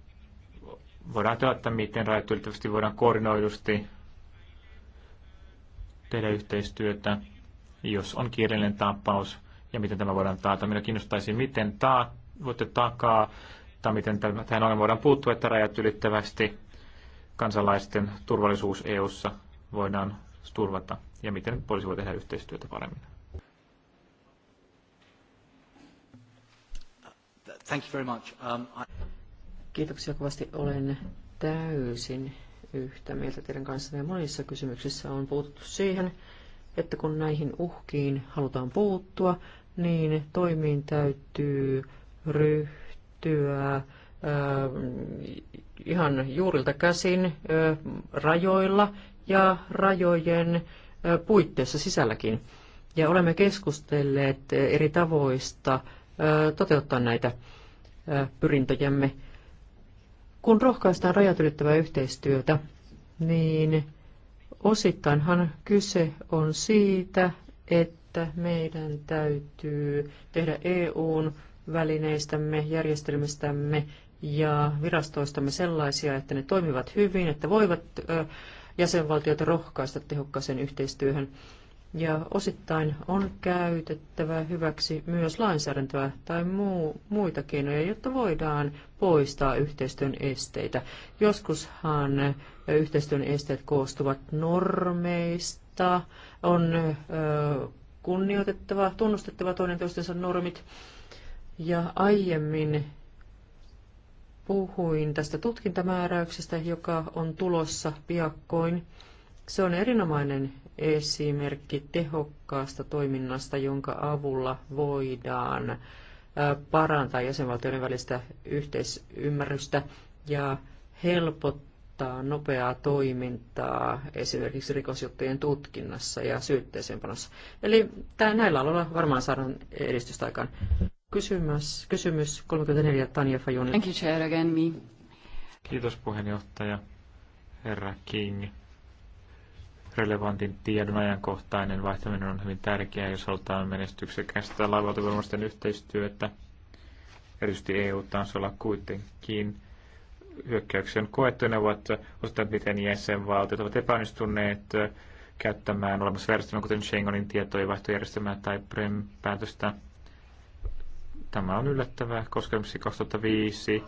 voidaan ajatella, että miten rajat ylittävästi voidaan koordinoidusti tehdä yhteistyötä, jos on kielellinen tapaus ja miten tämä voidaan taata. Minä kiinnostaisi, miten ta- voitte takaa että miten tähän ongelmaan voidaan puuttua, että rajat ylittävästi kansalaisten turvallisuus EU:ssa voidaan turvata ja miten poliisi voi tehdä yhteistyötä paremmin. Thank you very much. Um, I... Kiitoksia kovasti. Olen täysin yhtä mieltä teidän Ja Monissa kysymyksissä on puututtu siihen, että kun näihin uhkiin halutaan puuttua, niin toimiin täytyy ryhtyä tehtyä ihan juurilta käsin rajoilla ja rajojen puitteissa sisälläkin. Ja olemme keskustelleet eri tavoista toteuttaa näitä pyrintöjämme. Kun rohkaistaan rajat ylittävää yhteistyötä, niin osittainhan kyse on siitä, että meidän täytyy tehdä EUn välineistämme, järjestelmistämme ja virastoistamme sellaisia, että ne toimivat hyvin, että voivat jäsenvaltiot rohkaista tehokkaaseen yhteistyöhön. Ja osittain on käytettävä hyväksi myös lainsäädäntöä tai muu, muita keinoja, jotta voidaan poistaa yhteistyön esteitä. Joskushan yhteistyön esteet koostuvat normeista, on ö, kunnioitettava, tunnustettava toinen toistensa normit, ja aiemmin puhuin tästä tutkintamääräyksestä, joka on tulossa piakkoin. Se on erinomainen esimerkki tehokkaasta toiminnasta, jonka avulla voidaan parantaa jäsenvaltioiden välistä yhteisymmärrystä ja helpottaa nopeaa toimintaa esimerkiksi rikosjuttujen tutkinnassa ja syytteeseenpanossa. Eli näillä aloilla varmaan saadaan edistystä aikaan. Kysymys, kysymys 34 Tanja Fajuni. Thank you, Chair, again me. Kiitos puheenjohtaja, herra King. Relevantin tiedon ajankohtainen vaihtaminen on hyvin tärkeää, jos halutaan menestyksekästä laivaltaviranomaisten yhteistyötä, erityisesti EU-tasolla kuitenkin. Hyökkäyksiä on koettu, ne ovat osittain miten jäsenvaltiot ovat epäonnistuneet käyttämään olemassa järjestelmää, kuten Schengenin tietojenvaihtojärjestelmää tai PREM-päätöstä Tämä on yllättävää, koska 2005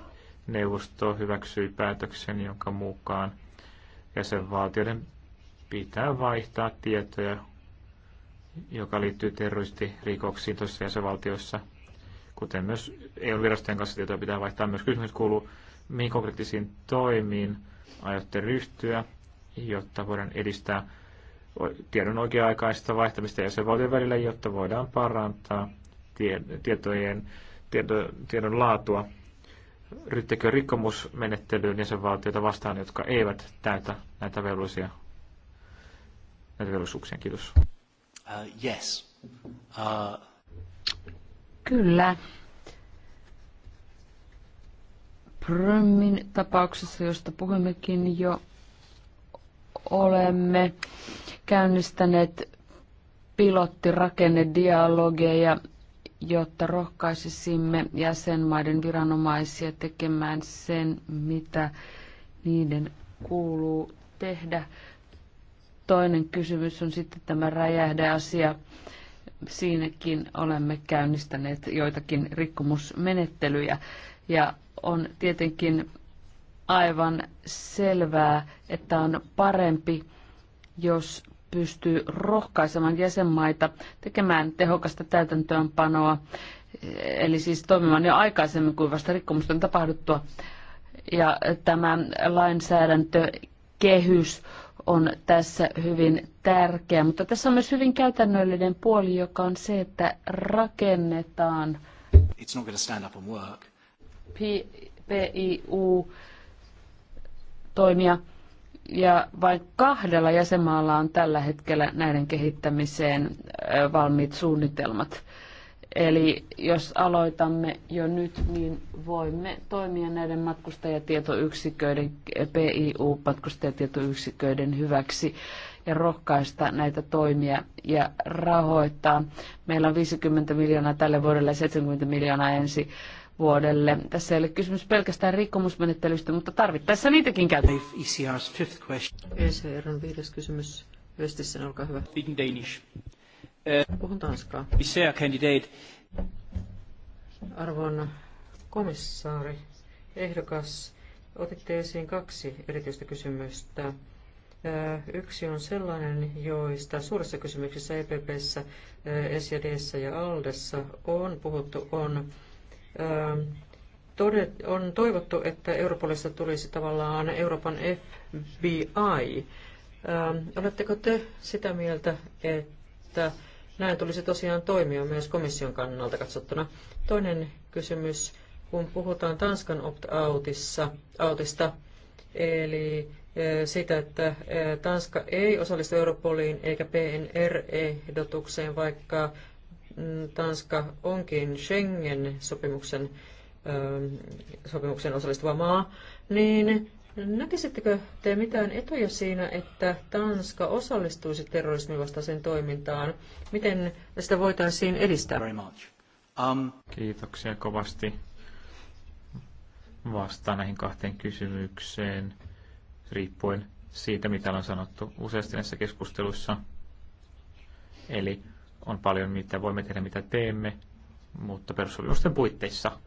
neuvosto hyväksyi päätöksen, jonka mukaan jäsenvaltioiden pitää vaihtaa tietoja, joka liittyy terroristirikoksiin tuossa jäsenvaltioissa, kuten myös EU-virastojen kanssa tietoja pitää vaihtaa. Myös kysymys kuuluu, mihin konkreettisiin toimiin aiotte ryhtyä, jotta voidaan edistää tiedon oikea-aikaista vaihtamista jäsenvaltion välillä, jotta voidaan parantaa tie, tietojen, tiedo, tiedon laatua. Ryhtyykö rikkomusmenettelyyn jäsenvaltioita vastaan, jotka eivät täytä näitä velvollisia näitä velvollisuuksia? Kiitos. Uh, yes. Uh... Kyllä. Prömmin tapauksessa, josta puhuimmekin jo, olemme käynnistäneet ja jotta rohkaisisimme jäsenmaiden viranomaisia tekemään sen, mitä niiden kuuluu tehdä. Toinen kysymys on sitten tämä räjähdeasia. Siinäkin olemme käynnistäneet joitakin rikkomusmenettelyjä ja on tietenkin aivan selvää, että on parempi, jos pystyy rohkaisemaan jäsenmaita tekemään tehokasta täytäntöönpanoa, eli siis toimimaan jo aikaisemmin kuin vasta rikkomusten tapahduttua. Ja tämä lainsäädäntökehys on tässä hyvin tärkeä, mutta tässä on myös hyvin käytännöllinen puoli, joka on se, että rakennetaan It's not going to stand up and work. PIU toimia ja vain kahdella jäsenmaalla on tällä hetkellä näiden kehittämiseen valmiit suunnitelmat. Eli jos aloitamme jo nyt, niin voimme toimia näiden matkustajatietoyksiköiden, PIU-matkustajatietoyksiköiden hyväksi ja rohkaista näitä toimia ja rahoittaa. Meillä on 50 miljoonaa tälle vuodelle ja 70 miljoonaa ensi vuodelle. Tässä ei ole kysymys pelkästään rikkomusmenettelystä, mutta tarvittaessa niitäkin käytetään. ECR's fifth question. E viides kysymys. Vestisen, olkaa hyvä. Speaking Danish. Uh, Puhun tanskaa. Isä candidate. Arvon komissaari, ehdokas, otitte esiin kaksi erityistä kysymystä. Uh, yksi on sellainen, joista suurissa kysymyksissä EPPssä, uh, SJDssä ja ALDessa on puhuttu, on Ähm, on toivottu, että Europolista tulisi tavallaan Euroopan FBI. Ähm, oletteko te sitä mieltä, että näin tulisi tosiaan toimia myös komission kannalta katsottuna? Toinen kysymys, kun puhutaan Tanskan opt-outista, eli äh, sitä, että äh, Tanska ei osallistu Europoliin eikä PNR-ehdotukseen, vaikka Tanska onkin Schengen-sopimuksen sopimuksen osallistuva maa, niin näkisittekö te mitään etuja siinä, että Tanska osallistuisi terrorismin vastaiseen toimintaan? Miten sitä voitaisiin edistää? Um... Kiitoksia kovasti. Vastaan näihin kahteen kysymykseen riippuen siitä, mitä on sanottu useasti näissä keskusteluissa. Eli on paljon, mitä voimme tehdä, mitä teemme, mutta perussopimusten puitteissa.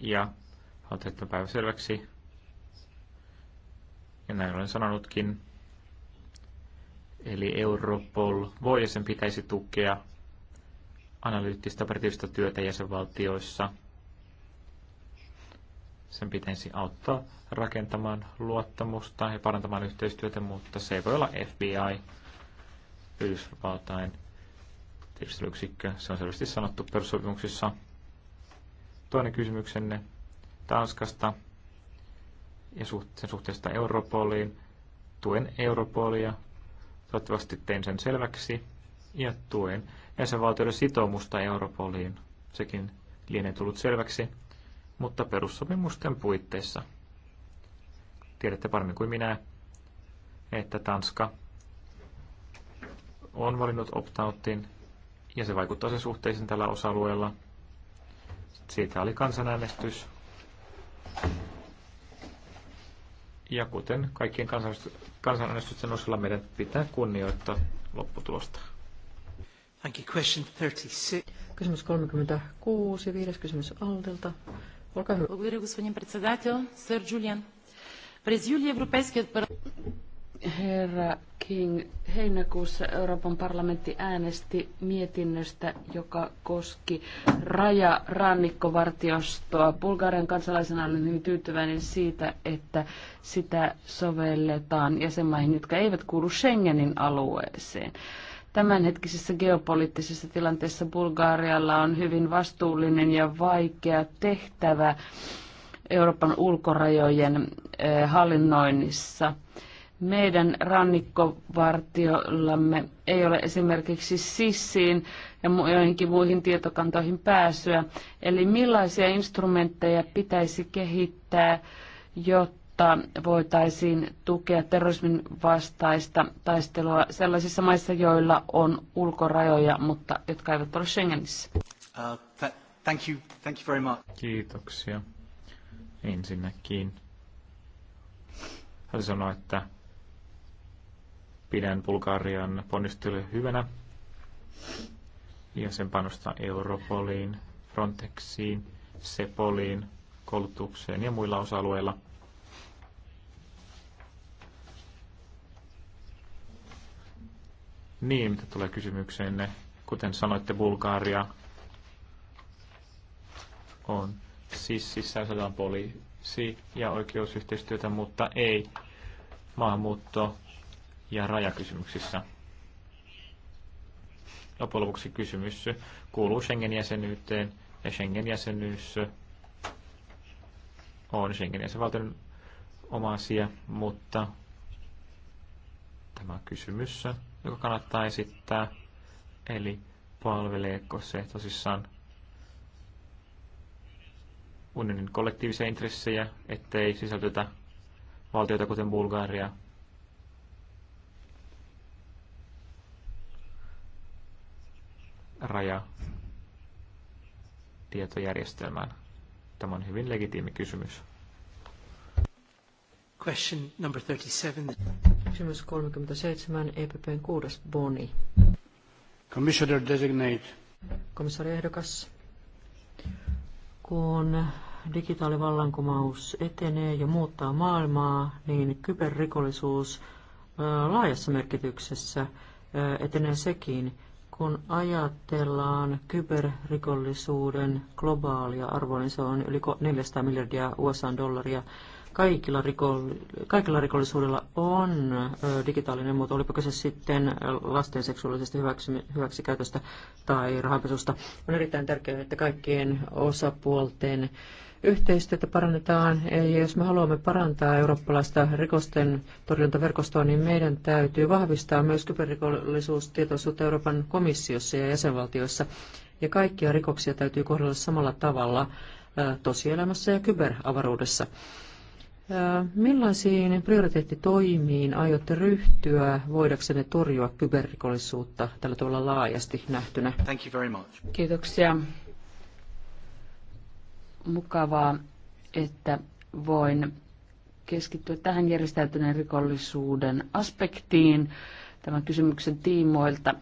Ja on päivä päiväselväksi, ja näin olen sanonutkin, eli Europol voi ja sen pitäisi tukea analyyttistä operatiivista työtä jäsenvaltioissa. Sen pitäisi auttaa rakentamaan luottamusta ja parantamaan yhteistyötä, mutta se ei voi olla FBI Yhdysvaltain tiedusteluyksikkö. Se on selvästi sanottu perussopimuksissa. Toinen kysymyksenne Tanskasta ja sen suhteesta Europoliin. Tuen Europolia. Toivottavasti tein sen selväksi. Ja tuen jäsenvaltioiden sitoumusta Europoliin. Sekin lienee tullut selväksi, mutta perussopimusten puitteissa. Tiedätte paremmin kuin minä, että Tanska on valinnut opt-outin ja se vaikuttaa sen suhteisiin tällä osa-alueella. Siitä oli kansanäänestys. Ja kuten kaikkien kansanäänestysten osalla meidän pitää kunnioittaa lopputulosta. Thank you. Question 36. Kysymys 36, viides kysymys Aldelta. Olkaa hyvä. Благодаря, господин председател. Сър Джулиан. През юли Европейският парламент... Herra King, heinäkuussa Euroopan parlamentti äänesti mietinnöstä, joka koski rajarannikkovartiostoa. Bulgarian kansalaisena olen hyvin tyytyväinen siitä, että sitä sovelletaan jäsenmaihin, jotka eivät kuulu Schengenin alueeseen. Tämänhetkisessä geopoliittisessa tilanteessa Bulgarialla on hyvin vastuullinen ja vaikea tehtävä Euroopan ulkorajojen eh, hallinnoinnissa. Meidän rannikkovartiollamme ei ole esimerkiksi sissiin ja joihinkin muihin tietokantoihin pääsyä. Eli millaisia instrumentteja pitäisi kehittää, jotta voitaisiin tukea terrorismin vastaista taistelua sellaisissa maissa, joilla on ulkorajoja, mutta jotka eivät ole Schengenissä? Uh, thank you. Thank you very much. Kiitoksia ensinnäkin. Haluaisin sanoa, että Pidän Bulgarian ponnisteluja hyvänä ja sen panosta Europoliin, Frontexiin, Sepoliin, koulutukseen ja muilla osa-alueilla. Niin, mitä tulee kysymykseenne, kuten sanoitte, Bulgaria on siis sisäisodan poliisi ja oikeusyhteistyötä, mutta ei maahanmuutto ja rajakysymyksissä. Loppujen lopuksi kysymys kuuluu Schengen-jäsenyyteen ja Schengen-jäsenyys on Schengen-jäsenvaltion oma asia, mutta tämä kysymys, joka kannattaa esittää, eli palveleeko se tosissaan unionin kollektiivisia intressejä, ettei sisältytä valtioita kuten Bulgaria – raja tietojärjestelmään? Tämä on hyvin legitiimi kysymys. Question number 37. Kysymys 37, EPPn kuudes Boni. Commissioner designate. Komissaari ehdokas. Kun digitaalivallankumous etenee ja muuttaa maailmaa, niin kyberrikollisuus laajassa merkityksessä etenee sekin kun ajatellaan kyberrikollisuuden globaalia arvoa, niin se on yli 400 miljardia USA-dollaria. Kaikilla, rikolli, kaikilla rikollisuudella on ö, digitaalinen muoto, olipa kyse sitten lasten seksuaalisesta hyväksy- hyväksikäytöstä tai rahanpesusta. On erittäin tärkeää, että kaikkien osapuolten Yhteistyötä parannetaan, ja jos me haluamme parantaa eurooppalaista rikosten torjuntaverkostoa, niin meidän täytyy vahvistaa myös kyberrikollisuustietoisuutta Euroopan komissiossa ja jäsenvaltioissa. Ja kaikkia rikoksia täytyy kohdella samalla tavalla äh, tosielämässä ja kyberavaruudessa. Äh, millaisiin prioriteettitoimiin aiotte ryhtyä voidaksenne torjua kyberrikollisuutta tällä tavalla laajasti nähtynä? Thank you very much. Kiitoksia mukavaa, että voin keskittyä tähän järjestäytyneen rikollisuuden aspektiin tämän kysymyksen tiimoilta.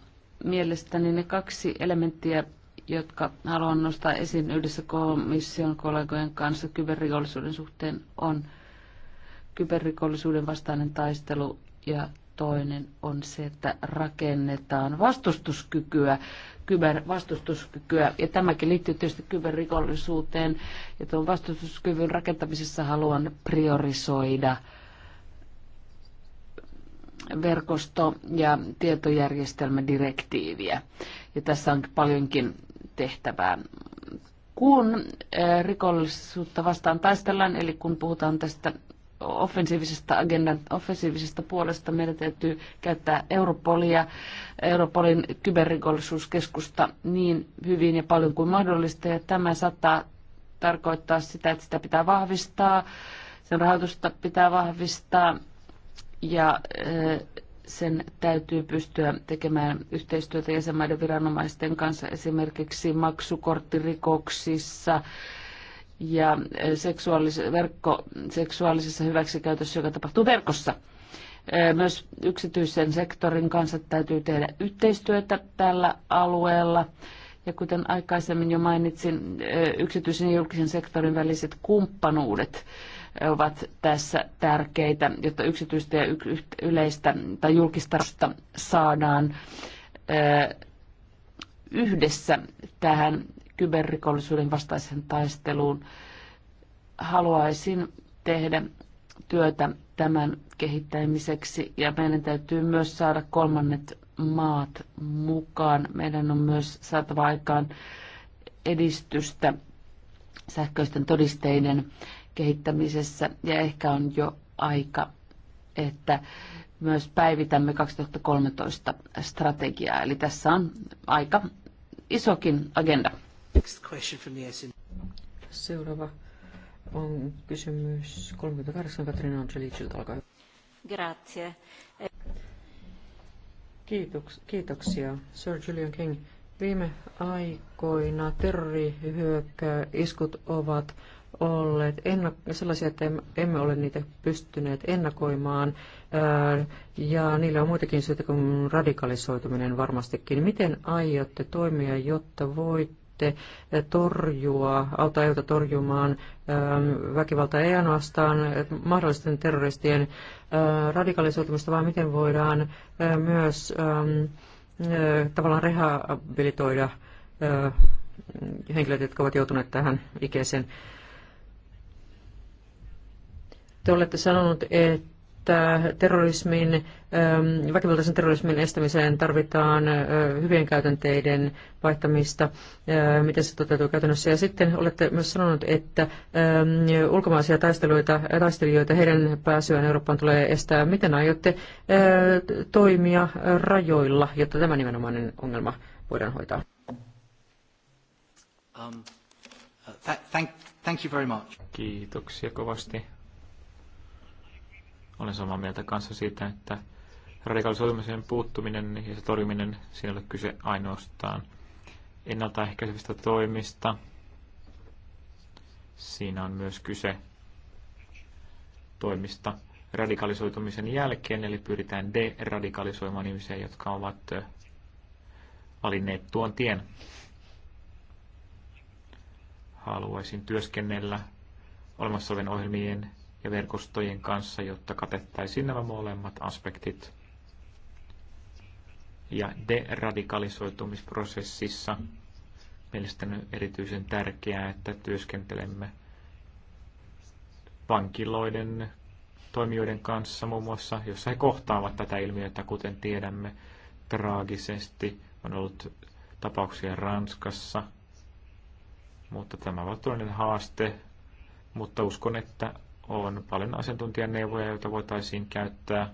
Mielestäni ne kaksi elementtiä, jotka haluan nostaa esiin yhdessä komission kollegojen kanssa kyberrikollisuuden suhteen, on kyberrikollisuuden vastainen taistelu ja toinen on se, että rakennetaan vastustuskykyä kybervastustuskykyä. Ja tämäkin liittyy tietysti kyberrikollisuuteen. Ja tuon vastustuskyvyn rakentamisessa haluan priorisoida verkosto- ja tietojärjestelmädirektiiviä. Ja tässä on paljonkin tehtävää. Kun rikollisuutta vastaan taistellaan, eli kun puhutaan tästä offensiivisesta agendan, offensiivisesta puolesta meidän täytyy käyttää Europolia, Europolin kyberrikollisuuskeskusta niin hyvin ja paljon kuin mahdollista. Ja tämä saattaa tarkoittaa sitä, että sitä pitää vahvistaa, sen rahoitusta pitää vahvistaa ja eh, sen täytyy pystyä tekemään yhteistyötä jäsenmaiden viranomaisten kanssa esimerkiksi maksukorttirikoksissa, ja seksuaalis- verkko, seksuaalisessa hyväksikäytössä, joka tapahtuu verkossa. Myös yksityisen sektorin kanssa täytyy tehdä yhteistyötä tällä alueella. Ja kuten aikaisemmin jo mainitsin, yksityisen ja julkisen sektorin väliset kumppanuudet ovat tässä tärkeitä, jotta yksityistä ja yleistä tai julkista saadaan yhdessä tähän kyberrikollisuuden vastaisen taisteluun. Haluaisin tehdä työtä tämän kehittämiseksi ja meidän täytyy myös saada kolmannet maat mukaan. Meidän on myös saatava aikaan edistystä sähköisten todisteiden kehittämisessä ja ehkä on jo aika, että myös päivitämme 2013 strategiaa. Eli tässä on aika isokin agenda. Seuraava on kysymys 38 Katriina Angelicilta. Olkaa hyvä. Grazie. Kiitoks, kiitoksia. Sir Julian King, viime aikoina terrorihyökkäiskut ovat olleet ennak- sellaisia, että emme ole niitä pystyneet ennakoimaan, ja niillä on muitakin syitä kuin radikalisoituminen varmastikin. Miten aiotte toimia, jotta voit sitten torjua, auttaa EUta torjumaan ähm, väkivaltaa ei ainoastaan äh, mahdollisten terroristien äh, radikalisoitumista, vaan miten voidaan äh, myös ähm, tavallaan rehabilitoida henkilöt, jotka ovat joutuneet tähän ikäiseen. Te olette sanonut, että että terrorismin, ähm, väkivaltaisen terrorismin estämiseen tarvitaan äh, hyvien käytänteiden vaihtamista, äh, miten se toteutuu käytännössä. Ja sitten olette myös sanonut, että ähm, ulkomaisia taisteluita, äh, taistelijoita, heidän pääsyään Eurooppaan tulee estää. Miten aiotte toimia rajoilla, jotta tämä nimenomainen ongelma voidaan hoitaa? Um, uh, thank, thank you very much. Kiitoksia kovasti olen samaa mieltä kanssa siitä, että radikalisoitumisen puuttuminen ja se torjuminen, siinä ei ole kyse ainoastaan ennaltaehkäisevistä toimista. Siinä on myös kyse toimista radikalisoitumisen jälkeen, eli pyritään deradikalisoimaan ihmisiä, jotka ovat valinneet tuon tien. Haluaisin työskennellä olemassa olevien ohjelmien ja verkostojen kanssa, jotta katettaisiin nämä molemmat aspektit. Ja deradikalisoitumisprosessissa mielestäni on erityisen tärkeää, että työskentelemme vankiloiden toimijoiden kanssa muun muassa, jossa he kohtaavat tätä ilmiötä, kuten tiedämme traagisesti. On ollut tapauksia Ranskassa, mutta tämä on toinen haaste. Mutta uskon, että on paljon asiantuntijaneuvoja, joita voitaisiin käyttää.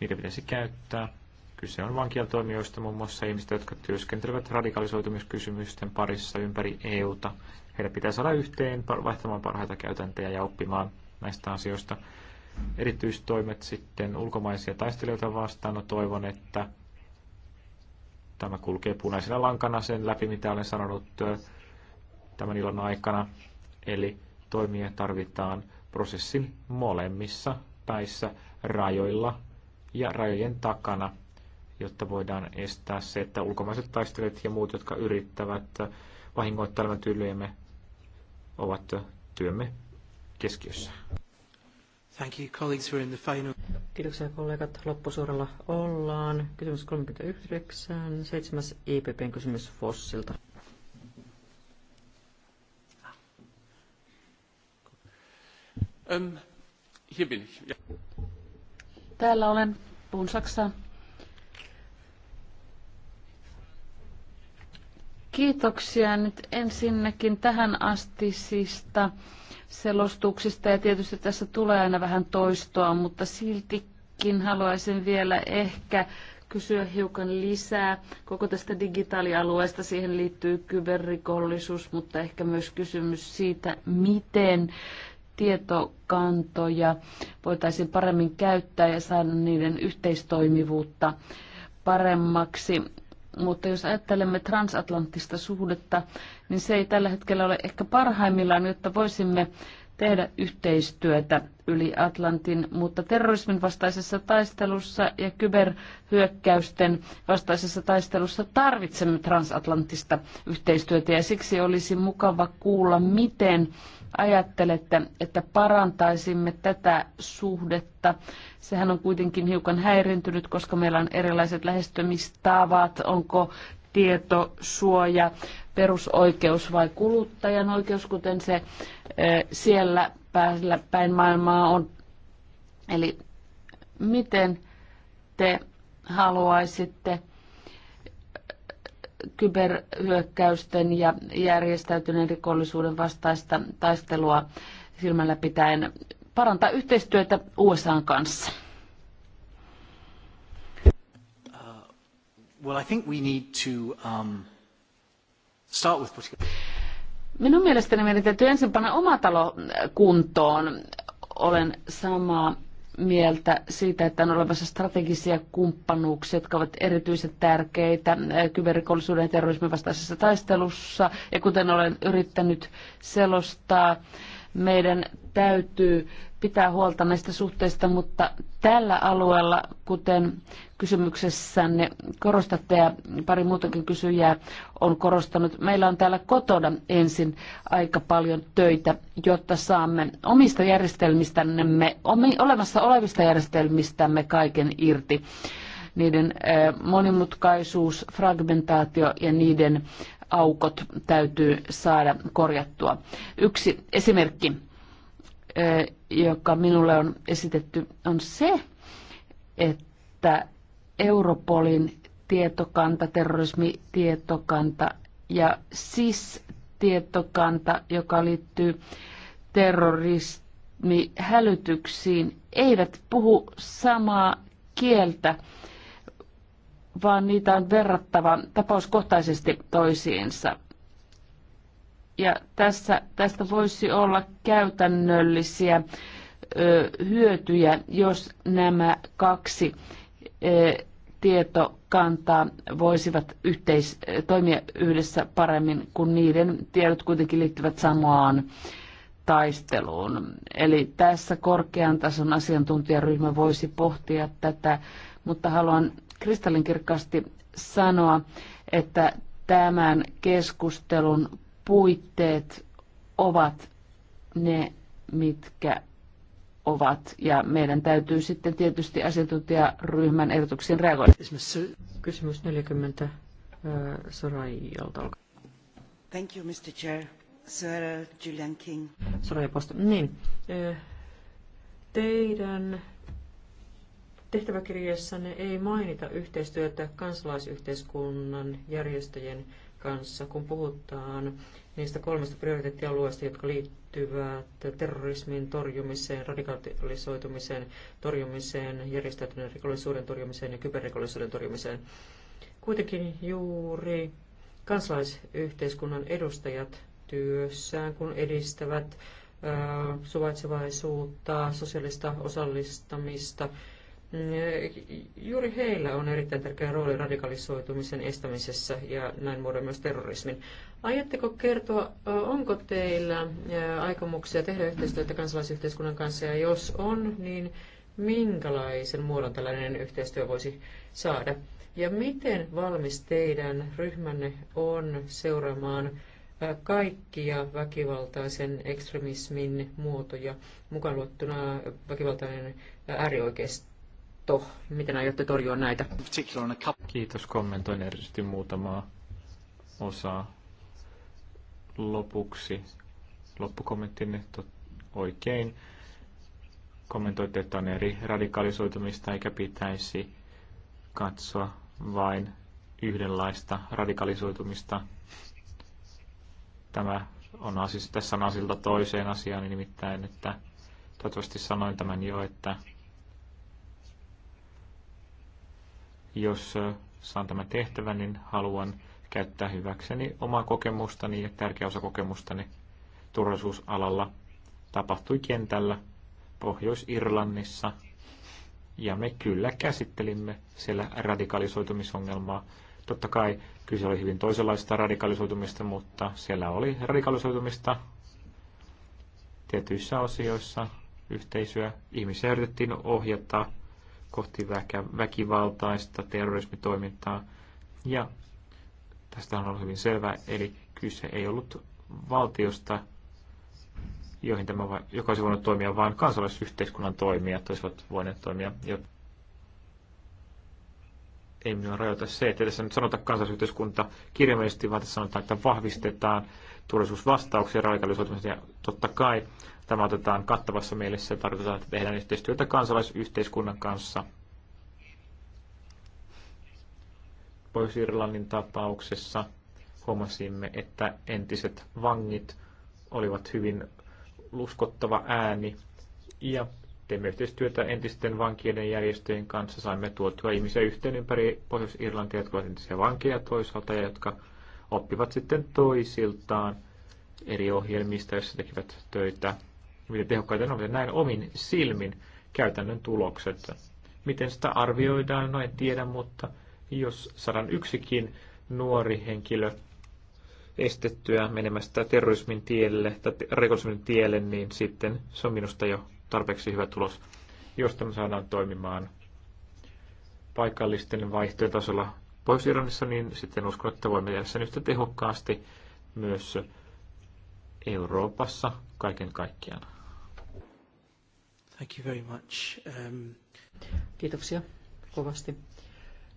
Niitä pitäisi käyttää. Kyse on vankialtoimijoista, muun muassa ihmistä, jotka työskentelevät radikalisoitumiskysymysten parissa ympäri EUta. Heidän pitää saada yhteen vaihtamaan parhaita käytäntöjä ja oppimaan näistä asioista. Erityistoimet sitten ulkomaisia taistelijoita vastaan. No, toivon, että tämä kulkee punaisena lankana sen läpi, mitä olen sanonut tämän illan aikana. Eli toimia tarvitaan prosessin molemmissa päissä rajoilla ja rajojen takana, jotta voidaan estää se, että ulkomaiset taistelijat ja muut, jotka yrittävät vahingoittaa elämän tyyliemme, ovat työmme keskiössä. Thank you, colleagues. We're in the final. Kiitoksia kollegat. Loppusuoralla ollaan. Kysymys 39, 7. IPPn kysymys Fossilta. Ähm, Täällä olen, puhun Saksaa. Kiitoksia nyt ensinnäkin tähän astisista selostuksista ja tietysti tässä tulee aina vähän toistoa, mutta siltikin haluaisin vielä ehkä kysyä hiukan lisää koko tästä digitaalialueesta. Siihen liittyy kyberrikollisuus, mutta ehkä myös kysymys siitä, miten tietokantoja voitaisiin paremmin käyttää ja saada niiden yhteistoimivuutta paremmaksi. Mutta jos ajattelemme transatlanttista suhdetta, niin se ei tällä hetkellä ole ehkä parhaimmillaan, jotta voisimme tehdä yhteistyötä yli Atlantin, mutta terrorismin vastaisessa taistelussa ja kyberhyökkäysten vastaisessa taistelussa tarvitsemme transatlanttista yhteistyötä ja siksi olisi mukava kuulla, miten ajattelette, että parantaisimme tätä suhdetta. Sehän on kuitenkin hiukan häirintynyt, koska meillä on erilaiset lähestymistavat, onko tietosuoja, perusoikeus vai kuluttajan oikeus, kuten se eh, siellä päin maailmaa on. Eli miten te haluaisitte eh, kyberhyökkäysten ja järjestäytyneen rikollisuuden vastaista taistelua silmällä pitäen parantaa yhteistyötä USAn kanssa? Uh, well, I think we need to um, Minun mielestäni meidän täytyy ensin panna oma talo äh, kuntoon. Olen samaa mieltä siitä, että on olemassa strategisia kumppanuuksia, jotka ovat erityisen tärkeitä äh, kyberrikollisuuden ja terrorismin vastaisessa taistelussa. Ja kuten olen yrittänyt selostaa, meidän täytyy pitää huolta näistä suhteista, mutta tällä alueella, kuten kysymyksessänne korostatte ja pari muutakin kysyjää on korostanut, meillä on täällä kotona ensin aika paljon töitä, jotta saamme omista järjestelmistämme, olemassa olevista järjestelmistämme kaiken irti. Niiden monimutkaisuus, fragmentaatio ja niiden aukot täytyy saada korjattua. Yksi esimerkki joka minulle on esitetty, on se, että Europolin tietokanta, terrorismitietokanta ja SIS-tietokanta, joka liittyy terrorismihälytyksiin, eivät puhu samaa kieltä, vaan niitä on verrattava tapauskohtaisesti toisiinsa. Ja tässä, tästä voisi olla käytännöllisiä ö, hyötyjä, jos nämä kaksi ö, tietokantaa voisivat yhteis, toimia yhdessä paremmin, kun niiden tiedot kuitenkin liittyvät samaan taisteluun. Eli tässä korkean tason asiantuntijaryhmä voisi pohtia tätä, mutta haluan kristallinkirkkaasti sanoa, että tämän keskustelun puitteet ovat ne, mitkä ovat. Ja meidän täytyy sitten tietysti asiantuntijaryhmän ehdotuksiin reagoida. Kysymys 40 Sorajalta. Thank you, Mr. Chair. Sir Julian King. Soraya Posta. Niin. Teidän tehtäväkirjassanne ei mainita yhteistyötä kansalaisyhteiskunnan järjestöjen kanssa, kun puhutaan niistä kolmesta prioriteettialueesta, jotka liittyvät terrorismin torjumiseen, radikalisoitumiseen torjumiseen, järjestäytyneen rikollisuuden torjumiseen ja kyberrikollisuuden torjumiseen. Kuitenkin juuri kansalaisyhteiskunnan edustajat työssään, kun edistävät suvaitsevaisuutta, sosiaalista osallistamista, Juuri heillä on erittäin tärkeä rooli radikalisoitumisen estämisessä ja näin muodon myös terrorismin. Aiotteko kertoa, onko teillä aikomuksia tehdä yhteistyötä kansalaisyhteiskunnan kanssa ja jos on, niin minkälaisen muodon tällainen yhteistyö voisi saada? Ja miten valmis teidän ryhmänne on seuraamaan kaikkia väkivaltaisen ekstremismin muotoja, mukaan luettuna väkivaltainen äärioikeisto? miten aiotte torjua näitä? Kiitos, kommentoin erityisesti muutamaa osaa. Lopuksi loppukommenttinne oikein. Kommentoitte, että on eri radikalisoitumista eikä pitäisi katsoa vain yhdenlaista radikalisoitumista. Tämä on asia, tässä on asilta toiseen asiaan, nimittäin, että toivottavasti sanoin tämän jo, että Jos saan tämän tehtävän, niin haluan käyttää hyväkseni omaa kokemustani ja tärkeä osa kokemustani turvallisuusalalla tapahtui kentällä Pohjois-Irlannissa. Ja me kyllä käsittelimme siellä radikalisoitumisongelmaa. Totta kai kyse oli hyvin toisenlaista radikalisoitumista, mutta siellä oli radikalisoitumista tietyissä osioissa yhteisöä. Ihmisiä yritettiin ohjata kohti väkivaltaista terrorismitoimintaa. Ja tästä on ollut hyvin selvää, eli kyse ei ollut valtiosta, joihin tämä, joka olisi voinut toimia, vaan kansalaisyhteiskunnan toimijat olisivat voineet toimia. Jo. Ei minua rajoita se, että tässä nyt sanotaan kansalaisyhteiskunta kirjaimellisesti, vaan tässä sanotaan, että vahvistetaan turvallisuusvastauksia radikalisoitumiseen. Ja totta kai tämä otetaan kattavassa mielessä ja tarkoitetaan, että tehdään yhteistyötä kansalaisyhteiskunnan kanssa. Pohjois-Irlannin tapauksessa huomasimme, että entiset vangit olivat hyvin uskottava ääni ja teimme yhteistyötä entisten vankien järjestöjen kanssa. Saimme tuotua ihmisiä yhteen ympäri Pohjois-Irlantia, jotka ovat entisiä vankeja toisaalta ja jotka oppivat sitten toisiltaan eri ohjelmista, joissa tekivät töitä, miten tehokkaita ne ovat, näin omin silmin käytännön tulokset. Miten sitä arvioidaan, no en tiedä, mutta jos saadaan yksikin nuori henkilö estettyä menemästä terrorismin tielle tai rikollisuuden tielle, niin sitten se on minusta jo tarpeeksi hyvä tulos, josta me saadaan toimimaan paikallisten vaihtojen tasolla pois Iranissa, niin sitten uskon, että voimme tehdä sen yhtä tehokkaasti myös Euroopassa kaiken kaikkiaan. Thank you very much. Um... Kiitoksia kovasti.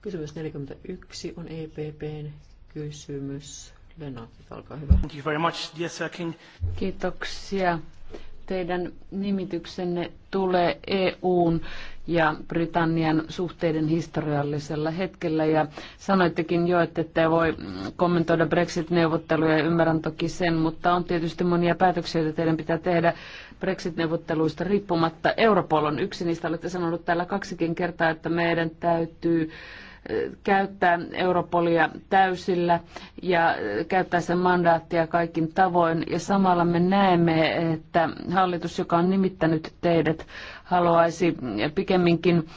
Kysymys 41 on EPPn kysymys. Lena, olkaa hyvä. Thank you very much, dear Sir King. Kiitoksia teidän nimityksenne tulee EUn ja Britannian suhteiden historiallisella hetkellä. Ja sanoittekin jo, että te voi kommentoida Brexit-neuvotteluja, ymmärrän toki sen, mutta on tietysti monia päätöksiä, joita teidän pitää tehdä Brexit-neuvotteluista riippumatta. Europol on yksi niistä, olette sanonut täällä kaksikin kertaa, että meidän täytyy käyttää Europolia täysillä ja käyttää sen mandaattia kaikin tavoin. Ja samalla me näemme, että hallitus, joka on nimittänyt teidät, haluaisi pikemminkin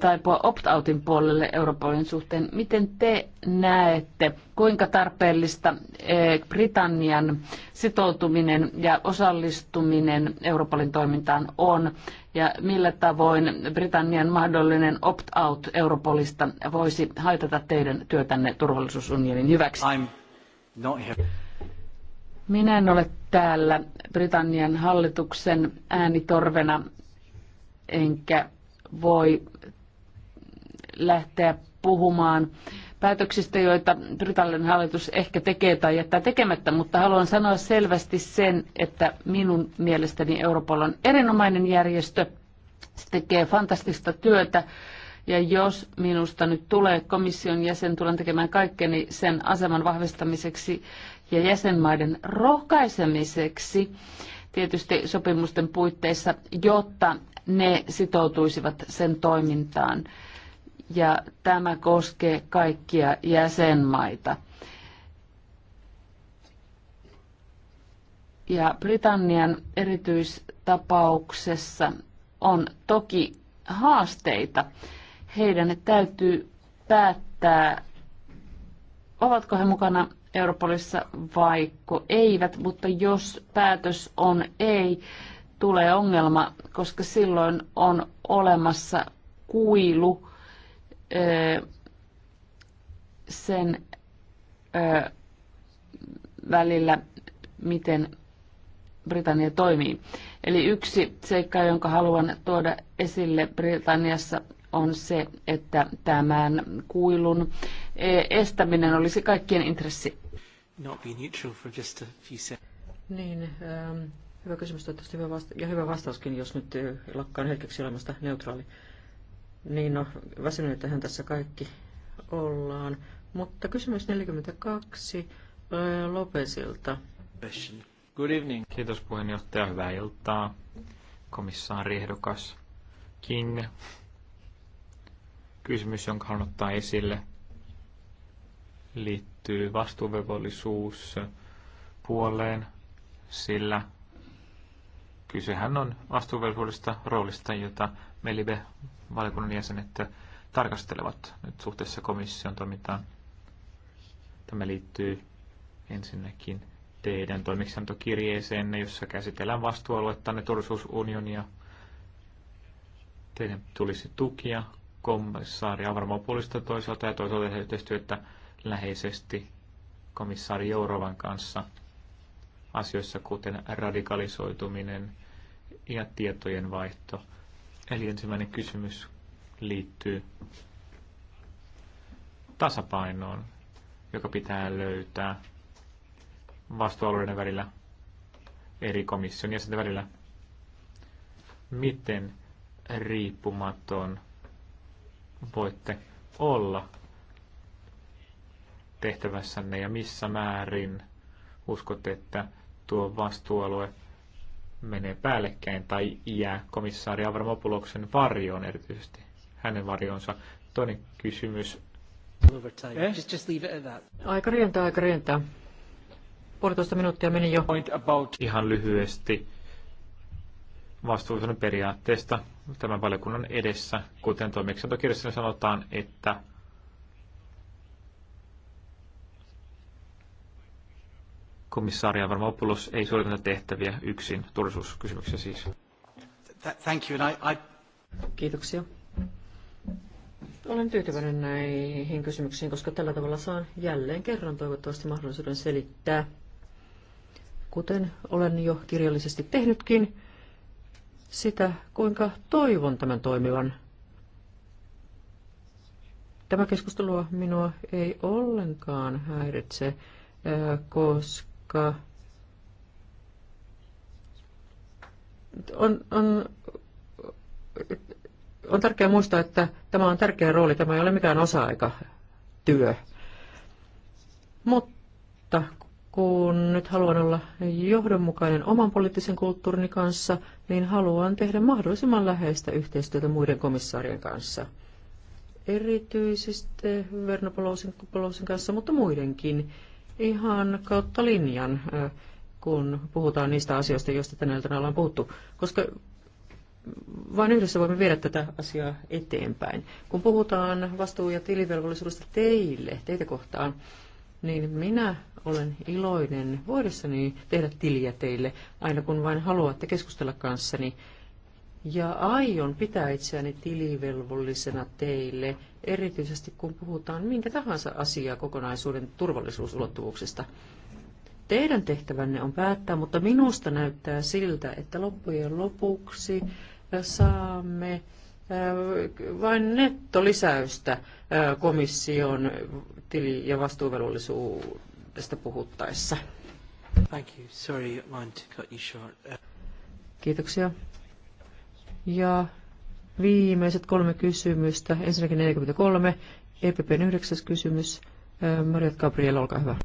taipua opt-outin puolelle Euroopan suhteen. Miten te näette, kuinka tarpeellista e, Britannian sitoutuminen ja osallistuminen Euroopan toimintaan on ja millä tavoin Britannian mahdollinen opt-out Europolista voisi haitata teidän työtänne turvallisuusunionin hyväksi? Minä en ole täällä Britannian hallituksen äänitorvena enkä voi lähteä puhumaan päätöksistä, joita Britannian hallitus ehkä tekee tai jättää tekemättä, mutta haluan sanoa selvästi sen, että minun mielestäni Europol on erinomainen järjestö, se tekee fantastista työtä ja jos minusta nyt tulee komission jäsen, tulen tekemään kaikkeni sen aseman vahvistamiseksi ja jäsenmaiden rohkaisemiseksi tietysti sopimusten puitteissa, jotta ne sitoutuisivat sen toimintaan. Ja tämä koskee kaikkia jäsenmaita. Ja Britannian erityistapauksessa on toki haasteita. Heidän täytyy päättää, ovatko he mukana Europolissa vaiko eivät, mutta jos päätös on ei, tulee ongelma, koska silloin on olemassa kuilu sen välillä, miten Britannia toimii. Eli yksi seikka, jonka haluan tuoda esille Britanniassa, on se, että tämän kuilun estäminen olisi kaikkien intressi. Not be neutral for just a few seconds. Niin, ähm, Hyvä kysymys, toivottavasti hyvä vasta- ja hyvä vastauskin, jos nyt eh, lakkaan hetkeksi olemasta neutraali. Niin no, väsyneitähän tässä kaikki ollaan. Mutta kysymys 42 eh, Lopesilta. Good evening. Kiitos puheenjohtaja, hyvää iltaa. Komissaari ehdokas King. Kysymys, jonka haluan ottaa esille, liittyy vastuuvelvollisuus puoleen, sillä Kysehän on vastuuvelvollisesta roolista, jota Melibe-valiokunnan jäsenet tarkastelevat nyt suhteessa komission toimintaan. Tämä liittyy ensinnäkin teidän toimiksiantokirjeeseenne, jossa käsitellään ne turvallisuusunionia. Teidän tulisi tukia komissaari Avramopulista toisaalta ja toisaalta yhteistyötä läheisesti komissaari Jourovan kanssa – asioissa, kuten radikalisoituminen ja tietojen vaihto. Eli ensimmäinen kysymys liittyy tasapainoon, joka pitää löytää vastuualueiden välillä, eri komission ja sitten välillä. Miten riippumaton voitte olla tehtävässänne ja missä määrin uskot, että tuo vastuualue menee päällekkäin tai jää komissaari Avramopuloksen varjoon erityisesti, hänen varjonsa. Toinen kysymys. Eh? Aika rientää, aika rientää. Puolitoista minuuttia meni jo. About... Ihan lyhyesti vastuullisuuden periaatteesta tämän valiokunnan edessä, kuten toimeksiantokirjassa sanotaan, että komissaari Avramopoulos ei suorita tehtäviä yksin turvallisuuskysymyksiä siis. Thank you, and I, I... Kiitoksia. Olen tyytyväinen näihin kysymyksiin, koska tällä tavalla saan jälleen kerran toivottavasti mahdollisuuden selittää, kuten olen jo kirjallisesti tehnytkin, sitä, kuinka toivon tämän toimivan. Tämä keskustelua minua ei ollenkaan häiritse, äh, koska joka on, on, on tärkeää muistaa, että tämä on tärkeä rooli, tämä ei ole mikään osa-aikatyö. Mutta kun nyt haluan olla johdonmukainen oman poliittisen kulttuurini kanssa, niin haluan tehdä mahdollisimman läheistä yhteistyötä muiden komissaarien kanssa. Erityisesti Verno Polosin, Polosin kanssa, mutta muidenkin ihan kautta linjan, kun puhutaan niistä asioista, joista tänä iltana ollaan puhuttu, koska vain yhdessä voimme viedä tätä asiaa eteenpäin. Kun puhutaan vastuu- ja tilivelvollisuudesta teille, teitä kohtaan, niin minä olen iloinen voidessani tehdä tiliä teille, aina kun vain haluatte keskustella kanssani ja aion pitää itseäni tilivelvollisena teille, erityisesti kun puhutaan minkä tahansa asiaa kokonaisuuden turvallisuusulottuvuuksista. Teidän tehtävänne on päättää, mutta minusta näyttää siltä, että loppujen lopuksi äh, saamme äh, vain nettolisäystä äh, komission tili- ja vastuuvelvollisuudesta puhuttaessa. Thank you. Sorry, to cut you short. Kiitoksia. Ja viimeiset kolme kysymystä. Ensinnäkin 43, EPPn yhdeksäs kysymys. Marjat Gabriel, olkaa hyvä.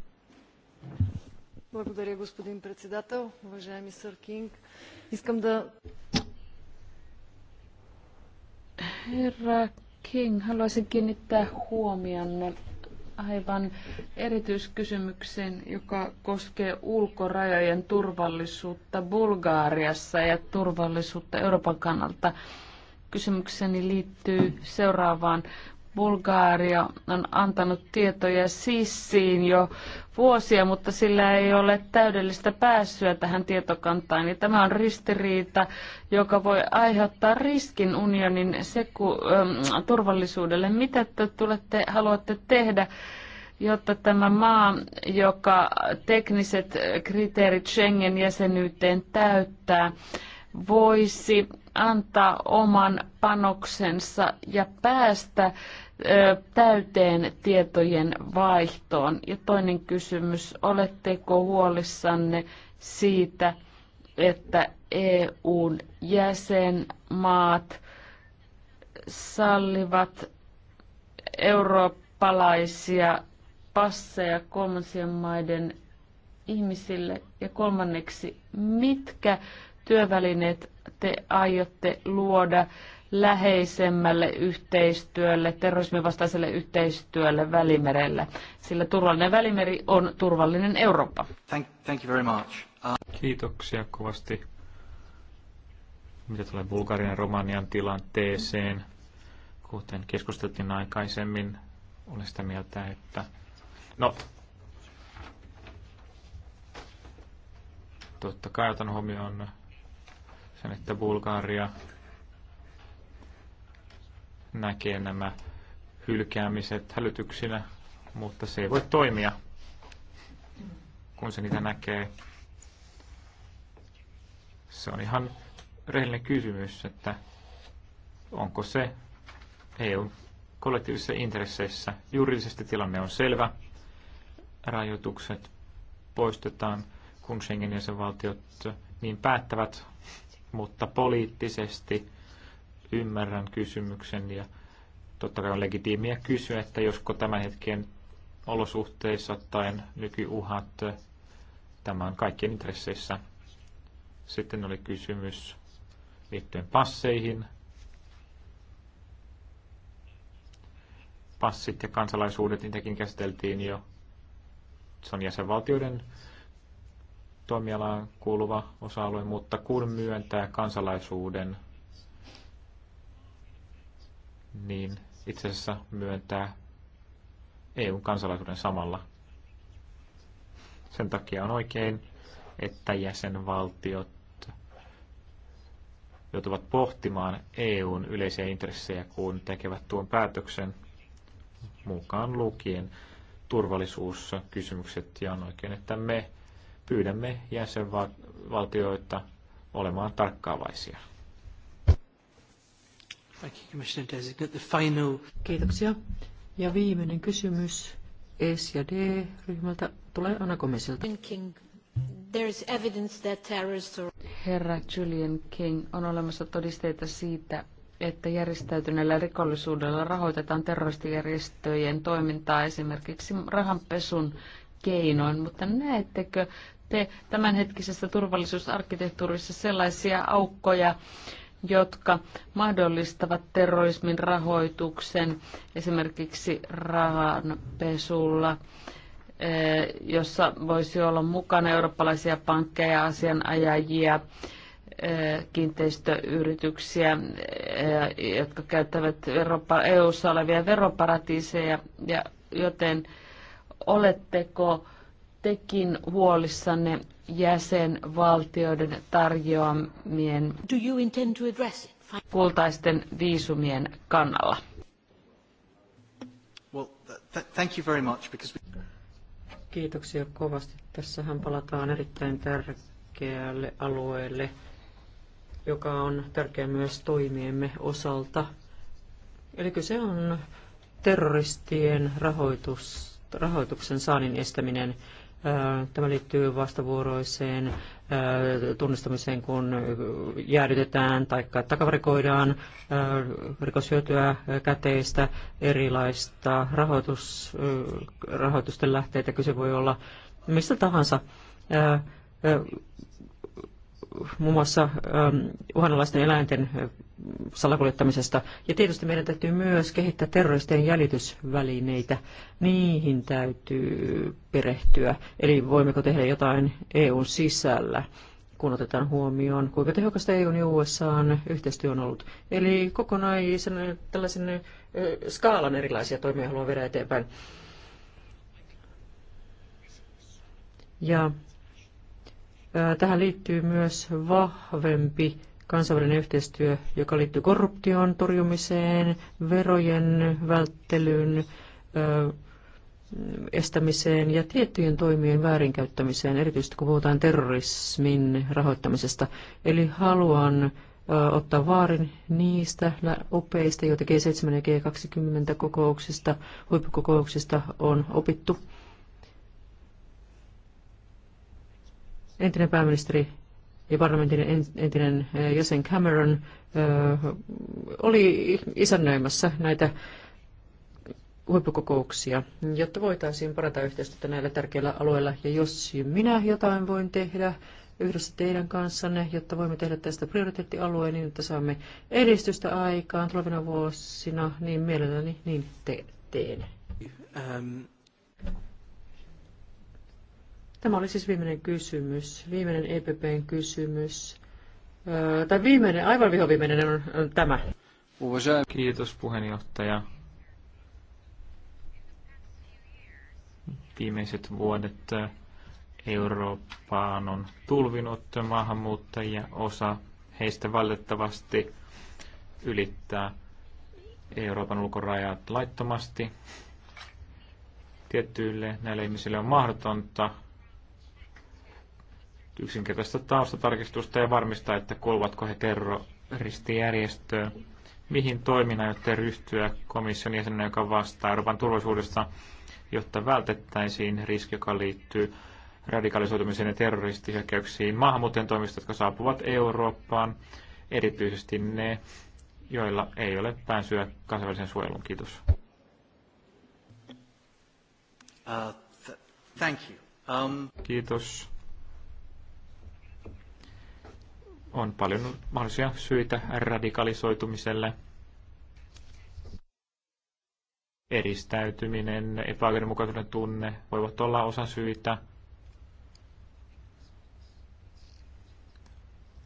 Благодаря, господин председател. Уважаеми сър Кинг, искам да... Herra King, haluaisin kiinnittää huomionne aivan erityiskysymyksen, joka koskee ulkorajojen turvallisuutta Bulgaariassa ja turvallisuutta Euroopan kannalta. Kysymykseni liittyy seuraavaan. Bulgaaria on antanut tietoja sissiin jo vuosia, mutta sillä ei ole täydellistä pääsyä tähän tietokantaan. Ja tämä on ristiriita, joka voi aiheuttaa riskin unionin seku, ähm, turvallisuudelle. Mitä te tulette, haluatte tehdä, jotta tämä maa, joka tekniset kriteerit Schengen-jäsenyyteen täyttää, voisi antaa oman panoksensa ja päästä täyteen tietojen vaihtoon? Ja toinen kysymys, oletteko huolissanne siitä, että EUn jäsenmaat sallivat eurooppalaisia passeja kolmansien maiden ihmisille? Ja kolmanneksi, mitkä työvälineet te aiotte luoda läheisemmälle yhteistyölle, terrorismin vastaiselle yhteistyölle Välimerellä, sillä turvallinen Välimeri on turvallinen Eurooppa. Thank, thank you very much. Uh... Kiitoksia kovasti. Mitä tulee Bulgarian ja Romanian tilanteeseen, kuten keskusteltiin aikaisemmin, olen sitä mieltä, että no, totta kai otan huomioon sen, että Bulgaria näkee nämä hylkäämiset hälytyksinä, mutta se ei voi toimia, kun se niitä näkee. Se on ihan rehellinen kysymys, että onko se EUn kollektiivisissa intresseissä. Juridisesti tilanne on selvä. Rajoitukset poistetaan, kun Schengen jäsenvaltiot niin päättävät, mutta poliittisesti Ymmärrän kysymyksen ja totta kai on legitiimiä kysyä, että josko tämän hetken olosuhteissa tai nykyuhat, eh, tämä on kaikkien intresseissä. Sitten oli kysymys liittyen passeihin. Passit ja kansalaisuudet, niitäkin käsiteltiin jo. Se on jäsenvaltioiden toimialaan kuuluva osa-alue, mutta kun myöntää kansalaisuuden, niin itse asiassa myöntää EUn kansalaisuuden samalla. Sen takia on oikein, että jäsenvaltiot joutuvat pohtimaan EUn yleisiä intressejä, kun tekevät tuon päätöksen mukaan lukien turvallisuuskysymykset. Ja on oikein, että me pyydämme jäsenvaltioita olemaan tarkkaavaisia. Thank you, Commissioner Designate. The final... Kiitoksia. Ja viimeinen kysymys S- e ja D-ryhmältä tulee Anna Komisilta. Herra Julian King, on olemassa todisteita siitä, että järjestäytyneellä rikollisuudella rahoitetaan terroristijärjestöjen toimintaa esimerkiksi rahanpesun keinoin, mutta näettekö te tämänhetkisessä turvallisuusarkkitehtuurissa sellaisia aukkoja, jotka mahdollistavat terrorismin rahoituksen esimerkiksi rahanpesulla, eh, jossa voisi olla mukana eurooppalaisia pankkeja, asianajajia, eh, kiinteistöyrityksiä, eh, jotka käyttävät EU-ssa olevia veroparatiiseja, joten oletteko tekin huolissanne jäsenvaltioiden tarjoamien kultaisten viisumien kannalla? Kiitoksia kovasti. Tässähän palataan erittäin tärkeälle alueelle, joka on tärkeä myös toimiemme osalta. Eli se on terroristien rahoitus, rahoituksen saannin estäminen Tämä liittyy vastavuoroiseen tunnistamiseen, kun jäädytetään tai takavarikoidaan rikoshyötyä käteistä erilaista rahoitus, rahoitusten lähteitä. Kyse voi olla mistä tahansa. Muun muassa uhanalaisten eläinten salakuljettamisesta. Ja tietysti meidän täytyy myös kehittää terroristien jäljitysvälineitä. Niihin täytyy perehtyä. Eli voimmeko tehdä jotain EUn sisällä, kun otetaan huomioon, kuinka tehokasta EUn ja USAn yhteistyö on ollut. Eli kokonaisen tällaisen skaalan erilaisia toimia haluan viedä eteenpäin. Ja tähän liittyy myös vahvempi kansainvälinen yhteistyö, joka liittyy korruption torjumiseen, verojen välttelyyn, estämiseen ja tiettyjen toimien väärinkäyttämiseen, erityisesti kun puhutaan terrorismin rahoittamisesta. Eli haluan ottaa vaarin niistä opeista, joita G7 ja G20 kokouksista, huippukokouksista on opittu. Entinen pääministeri ja parlamentin entinen jäsen Cameron oli isännöimässä näitä huippukokouksia, jotta voitaisiin parata yhteistyötä näillä tärkeillä alueilla. Ja jos minä jotain voin tehdä yhdessä teidän kanssanne, jotta voimme tehdä tästä prioriteettialueen niin, että saamme edistystä aikaan tulevina vuosina, niin mielelläni niin te- teen. Um, Tämä oli siis viimeinen kysymys, viimeinen EPPn kysymys. Öö, tai viimeinen, aivan vihoviimeinen on, on tämä. Kiitos puheenjohtaja. Viimeiset vuodet Eurooppaan on tulvinut maahanmuuttajia. Osa heistä valitettavasti ylittää Euroopan ulkorajat laittomasti. Tietyille näille ihmisille on mahdotonta yksinkertaista taustatarkistusta ja varmistaa, että kuuluvatko he terroristijärjestöön. Mihin toiminnan jotta ryhtyä komission jäsenen, joka vastaa Euroopan turvallisuudesta, jotta vältettäisiin riski, joka liittyy radikalisoitumiseen ja terroristihyökkäyksiin maahanmuuttajien toimista, jotka saapuvat Eurooppaan, erityisesti ne, joilla ei ole pääsyä kansainvälisen suojelun Kiitos. Uh, th- thank you. Um... Kiitos. on paljon mahdollisia syitä radikalisoitumiselle. Eristäytyminen, epäoikeudenmukaisuuden tunne voivat olla osa syitä.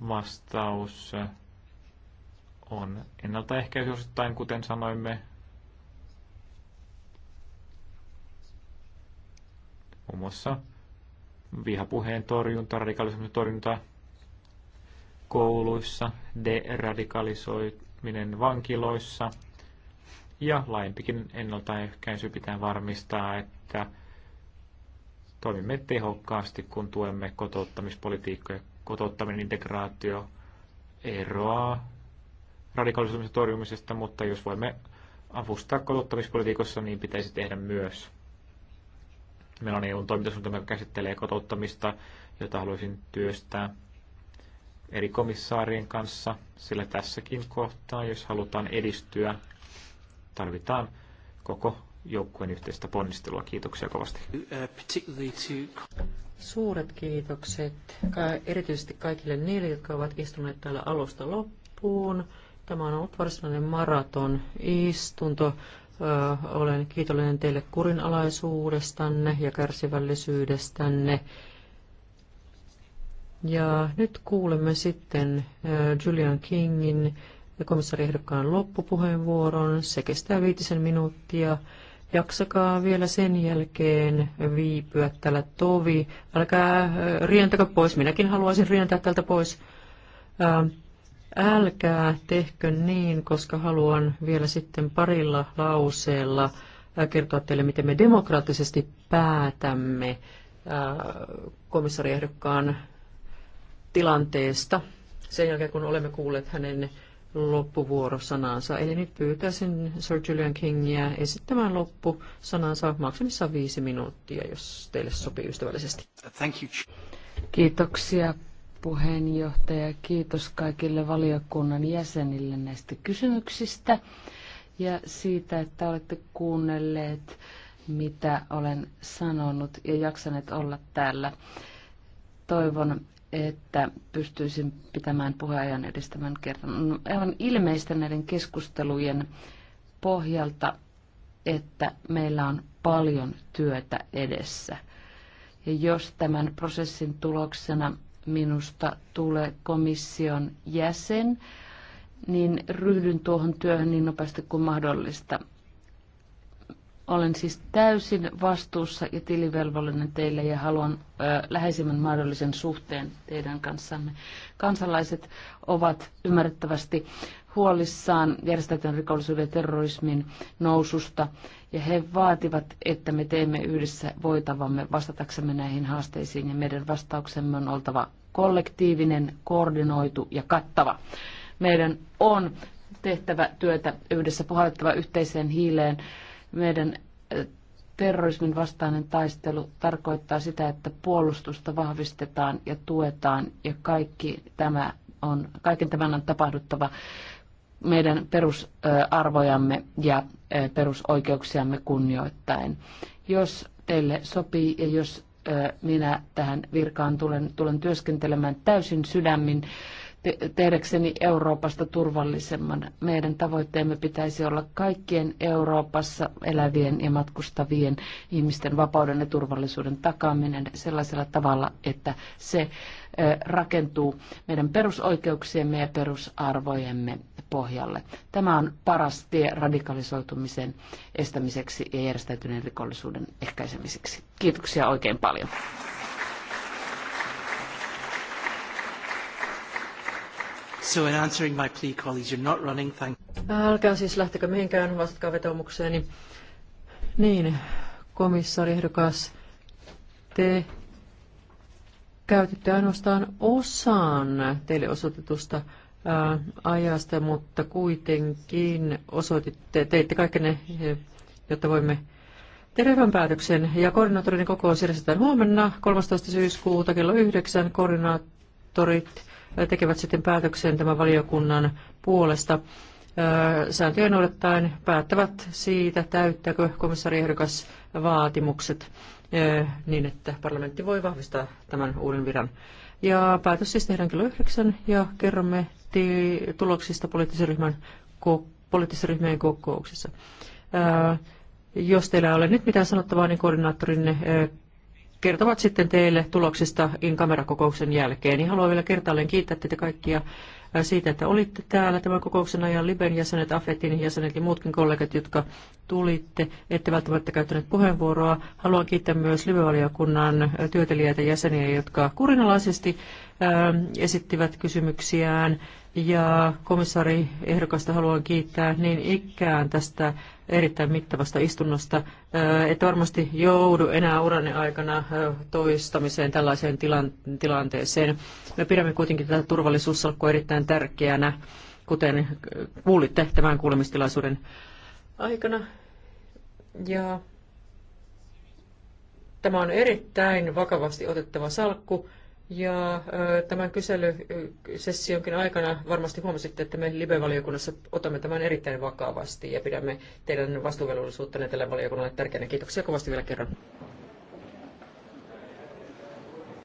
Vastaus on ennaltaehkäisy osittain, kuten sanoimme. Muun muassa vihapuheen torjunta, radikalismin torjunta, kouluissa, deradikalisoiminen vankiloissa ja laajempikin ennaltaehkäisy pitää varmistaa, että toimimme tehokkaasti, kun tuemme kotouttamispolitiikkoja. Kotouttaminen integraatio eroaa radikalisoimisen torjumisesta, mutta jos voimme avustaa kotouttamispolitiikassa, niin pitäisi tehdä myös. Meillä on eu toimintasuunnitelma, joka käsittelee kotouttamista, jota haluaisin työstää eri komissaarien kanssa, sillä tässäkin kohtaa, jos halutaan edistyä, tarvitaan koko joukkueen yhteistä ponnistelua. Kiitoksia kovasti. Suuret kiitokset erityisesti kaikille niille, jotka ovat istuneet täällä alusta loppuun. Tämä on ollut varsinainen maraton istunto. Olen kiitollinen teille kurinalaisuudestanne ja kärsivällisyydestänne. Ja nyt kuulemme sitten Julian Kingin komissariehdokkaan loppupuheenvuoron. Se kestää viitisen minuuttia. Jaksakaa vielä sen jälkeen viipyä tällä tovi. Älkää rientäkö pois. Minäkin haluaisin rientää tältä pois. Älkää tehkö niin, koska haluan vielä sitten parilla lauseella kertoa teille, miten me demokraattisesti päätämme komissariehdokkaan tilanteesta sen jälkeen, kun olemme kuulleet hänen loppuvuorosanansa, Eli nyt pyytäisin Sir Julian Kingia esittämään loppusanansa maksimissaan viisi minuuttia, jos teille sopii ystävällisesti. Thank you. Kiitoksia puheenjohtaja. Kiitos kaikille valiokunnan jäsenille näistä kysymyksistä ja siitä, että olette kuunnelleet, mitä olen sanonut ja jaksaneet olla täällä. Toivon, että pystyisin pitämään puheajan edistämän kerran. On aivan ilmeistä näiden keskustelujen pohjalta, että meillä on paljon työtä edessä. Ja jos tämän prosessin tuloksena minusta tulee komission jäsen, niin ryhdyn tuohon työhön niin nopeasti kuin mahdollista. Olen siis täysin vastuussa ja tilivelvollinen teille ja haluan ö, läheisimmän mahdollisen suhteen teidän kanssanne. Kansalaiset ovat ymmärrettävästi huolissaan järjestäytyneen rikollisuuden ja terrorismin noususta ja he vaativat, että me teemme yhdessä voitavamme vastataksemme näihin haasteisiin ja meidän vastauksemme on oltava kollektiivinen, koordinoitu ja kattava. Meidän on tehtävä työtä yhdessä, puhallettava yhteiseen hiileen meidän terrorismin vastainen taistelu tarkoittaa sitä, että puolustusta vahvistetaan ja tuetaan ja kaikki tämä on, kaiken tämän on tapahduttava meidän perusarvojamme ja perusoikeuksiamme kunnioittain. Jos teille sopii ja jos minä tähän virkaan tulen, tulen työskentelemään täysin sydämin, tehdäkseni Euroopasta turvallisemman. Meidän tavoitteemme pitäisi olla kaikkien Euroopassa elävien ja matkustavien ihmisten vapauden ja turvallisuuden takaaminen sellaisella tavalla, että se rakentuu meidän perusoikeuksiemme ja perusarvojemme pohjalle. Tämä on paras tie radikalisoitumisen estämiseksi ja järjestäytyneen rikollisuuden ehkäisemiseksi. Kiitoksia oikein paljon. So in answering my plea, colleagues, you're not running, thank Älkää siis lähtekö mihinkään, vastatkaa vetoomukseeni. Niin, komissaari ehdokas, te käytitte ainoastaan osan teille osoitetusta ää, ajasta, mutta kuitenkin osoititte, teitte kaikenne, jotta voimme tehdä hyvän päätöksen. Ja koordinaattorin kokous järjestetään huomenna 13. syyskuuta kello 9. Koordinaattorit tekevät sitten päätöksen tämän valiokunnan puolesta sääntöjä noudattaen päättävät siitä, täyttääkö komissariehdokas vaatimukset niin, että parlamentti voi vahvistaa tämän uuden viran. Ja päätös siis tehdään kello yhdeksän ja kerromme tuloksista poliittisen ryhmän poliittisen ryhmien kokouksessa. Jos teillä ei ole nyt mitään sanottavaa, niin koordinaattorinne kertovat sitten teille tuloksista in kamerakokouksen jälkeen. Niin haluan vielä kertaalleen kiittää teitä kaikkia äh, siitä, että olitte täällä tämän kokouksen ajan. Liben jäsenet, Afetin jäsenet ja muutkin kollegat, jotka tulitte, ette välttämättä käyttäneet puheenvuoroa. Haluan kiittää myös live äh, työtelijäitä jäseniä, jotka kurinalaisesti Ähm, esittivät kysymyksiään ja komissaari ehdokasta haluan kiittää niin ikään tästä erittäin mittavasta istunnosta. Äh, Et varmasti joudu enää uranne aikana äh, toistamiseen tällaiseen tilanteeseen. Me pidämme kuitenkin tätä turvallisuussalkkua erittäin tärkeänä, kuten äh, kuulitte tämän kuulemistilaisuuden aikana. Ja tämä on erittäin vakavasti otettava salkku ja tämän kyselysessionkin aikana varmasti huomasitte, että me Libe-valiokunnassa otamme tämän erittäin vakavasti ja pidämme teidän vastuuvelvollisuuttanne tälle valiokunnalle tärkeänä. Kiitoksia kovasti vielä kerran.